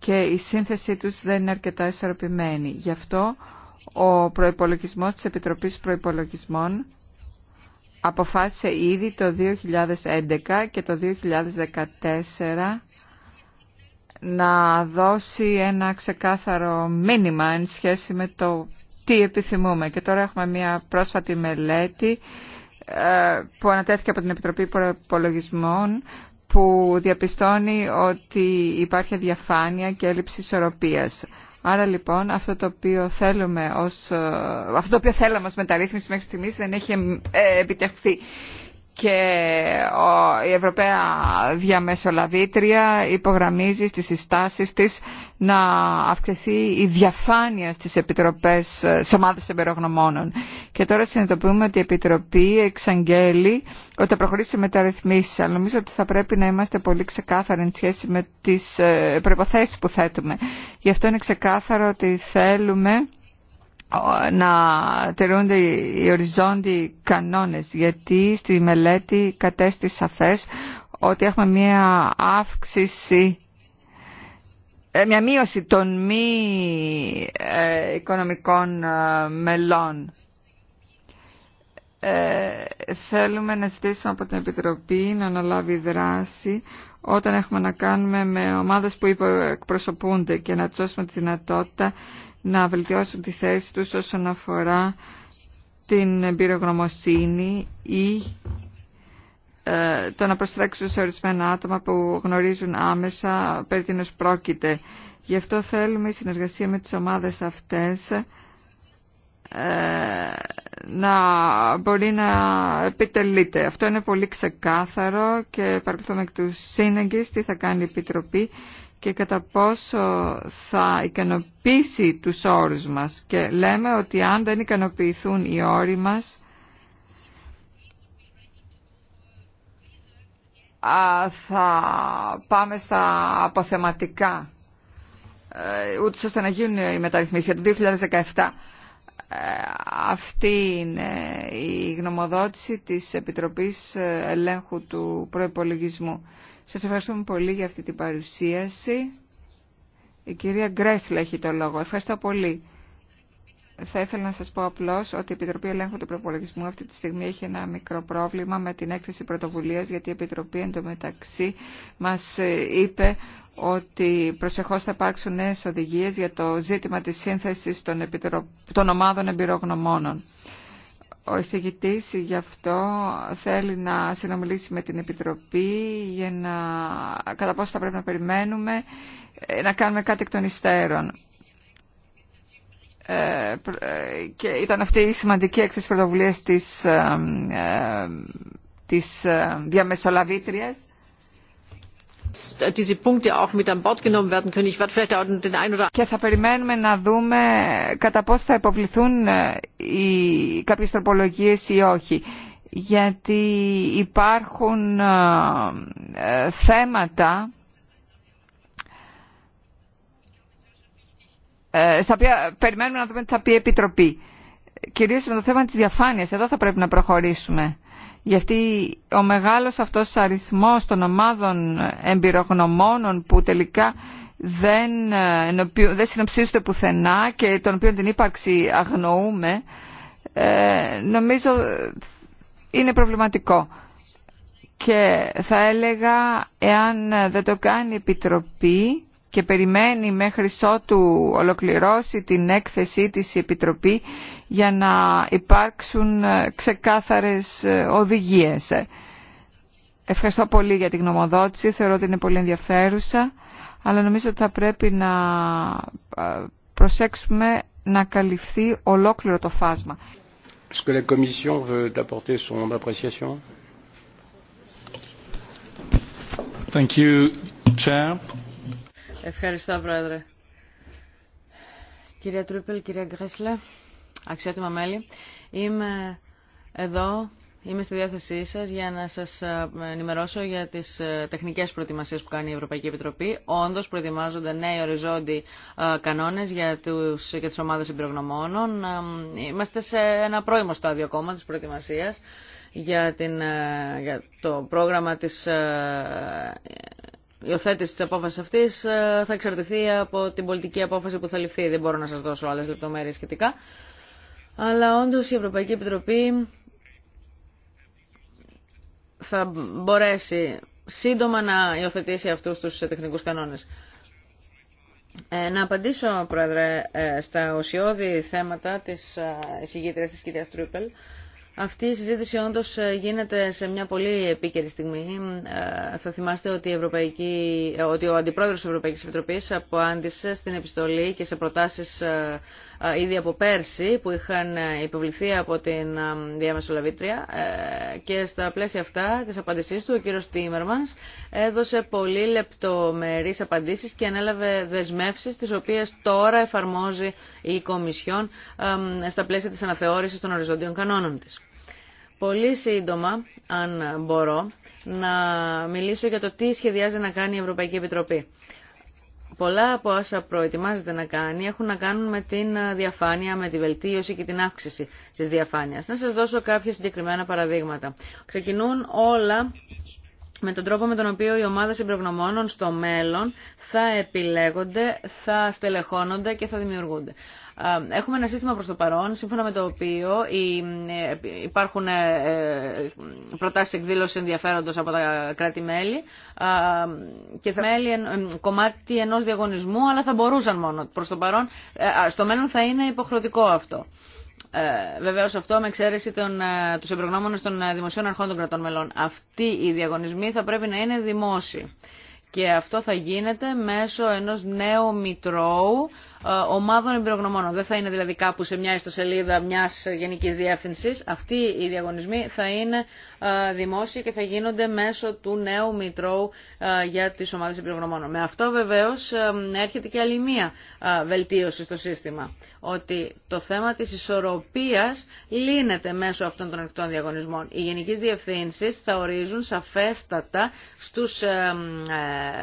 και η σύνθεσή τους δεν είναι αρκετά ισορροπημένη. Γι' αυτό ο προϋπολογισμός της Επιτροπής Προϋπολογισμών αποφάσισε ήδη το 2011 και το 2014 να δώσει ένα ξεκάθαρο μήνυμα εν σχέση με το τι επιθυμούμε. Και τώρα έχουμε μια πρόσφατη μελέτη ε, που ανατέθηκε από την Επιτροπή Προπολογισμών που διαπιστώνει ότι υπάρχει διαφάνεια και έλλειψη ισορροπίας. Άρα λοιπόν αυτό το οποίο θέλουμε ως, ε, αυτό το οποίο θέλαμε ως μεταρρύθμιση μέχρι στιγμής δεν έχει ε, επιτευχθεί και η Ευρωπαία Διαμεσολαβήτρια υπογραμμίζει στις συστάσεις της να αυξηθεί η διαφάνεια στις επιτροπές, στις ομάδες Και τώρα συνειδητοποιούμε ότι η Επιτροπή εξαγγέλει ότι θα προχωρήσει μεταρρυθμίσεις, αλλά νομίζω ότι θα πρέπει να είμαστε πολύ ξεκάθαροι εν σχέση με τις ε, προϋποθέσεις που θέτουμε. Γι' αυτό είναι ξεκάθαρο ότι θέλουμε να τηρούνται οι οριζόντιοι κανόνες γιατί στη μελέτη κατέστη σαφές ότι έχουμε μία αύξηση ε, μια μείωση των μη ε, οικονομικών ε, μελών. θέλουμε να ζητήσουμε από την Επιτροπή να αναλάβει δράση όταν έχουμε να κάνουμε με ομάδες που εκπροσωπούνται και να τους δώσουμε τη δυνατότητα να βελτιώσουν τη θέση τους όσον αφορά την εμπειρογνωμοσύνη ή ε, το να προστρέξουν σε ορισμένα άτομα που γνωρίζουν άμεσα περί τίνος πρόκειται. Γι' αυτό θέλουμε η συνεργασία με τις ομάδες αυτές ε, να μπορεί να επιτελείται. Αυτό είναι πολύ ξεκάθαρο και παρακολουθούμε εκ του σύνεγγυς τι θα κάνει η Επιτροπή και κατά πόσο θα ικανοποιήσει τους όρους μας και λέμε ότι αν δεν ικανοποιηθούν οι όροι μας θα πάμε στα αποθεματικά ε, ούτως ώστε να γίνουν οι μεταρρυθμίσεις για το 2017. Ε, αυτή είναι η γνωμοδότηση της Επιτροπής Ελέγχου του Προϋπολογισμού. Σας ευχαριστούμε πολύ για αυτή την παρουσίαση. Η κυρία Γκρέσλα έχει το λόγο. Ευχαριστώ πολύ. Θα ήθελα να σας πω απλώς ότι η Επιτροπή Ελέγχου του Προπολογισμού αυτή τη στιγμή έχει ένα μικρό πρόβλημα με την έκθεση πρωτοβουλίας γιατί η Επιτροπή εντωμεταξύ μας ε, είπε ότι προσεχώς θα υπάρξουν νέες οδηγίες για το ζήτημα της σύνθεσης των, των ομάδων εμπειρογνωμόνων. Ο εισηγητής γι' αυτό θέλει να συνομιλήσει με την Επιτροπή για να κατά πόσο θα πρέπει να περιμένουμε ε, να κάνουμε κάτι εκ των υστέρων. Ε, ε, και ήταν αυτή η σημαντική έκθεση πρωτοβουλίας της, ε, της διαμεσολαβήτριας και θα περιμένουμε να δούμε κατά πώ θα υποβληθούν ε, οι, κάποιες τροπολογίες ή όχι. Γιατί υπάρχουν ε, ε, θέματα στα οποία περιμένουμε να δούμε τι θα πει η Επιτροπή. Κυρίως με το θέμα της διαφάνειας. Εδώ θα πρέπει να προχωρήσουμε γιατί ο μεγάλος αυτός αριθμός των ομάδων εμπειρογνωμόνων που τελικά δεν, ε, δεν συνοψίζονται πουθενά και τον οποίων την ύπαρξη αγνοούμε, ε, νομίζω είναι προβληματικό. Και θα έλεγα, εάν δεν το κάνει η Επιτροπή, και περιμένει μέχρι ότου ολοκληρώσει την έκθεσή της η Επιτροπή για να υπάρξουν ε, ξεκάθαρες ε, οδηγίες. Ευχαριστώ πολύ για την γνωμοδότηση, θεωρώ ότι είναι πολύ ενδιαφέρουσα, αλλά νομίζω ότι θα πρέπει να ε, προσέξουμε να καλυφθεί ολόκληρο το φάσμα. Ευχαριστώ, Πρόεδρε. Κυρία Τρούπελ, κυρία Γκρέσλε, αξιότιμα μέλη, είμαι εδώ, είμαι στη διάθεσή σας για να σας ε, ενημερώσω για τις ε, τεχνικές προετοιμασίες που κάνει η Ευρωπαϊκή Επιτροπή. Όντως προετοιμάζονται νέοι οριζόντιοι ε, κανόνες για, τους, για τις ομάδες εμπειρογνωμόνων. Είμαστε σε ένα πρώιμο στάδιο ακόμα της προετοιμασίας για, την, το πρόγραμμα της οθέτηση τη απόφαση αυτή ε, θα εξαρτηθεί από την πολιτική απόφαση που θα ληφθεί. Δεν μπορώ να σα δώσω άλλε λεπτομέρειε σχετικά. Αλλά όντω η Ευρωπαϊκή Επιτροπή θα μπορέσει σύντομα να υιοθετήσει αυτούς τους τεχνικούς κανόνες. Ε, να απαντήσω, Πρόεδρε, ε, στα ουσιώδη θέματα της ε, εισηγήτριας τη κυρία Τρίπελ. Αυτή η συζήτηση όντω ε, γίνεται σε μια πολύ επίκαιρη στιγμή. Ε, θα θυμάστε ότι, η Ευρωπαϊκή, ε, ότι ο αντιπρόεδρο τη Ευρωπαϊκή Επιτροπή απάντησε στην επιστολή και σε προτάσει ήδη από πέρσι που είχαν υποβληθεί από την διαμεσολαβήτρια και στα πλαίσια αυτά τη απαντήσή του ο κύριο Τίμερμανς έδωσε πολύ λεπτομερεί απαντήσει και ανέλαβε δεσμεύσει τι οποίε τώρα εφαρμόζει η Κομισιόν στα πλαίσια τη αναθεώρησης των οριζόντιων κανόνων τη πολύ σύντομα, αν μπορώ, να μιλήσω για το τι σχεδιάζει να κάνει η Ευρωπαϊκή Επιτροπή. Πολλά από όσα προετοιμάζεται να κάνει έχουν να κάνουν με την διαφάνεια, με τη βελτίωση και την αύξηση της διαφάνειας. Να σας δώσω κάποια συγκεκριμένα παραδείγματα. Ξεκινούν όλα με τον τρόπο με τον οποίο οι ομάδες εμπρογνωμόνων στο μέλλον θα επιλέγονται, θα στελεχώνονται και θα δημιουργούνται. Έχουμε ένα σύστημα προς το παρόν, σύμφωνα με το οποίο ε, υπάρχουν ε, ε, προτάσεις εκδήλωσης ενδιαφέροντος από τα κράτη-μέλη και θα μέλη κομμάτι ενός διαγωνισμού, αλλά θα μπορούσαν μόνο προς το παρόν. Στο μέλλον θα είναι υποχρεωτικό αυτό. Ε, Βεβαίω αυτό με εξαίρεση των, ε, τους εμπρογνώμονες των δημοσίων αρχών των κρατών μελών. Αυτοί οι διαγωνισμοί θα πρέπει να είναι δημόσιοι. Και αυτό θα γίνεται μέσω ενός νέου μητρώου ε, ομάδων εμπειρογνωμών. Δεν θα είναι δηλαδή κάπου σε μια ιστοσελίδα μια γενική διεύθυνση. Αυτοί οι διαγωνισμοί θα είναι ε, δημόσιοι και θα γίνονται μέσω του νέου Μητρώου ε, για τι ομάδε εμπειρογνωμών. Με αυτό βεβαίω έρχεται και άλλη μία βελτίωση στο σύστημα. Ότι το θέμα τη ισορροπία λύνεται μέσω αυτών των ανοιχτών διαγωνισμών. Οι γενικέ διευθύνσει θα ορίζουν σαφέστατα στου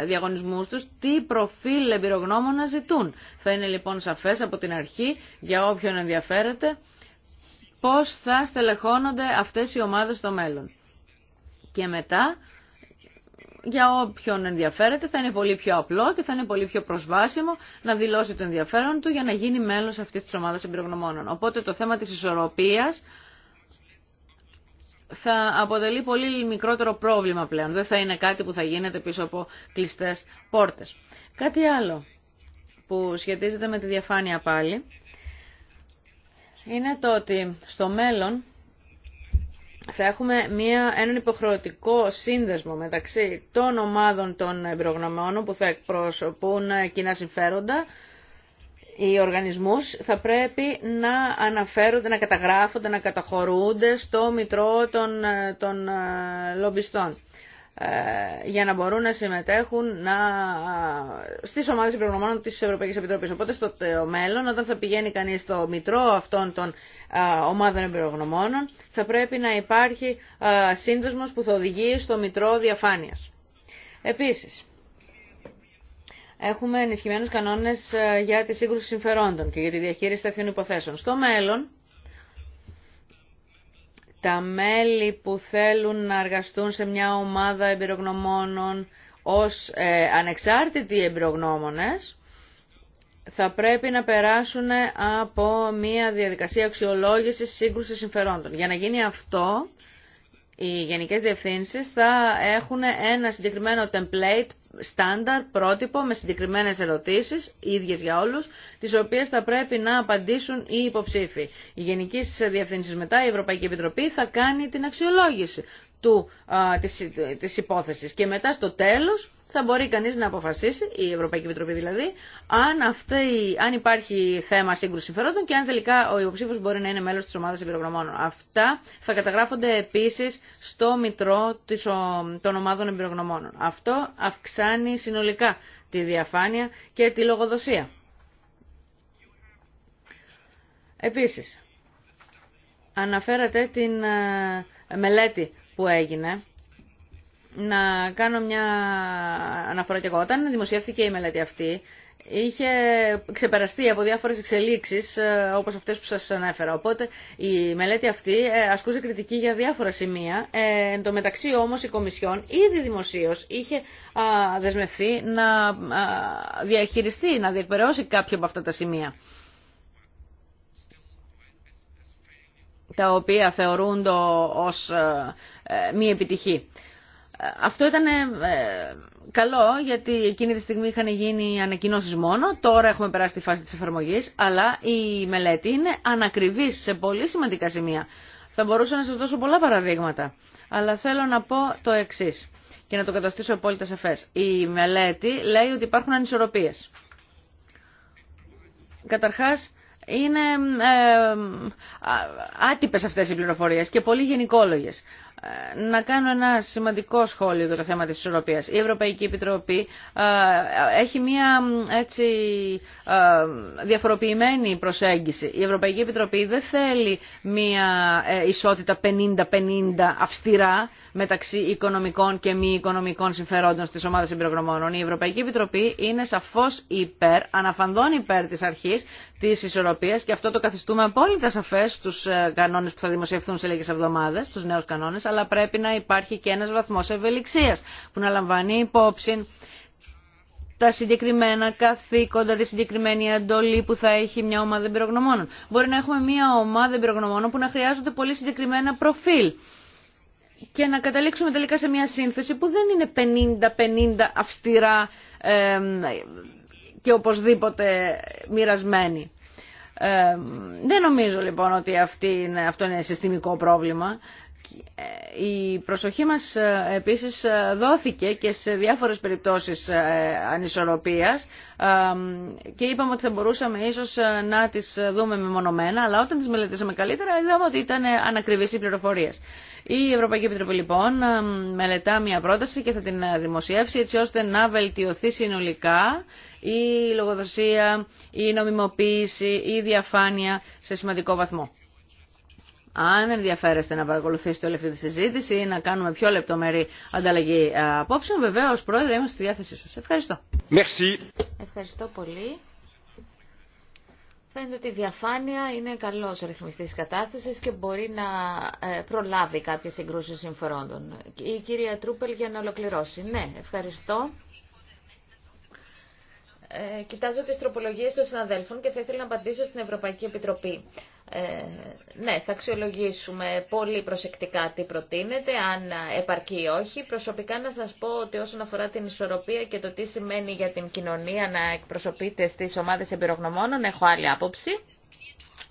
διαγωνισμού του τι προφίλ εμπειρογνώμων να ζητούν. Θα είναι λοιπόν σαφές από την αρχή για όποιον ενδιαφέρεται πώς θα στελεχώνονται αυτές οι ομάδες στο μέλλον. Και μετά, για όποιον ενδιαφέρεται, θα είναι πολύ πιο απλό και θα είναι πολύ πιο προσβάσιμο να δηλώσει το ενδιαφέρον του για να γίνει μέλος αυτής της ομάδας εμπειρογνωμόνων. Οπότε το θέμα της ισορροπίας θα αποτελεί πολύ μικρότερο πρόβλημα πλέον. Δεν θα είναι κάτι που θα γίνεται πίσω από κλειστές πόρτες. Κάτι άλλο που σχετίζεται με τη διαφάνεια πάλι είναι το ότι στο μέλλον θα έχουμε μία, έναν υποχρεωτικό σύνδεσμο μεταξύ των ομάδων των εμπειρογνωμένων που θα εκπροσωπούν κοινά συμφέροντα οι οργανισμούς θα πρέπει να αναφέρονται, να καταγράφονται, να καταχωρούνται στο μητρό των, των ε, λομπιστών. Ε, για να μπορούν να συμμετέχουν να, στις ομάδες τη της Ευρωπαϊκής Επιτροπής. Οπότε στο μέλλον, όταν θα πηγαίνει κανείς στο μητρό αυτών των ε, ομάδων εμπειρογνωμόνων θα πρέπει να υπάρχει ε, σύνδεσμος που θα οδηγεί στο μητρό διαφάνειας. Επίσης, έχουμε ενισχυμένους κανόνες για τη σύγκρουση συμφερόντων και για τη διαχείριση τέτοιων υποθέσεων. Στο μέλλον, τα μέλη που θέλουν να εργαστούν σε μια ομάδα εμπειρογνωμόνων ως ε, ανεξάρτητοι εμπειρογνώμονες θα πρέπει να περάσουν από μια διαδικασία αξιολόγησης σύγκρουσης συμφερόντων. Για να γίνει αυτό οι γενικές διευθύνσεις θα έχουν ένα συγκεκριμένο template στάνταρ, πρότυπο, με συγκεκριμένες ερωτήσεις, ίδιες για όλους, τις οποίες θα πρέπει να απαντήσουν οι υποψήφοι. Οι Γενική Διευθύνσεις μετά, η Ευρωπαϊκή Επιτροπή, θα κάνει την αξιολόγηση του, α, της, της υπόθεσης. Και μετά στο τέλος θα μπορεί κανείς να αποφασίσει, η Ευρωπαϊκή Επιτροπή δηλαδή, αν, αυτή, αν υπάρχει θέμα σύγκρουση συμφερόντων και αν τελικά ο υποψήφιο μπορεί να είναι μέλος της ομάδας εμπειρογνωμόνων. Αυτά θα καταγράφονται επίσης στο μητρό των ομάδων εμπειρογνωμόνων. Αυτό αυξάνει συνολικά τη διαφάνεια και τη λογοδοσία. Επίσης, αναφέρατε την ε, μελέτη που έγινε να κάνω μια αναφορά και εγώ. Όταν δημοσιεύτηκε η μελέτη αυτή, είχε ξεπεραστεί από διάφορες εξελίξεις ε, όπως αυτές που σας ανέφερα. Οπότε η μελέτη αυτή ε, ασκούσε κριτική για διάφορα σημεία. Ε, εν τω μεταξύ όμως η Κομισιόν ήδη δημοσίω είχε α, δεσμευθεί να διαχειριστεί, να διεκπαιρεώσει κάποια από αυτά τα σημεία. τα οποία θεωρούνται ως ε, ε μη επιτυχή. Αυτό ήταν ε, καλό γιατί εκείνη τη στιγμή είχαν γίνει ανακοινώσεις μόνο, τώρα έχουμε περάσει τη φάση της εφαρμογής, αλλά η μελέτη είναι ανακριβής σε πολύ σημαντικά σημεία. Θα μπορούσα να σας δώσω πολλά παραδείγματα, αλλά θέλω να πω το εξή και να το καταστήσω απόλυτα σαφές. Η μελέτη λέει ότι υπάρχουν ανισορροπίες. Καταρχάς, είναι ε, άτυπες αυτές οι πληροφορίες και πολύ γενικόλογες να κάνω ένα σημαντικό σχόλιο για το θέμα της ισορροπίας. Η Ευρωπαϊκή Επιτροπή ε, έχει μια έτσι ε, διαφοροποιημένη προσέγγιση. Η Ευρωπαϊκή Επιτροπή δεν θέλει μια ε, ισότητα 50-50 αυστηρά μεταξύ οικονομικών και μη οικονομικών συμφερόντων στις ομάδες εμπειρογνωμόνων. Η Ευρωπαϊκή Επιτροπή είναι σαφώς υπέρ, αναφαντών υπέρ της αρχής της ισορροπίας και αυτό το καθιστούμε απόλυτα σαφέ στους κανόνε που θα δημοσιευθούν σε λίγε εβδομάδε, τους νέους κανόνες αλλά πρέπει να υπάρχει και ένας βαθμός ευελιξίας που να λαμβάνει υπόψη τα συγκεκριμένα καθήκοντα, τη συγκεκριμένη εντολή που θα έχει μια ομάδα εμπειρογνωμόνων. Μπορεί να έχουμε μια ομάδα εμπειρογνωμόνων που να χρειάζονται πολύ συγκεκριμένα προφίλ και να καταλήξουμε τελικά σε μια σύνθεση που δεν είναι 50-50 αυστηρά και οπωσδήποτε μοιρασμένη. Ε, δεν νομίζω λοιπόν ότι είναι, αυτό είναι συστημικό πρόβλημα. Ε, η προσοχή μας ε, επίσης ε, δόθηκε και σε διάφορες περιπτώσεις ανισορροπίας και είπαμε ότι θα μπορούσαμε ίσως να τις δούμε μεμονωμένα, αλλά όταν τις μελετήσαμε καλύτερα είδαμε ότι ήταν ανακριβείς οι πληροφορίες. Η Ευρωπαϊκή Επιτροπή λοιπόν μελετά μια πρόταση και θα την δημοσιεύσει έτσι ώστε να βελτιωθεί συνολικά η λογοδοσία, η νομιμοποίηση, η διαφάνεια σε σημαντικό βαθμό. Αν ενδιαφέρεστε να παρακολουθήσετε όλη αυτή τη συζήτηση ή να κάνουμε πιο λεπτομερή ανταλλαγή ε, απόψεων, βεβαίω, Πρόεδρε, είμαστε στη διάθεσή σα. Ευχαριστώ. Merci. Ευχαριστώ πολύ. Φαίνεται ότι η διαφάνεια είναι καλό ρυθμιστή τη κατάσταση και μπορεί να ε, προλάβει κάποιε συγκρούσει συμφερόντων. Η κυρία Τρούπελ για να ολοκληρώσει. Ναι, ευχαριστώ. Ε, κοιτάζω τι τροπολογίε των συναδέλφων και θα ήθελα να απαντήσω στην Ευρωπαϊκή Επιτροπή. Ε, ναι, θα αξιολογήσουμε πολύ προσεκτικά τι προτείνεται, αν επαρκεί ή όχι. Προσωπικά να σας πω ότι όσον αφορά την ισορροπία και το τι σημαίνει για την κοινωνία να εκπροσωπείται στις ομάδες εμπειρογνωμόνων, έχω άλλη άποψη.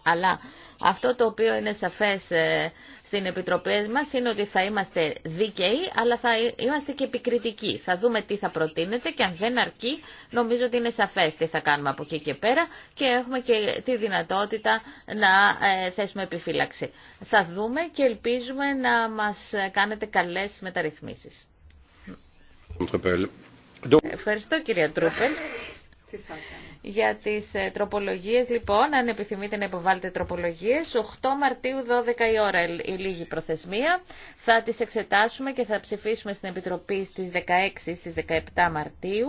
Αλλά αυτό το οποίο είναι σαφές ε, στην Επιτροπή μας είναι ότι θα είμαστε δίκαιοι, αλλά θα ε, είμαστε και επικριτικοί. Θα δούμε τι θα προτείνετε και αν δεν αρκεί, νομίζω ότι είναι σαφές τι θα κάνουμε από εκεί και πέρα και έχουμε και τη δυνατότητα να ε, θέσουμε επιφύλαξη. Θα δούμε και ελπίζουμε να μας κάνετε καλές μεταρρυθμίσεις. Ευχαριστώ κυρία Τρούπελ. Για τις ε, τροπολογίες, λοιπόν, αν επιθυμείτε να υποβάλλετε τροπολογίες, 8 Μαρτίου 12 η ώρα ε, η λίγη προθεσμία. Θα τις εξετάσουμε και θα ψηφίσουμε στην Επιτροπή στι 16 στις 17 Μαρτίου.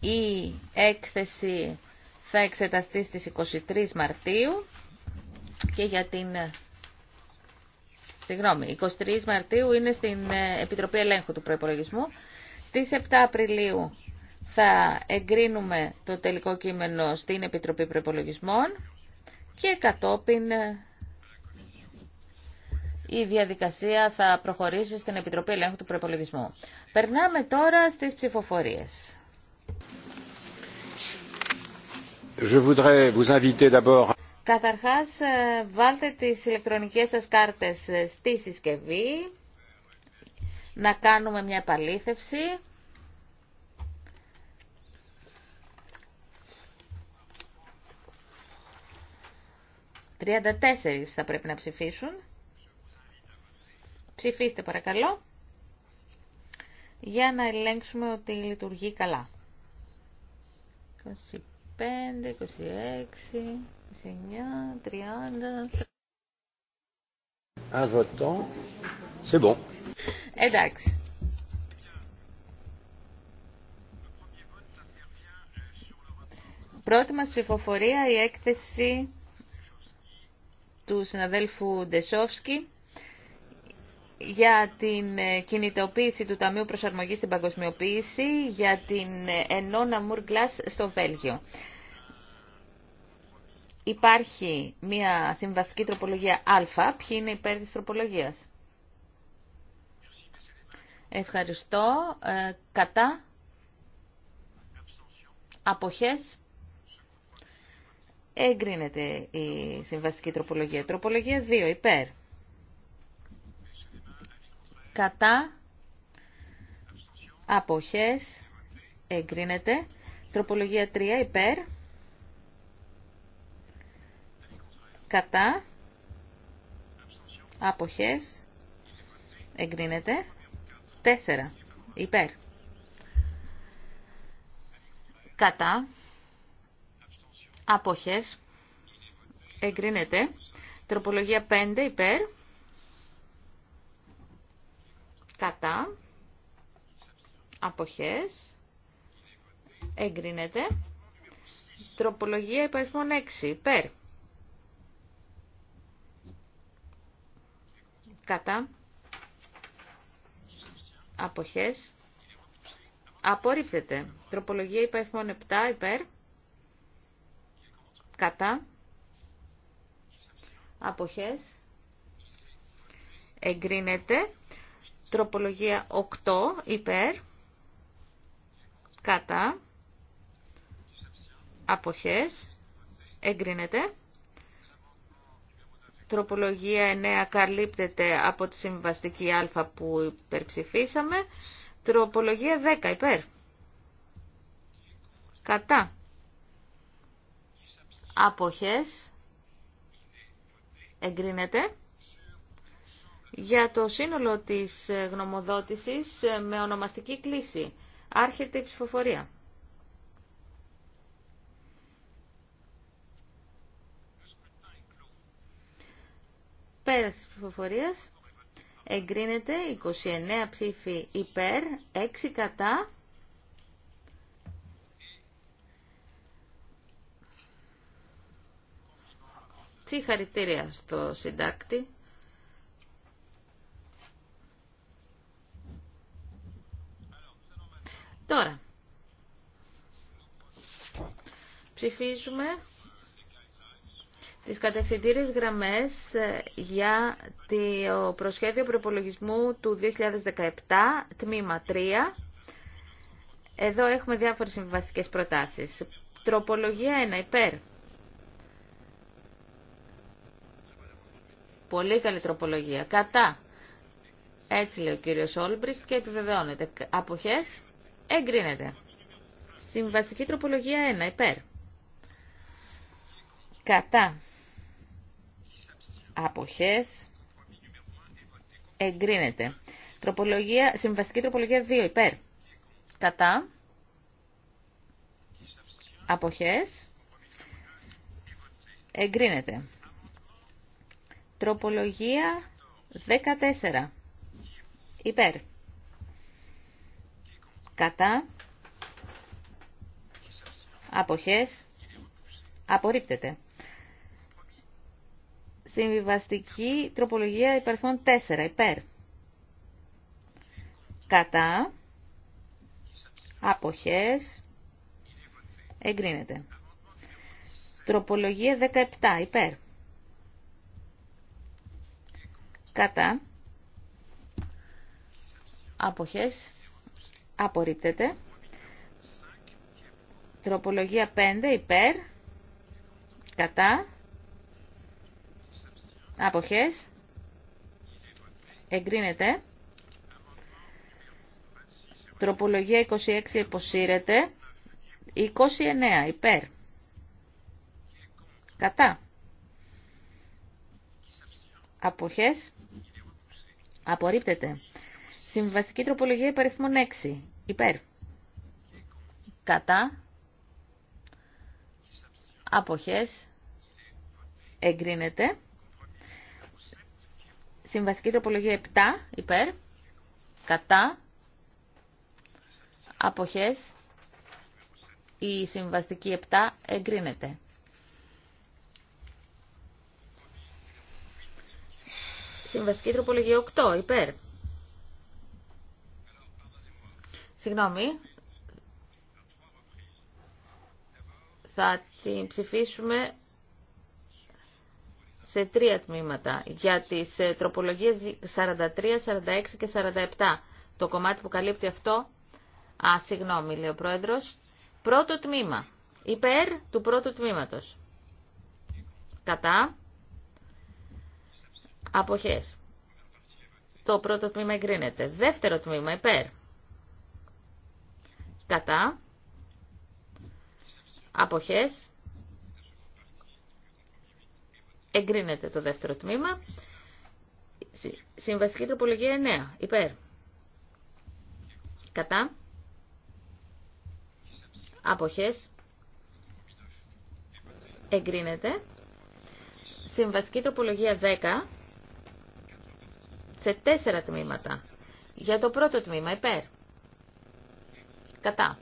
Η έκθεση θα εξεταστεί στις 23 Μαρτίου και για την... Ε, συγγνώμη, 23 Μαρτίου είναι στην Επιτροπή Ελέγχου του προπολογισμού Στις 7 Απριλίου θα εγκρίνουμε το τελικό κείμενο στην Επιτροπή Προπολογισμών και κατόπιν η διαδικασία θα προχωρήσει στην Επιτροπή Ελέγχου του Προπολογισμού. Περνάμε τώρα στις ψηφοφορίες. Je voudrais vous inviter d'abord... Καταρχάς, ε, βάλτε τις ηλεκτρονικές σας κάρτες ε, στη συσκευή, να κάνουμε μια επαλήθευση. 34 θα πρέπει να ψηφίσουν. Ψηφίστε παρακαλώ για να ελέγξουμε ότι λειτουργεί καλά. 25, 26, 29, 30... Un c'est bon. Εντάξει. Πρώτη μας ψηφοφορία η έκθεση του συναδέλφου Ντεσόφσκι για την ε, κινητοποίηση του Ταμείου Προσαρμογής στην Παγκοσμιοποίηση για την ε, Ενώνα Μουργκλάς στο Βέλγιο. Υπάρχει μια συμβαστική τροπολογία Α. Ποιοι είναι υπέρ της τροπολογίας. Ευχαριστώ. Ε, κατά. Αποχές. Εγκρίνεται η συμβαστική τροπολογία. Τροπολογία 2. Υπέρ. Κατά. Αποχές. Εγκρίνεται. Τροπολογία 3. Υπέρ. Κατά. Αποχές. Εγκρίνεται. 4. Υπέρ. Κατά αποχές εγκρίνεται. Τροπολογία 5 υπέρ, κατά, αποχές, εγκρίνεται. Τροπολογία υπαριθμών 6 υπέρ, κατά, αποχές, απορρίπτεται. Τροπολογία υπαριθμών 7 υπέρ, κατά, αποχές, εγκρίνεται, τροπολογία 8 υπέρ, κατά, αποχές, εγκρίνεται, τροπολογία 9 καλύπτεται από τη συμβαστική α που υπερψηφίσαμε, τροπολογία 10 υπέρ, κατά, αποχές εγκρίνεται. Για το σύνολο της γνωμοδότησης ε, με ονομαστική κλίση άρχεται η ψηφοφορία. Πέραση της ψηφοφορίας εγκρίνεται 29 ψήφοι υπέρ, 6 κατά Συγχαρητήρια στο συντάκτη. Τώρα, ψηφίζουμε τις κατευθυντήριες γραμμές ε, για το προσχέδιο προπολογισμού του 2017, τμήμα 3. Εδώ έχουμε διάφορες συμβαστικές προτάσεις. Τροπολογία 1, υπέρ. Πολύ καλή τροπολογία. Κατά. Έτσι λέει ο κύριο Όλμπριχτ και επιβεβαιώνεται. Αποχές. Εγκρίνεται. Συμβαστική τροπολογία 1. Υπέρ. Κατά. Αποχές. Εγκρίνεται. Τροπολογία, συμβαστική τροπολογία 2. Υπέρ. Κατά. Αποχές. Εγκρίνεται. Τροπολογία 14. Υπέρ. Κατά. Αποχές. Απορρίπτεται. Συμβιβαστική τροπολογία υπερθών 4. Υπέρ. Κατά. Αποχές. Εγκρίνεται. Τροπολογία 17. Υπέρ. κατά αποχές απορρίπτεται τροπολογία 5 υπέρ κατά αποχές εγκρίνεται τροπολογία 26 υποσύρεται 29 υπέρ κατά αποχές Απορρίπτεται. Συμβαστική τροπολογία υπαριθμών 6. Υπέρ. Κατά. Αποχές. Εγκρίνεται. Συμβαστική τροπολογία 7. Υπέρ. Κατά. Αποχές. Η συμβαστική 7 εγκρίνεται. Συμβαστική τροπολογία 8. Υπέρ. Συγγνώμη. Θα την ψηφίσουμε σε τρία τμήματα για τις ε, τροπολογίες 43, 46 και 47. Το κομμάτι που καλύπτει αυτό... Α, συγγνώμη, λέει ο Πρόεδρος. Πρώτο τμήμα. Υπέρ του πρώτου τμήματος. Κατά. Αποχές. Το πρώτο τμήμα εγκρίνεται. Δεύτερο τμήμα υπέρ. Κατά. Αποχές. Εγκρίνεται το δεύτερο τμήμα. Συμβαστική τροπολογία 9. Υπέρ. Κατά. Αποχές. Εγκρίνεται. Συμβαστική τροπολογία 10 σε τέσσερα τμήματα. Για το πρώτο τμήμα, υπέρ. Κατά.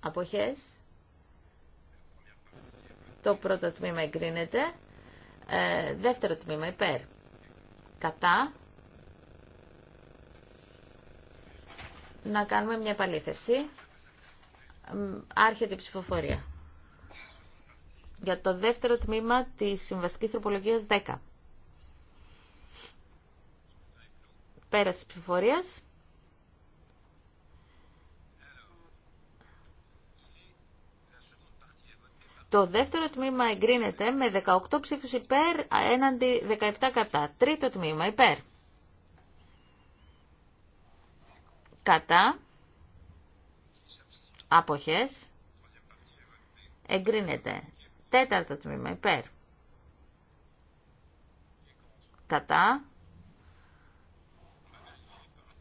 Αποχές. Το πρώτο τμήμα εγκρίνεται. Ε, δεύτερο τμήμα, υπέρ. Κατά. Να κάνουμε μια επαλήθευση. Άρχεται η ψηφοφορία. Για το δεύτερο τμήμα της συμβαστικής τροπολογίας 10. Πέραση της ψηφοφορίας. Το δεύτερο τμήμα εγκρίνεται με 18 ψήφους υπέρ έναντι 17 κατά. Τρίτο τμήμα υπέρ. Κατά. Αποχές. Εγκρίνεται. Τέταρτο τμήμα υπέρ. Κατά.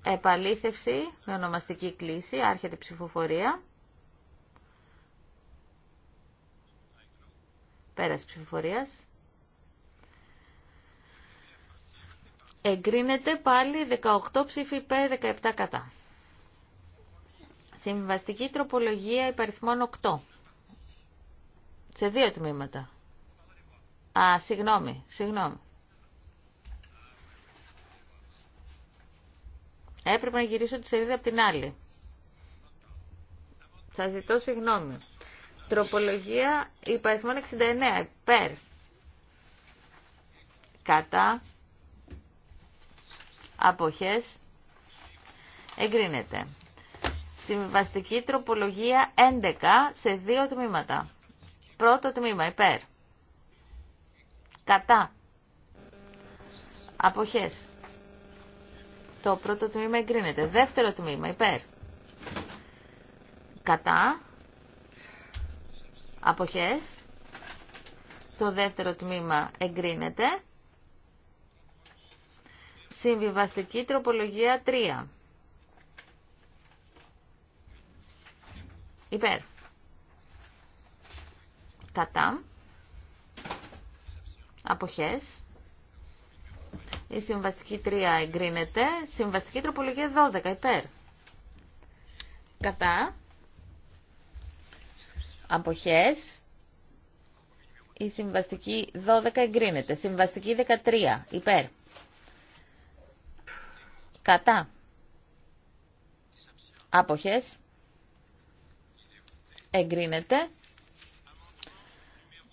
Επαλήθευση με ονομαστική κλίση, άρχεται ψηφοφορία. Πέραση ψηφοφορίας. Εγκρίνεται πάλι 18 ψήφοι υπέρ 17 κατά. Συμβαστική τροπολογία υπαριθμών 8. Σε δύο τμήματα. Α, συγγνώμη, συγγνώμη. Έπρεπε να γυρίσω τη σελίδα από την άλλη. Θα ζητώ συγγνώμη. Τροπολογία υπαριθμών 69. Υπέρ. Κατά. Αποχές. Εγκρίνεται. Συμβαστική τροπολογία 11 σε δύο τμήματα. Πρώτο τμήμα. Υπέρ. Κατά. Αποχές. Το πρώτο τμήμα εγκρίνεται. Δεύτερο τμήμα υπέρ. Κατά. Αποχές. Το δεύτερο τμήμα εγκρίνεται. Συμβιβαστική τροπολογία 3. Υπέρ. Κατά. Αποχές. Η συμβαστική 3 εγκρίνεται. Συμβαστική τροπολογία 12 υπέρ. Κατά. Αποχές. Η συμβαστική 12 εγκρίνεται. Συμβαστική 13 υπέρ. Κατά. Άποχες. Εγκρίνεται.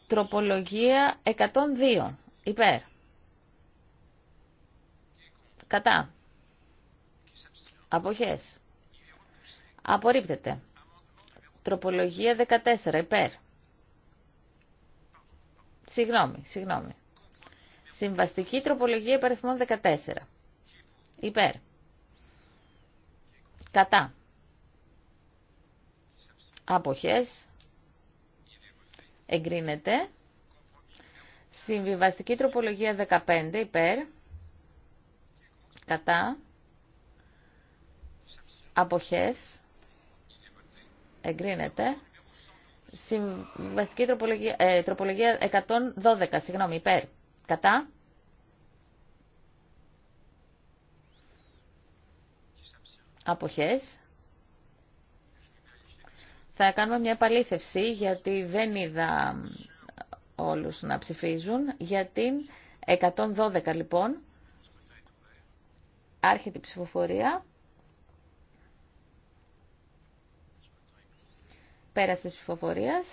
Τροπολογία 102. Υπέρ. Κατά. Αποχές. Απορρίπτεται. Τροπολογία 14. Υπέρ. Συγγνώμη, συγγνώμη. Συμβαστική τροπολογία υπεριθμών 14. Υπέρ. Κατά. Αποχές. Εγκρίνεται. Συμβιβαστική τροπολογία 15. Υπέρ κατά, αποχές, εγκρίνεται. Συμβαστική τροπολογία, ε, τροπολογία 112, συγγνώμη, υπέρ, κατά, αποχές. Θα κάνουμε μια επαλήθευση γιατί δεν είδα όλους να ψηφίζουν. Για την 112 λοιπόν. Άρχεται η ψηφοφορία. Πέρασε της ψηφοφορίας.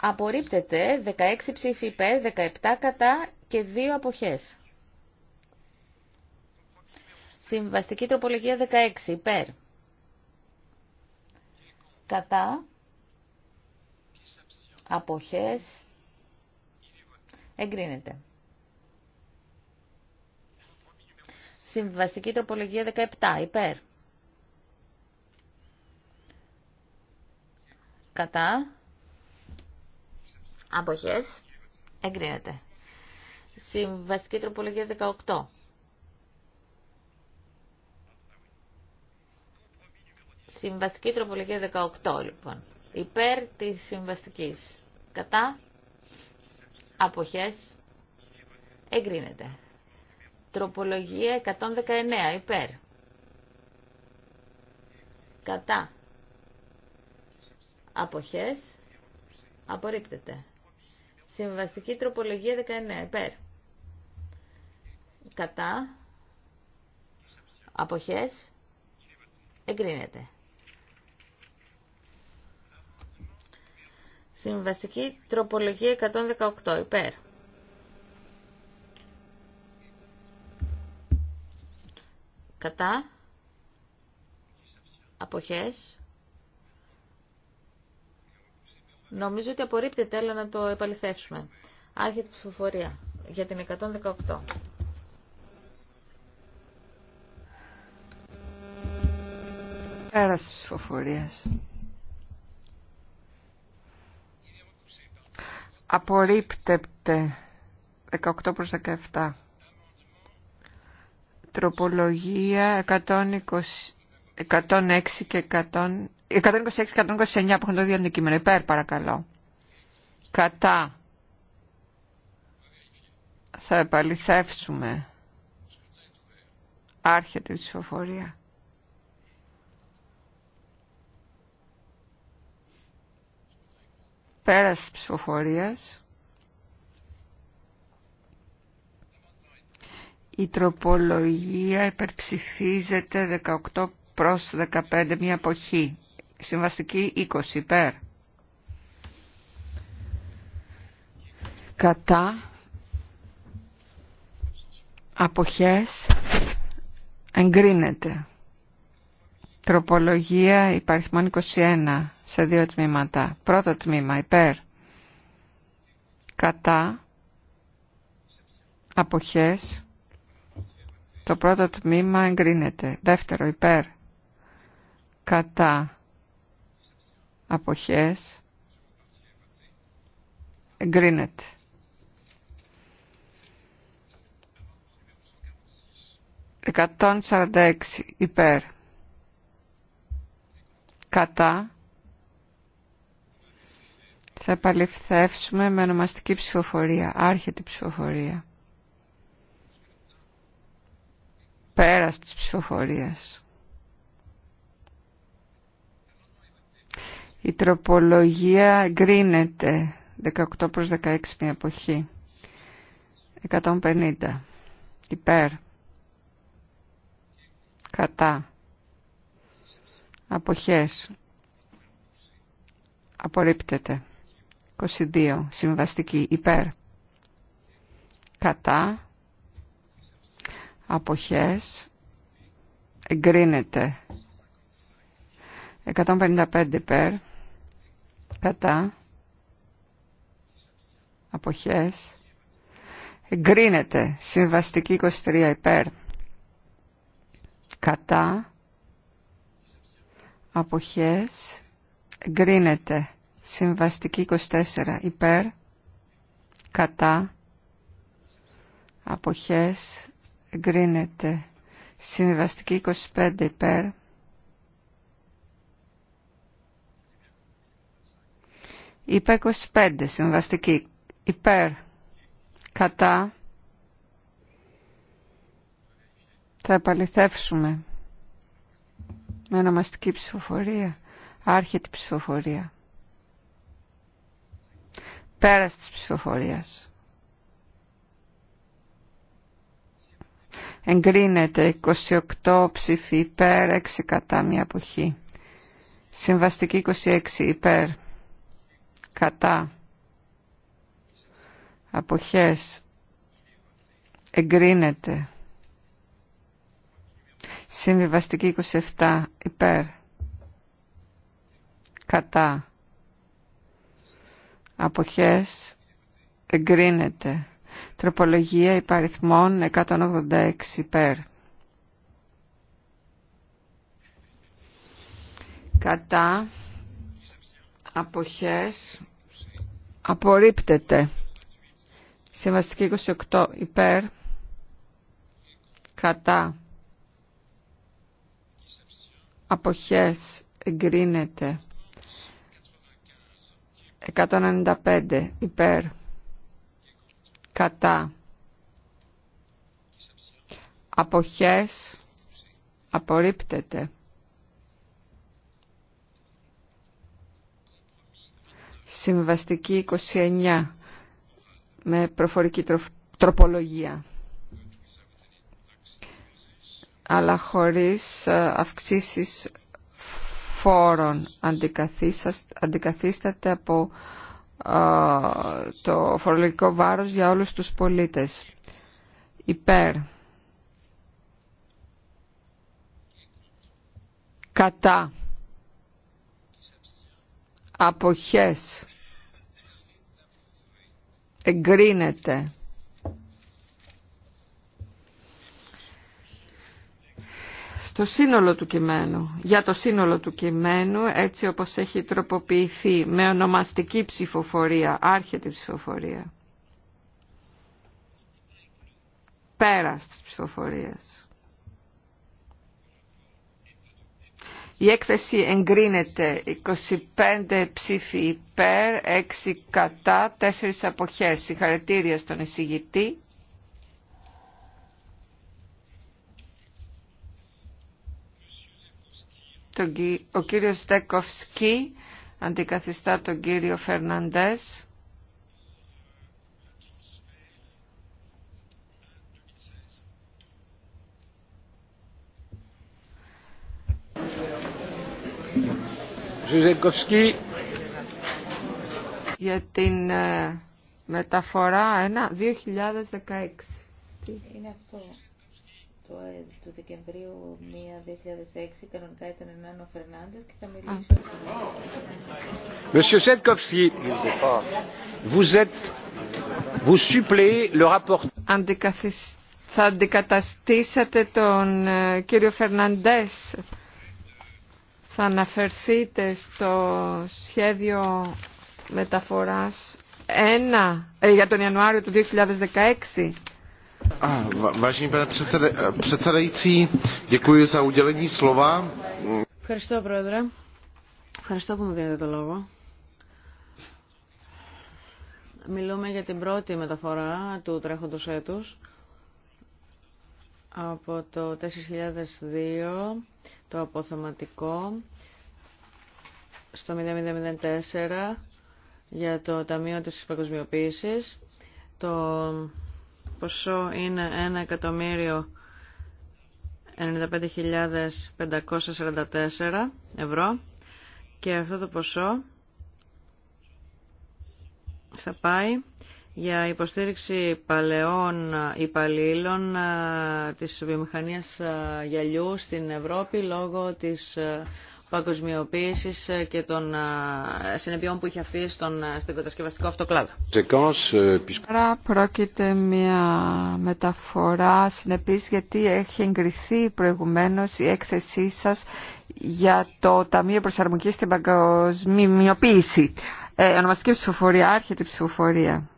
Απορρίπτεται 16 ψήφοι υπέρ, 17 κατά και 2 αποχές. Συμβαστική τροπολογία 16 υπέρ. Κατά. Αποχές. Εγκρίνεται. Συμβαστική τροπολογία 17. Υπέρ. Κατά. Αποχές. Εγκρίνεται. Συμβαστική τροπολογία 18. Συμβαστική τροπολογία 18, λοιπόν. Υπέρ της συμβαστικής. Κατά. Αποχές. Εγκρίνεται. Τροπολογία 119 υπέρ. Κατά. Αποχές. Απορρίπτεται. Συμβαστική τροπολογία 19 υπέρ. Κατά. Αποχές. Εγκρίνεται. Συμβαστική τροπολογία 118 υπέρ. Κατά. Αποχές. Νομίζω ότι απορρίπτεται, αλλά να το επαληθεύσουμε. Άρχεται η ψηφοφορία για την 118. Πέραση τη ψηφοφορία. Απορρίπτεται 18 προς 17 τροπολογία 120, και 126 και 129 που έχουν το δύο αντικείμενο. Υπέρ παρακαλώ. Κατά. Θα επαληθεύσουμε. Άρχεται η ψηφοφορία. Πέρας της ψηφοφορίας. Η τροπολογία υπερψηφίζεται 18 προς 15 μία εποχή. Συμβαστική 20 υπέρ. Κατά αποχές εγκρίνεται. Τροπολογία υπαριθμών 21 σε δύο τμήματα. Πρώτο τμήμα υπέρ. Κατά αποχές το πρώτο τμήμα εγκρίνεται. Δεύτερο υπέρ. Κατά. Αποχές. Εγκρίνεται. Εκατόν υπέρ. Κατά. Θα επαληθεύσουμε με ονομαστική ψηφοφορία. Άρχεται ψηφοφορία. Πέρας της ψηφοφορίας. Η τροπολογία γκρίνεται 18 προς 16 μια εποχή. 150. Υπέρ. Κατά. Αποχές. Απορρίπτεται. 22. Συμβαστική. Υπέρ. Κατά αποχές εγκρίνεται 155 υπέρ κατά αποχές εγκρίνεται συμβαστική 23 υπέρ κατά αποχές εγκρίνεται συμβαστική 24 υπέρ κατά αποχές εγκρίνεται. Συμβιβαστική 25 υπέρ. Είπα 25, συμβαστική υπέρ, κατά. Θα επαληθεύσουμε με ονομαστική ψηφοφορία, άρχεται ψηφοφορία. Πέρας της ψηφοφορίας. Εγκρίνεται 28 ψήφι υπέρ, 6 κατά μια αποχή. Συμβαστική 26 υπέρ, κατά, αποχές, εγκρίνεται. Συμβιβαστική 27 υπέρ, κατά, αποχές, εγκρίνεται. Τροπολογία υπαριθμών 186 υπέρ. Κατά αποχές απορρίπτεται. Συμβαστική 28 υπέρ. Κατά αποχές εγκρίνεται. 195 υπέρ κατά αποχές απορρίπτεται. Συμβαστική 29 με προφορική τροπολογία αλλά χωρίς ε, αυξήσεις φόρων αντικαθίσταται από το φορολογικό βάρος για όλους τους πολίτες. Υπέρ. Κατά. Αποχές. Εγκρίνεται. το σύνολο του κειμένου, για το σύνολο του κειμένου, έτσι όπως έχει τροποποιηθεί, με ονομαστική ψηφοφορία, άρχεται ψηφοφορία. Πέρας της ψηφοφορίας. Η έκθεση εγκρίνεται 25 ψήφοι υπέρ, 6 κατά, 4 αποχές. Συγχαρητήρια στον εισηγητή. τον, ο κύριος Στέκοφσκι αντικαθιστά τον κύριο Φερναντές. Για την ε, μεταφορα ένα, 1-2016. Είναι αυτό. Ε, του Δεκεμβρίου 2006 κανονικά ήταν έναν ο Φερνάντες και θα μιλήσω. Monsieur Setkovski, Θα αντικαταστήσατε τον ε, κύριο Φερναντές. Θα αναφερθείτε στο σχέδιο μεταφοράς 1 ε, για τον Ιανουάριο του 2016 Ah, Ευχαριστώ, Πρόεδρε. Ευχαριστώ που μου δίνετε το λόγο. Μιλούμε για την πρώτη μεταφορά του τρέχοντος έτους από το 4002 το αποθεματικό στο 0004 για το Ταμείο της Παγκοσμιοποίησης το ποσό είναι 1.095.544 ευρώ και αυτό το ποσό θα πάει για υποστήριξη παλαιών υπαλλήλων ε, της βιομηχανίας ε, γυαλιού στην Ευρώπη λόγω της ε, παγκοσμιοποίησης ε, και των ε, συνεπειών που είχε αυτή στον, ε, στον κατασκευαστικό αυτοκλάδο. Άρα πρόκειται μια μεταφορά συνεπής γιατί έχει εγκριθεί προηγουμένως η έκθεσή σας για το Ταμείο Προσαρμογής στην Παγκοσμιοποίηση. Ε, ονομαστική ψηφοφορία, άρχεται ψηφοφορία.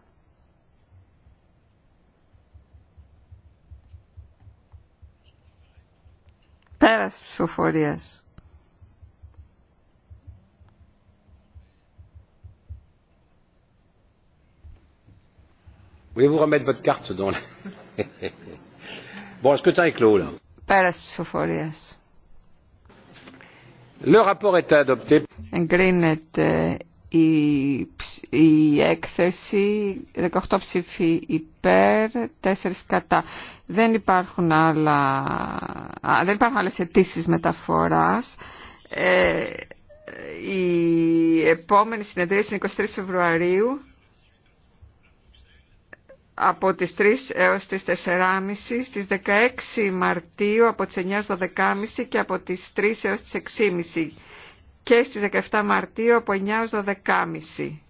Πέρας ψηφοφορίας. Voulez-vous remettre votre carte dans le... *laughs* Bon, est-ce que tu as éclos là Πέρας της Le rapport est adopté. Εγκρίνεται η, η έκθεση 18 ψήφοι υπέρ, 4 κατά. Δεν υπάρχουν, άλλα, α, δεν υπάρχουν άλλες αιτήσει μεταφοράς. Ε, η επόμενη συνεδρία είναι 23 Φεβρουαρίου από τις 3 έως τις 4.30, στις 16 Μαρτίου από τις 9 12.30 και από τις 3 έως τις 6.30 και στις 17 Μαρτίου από 9 12.30.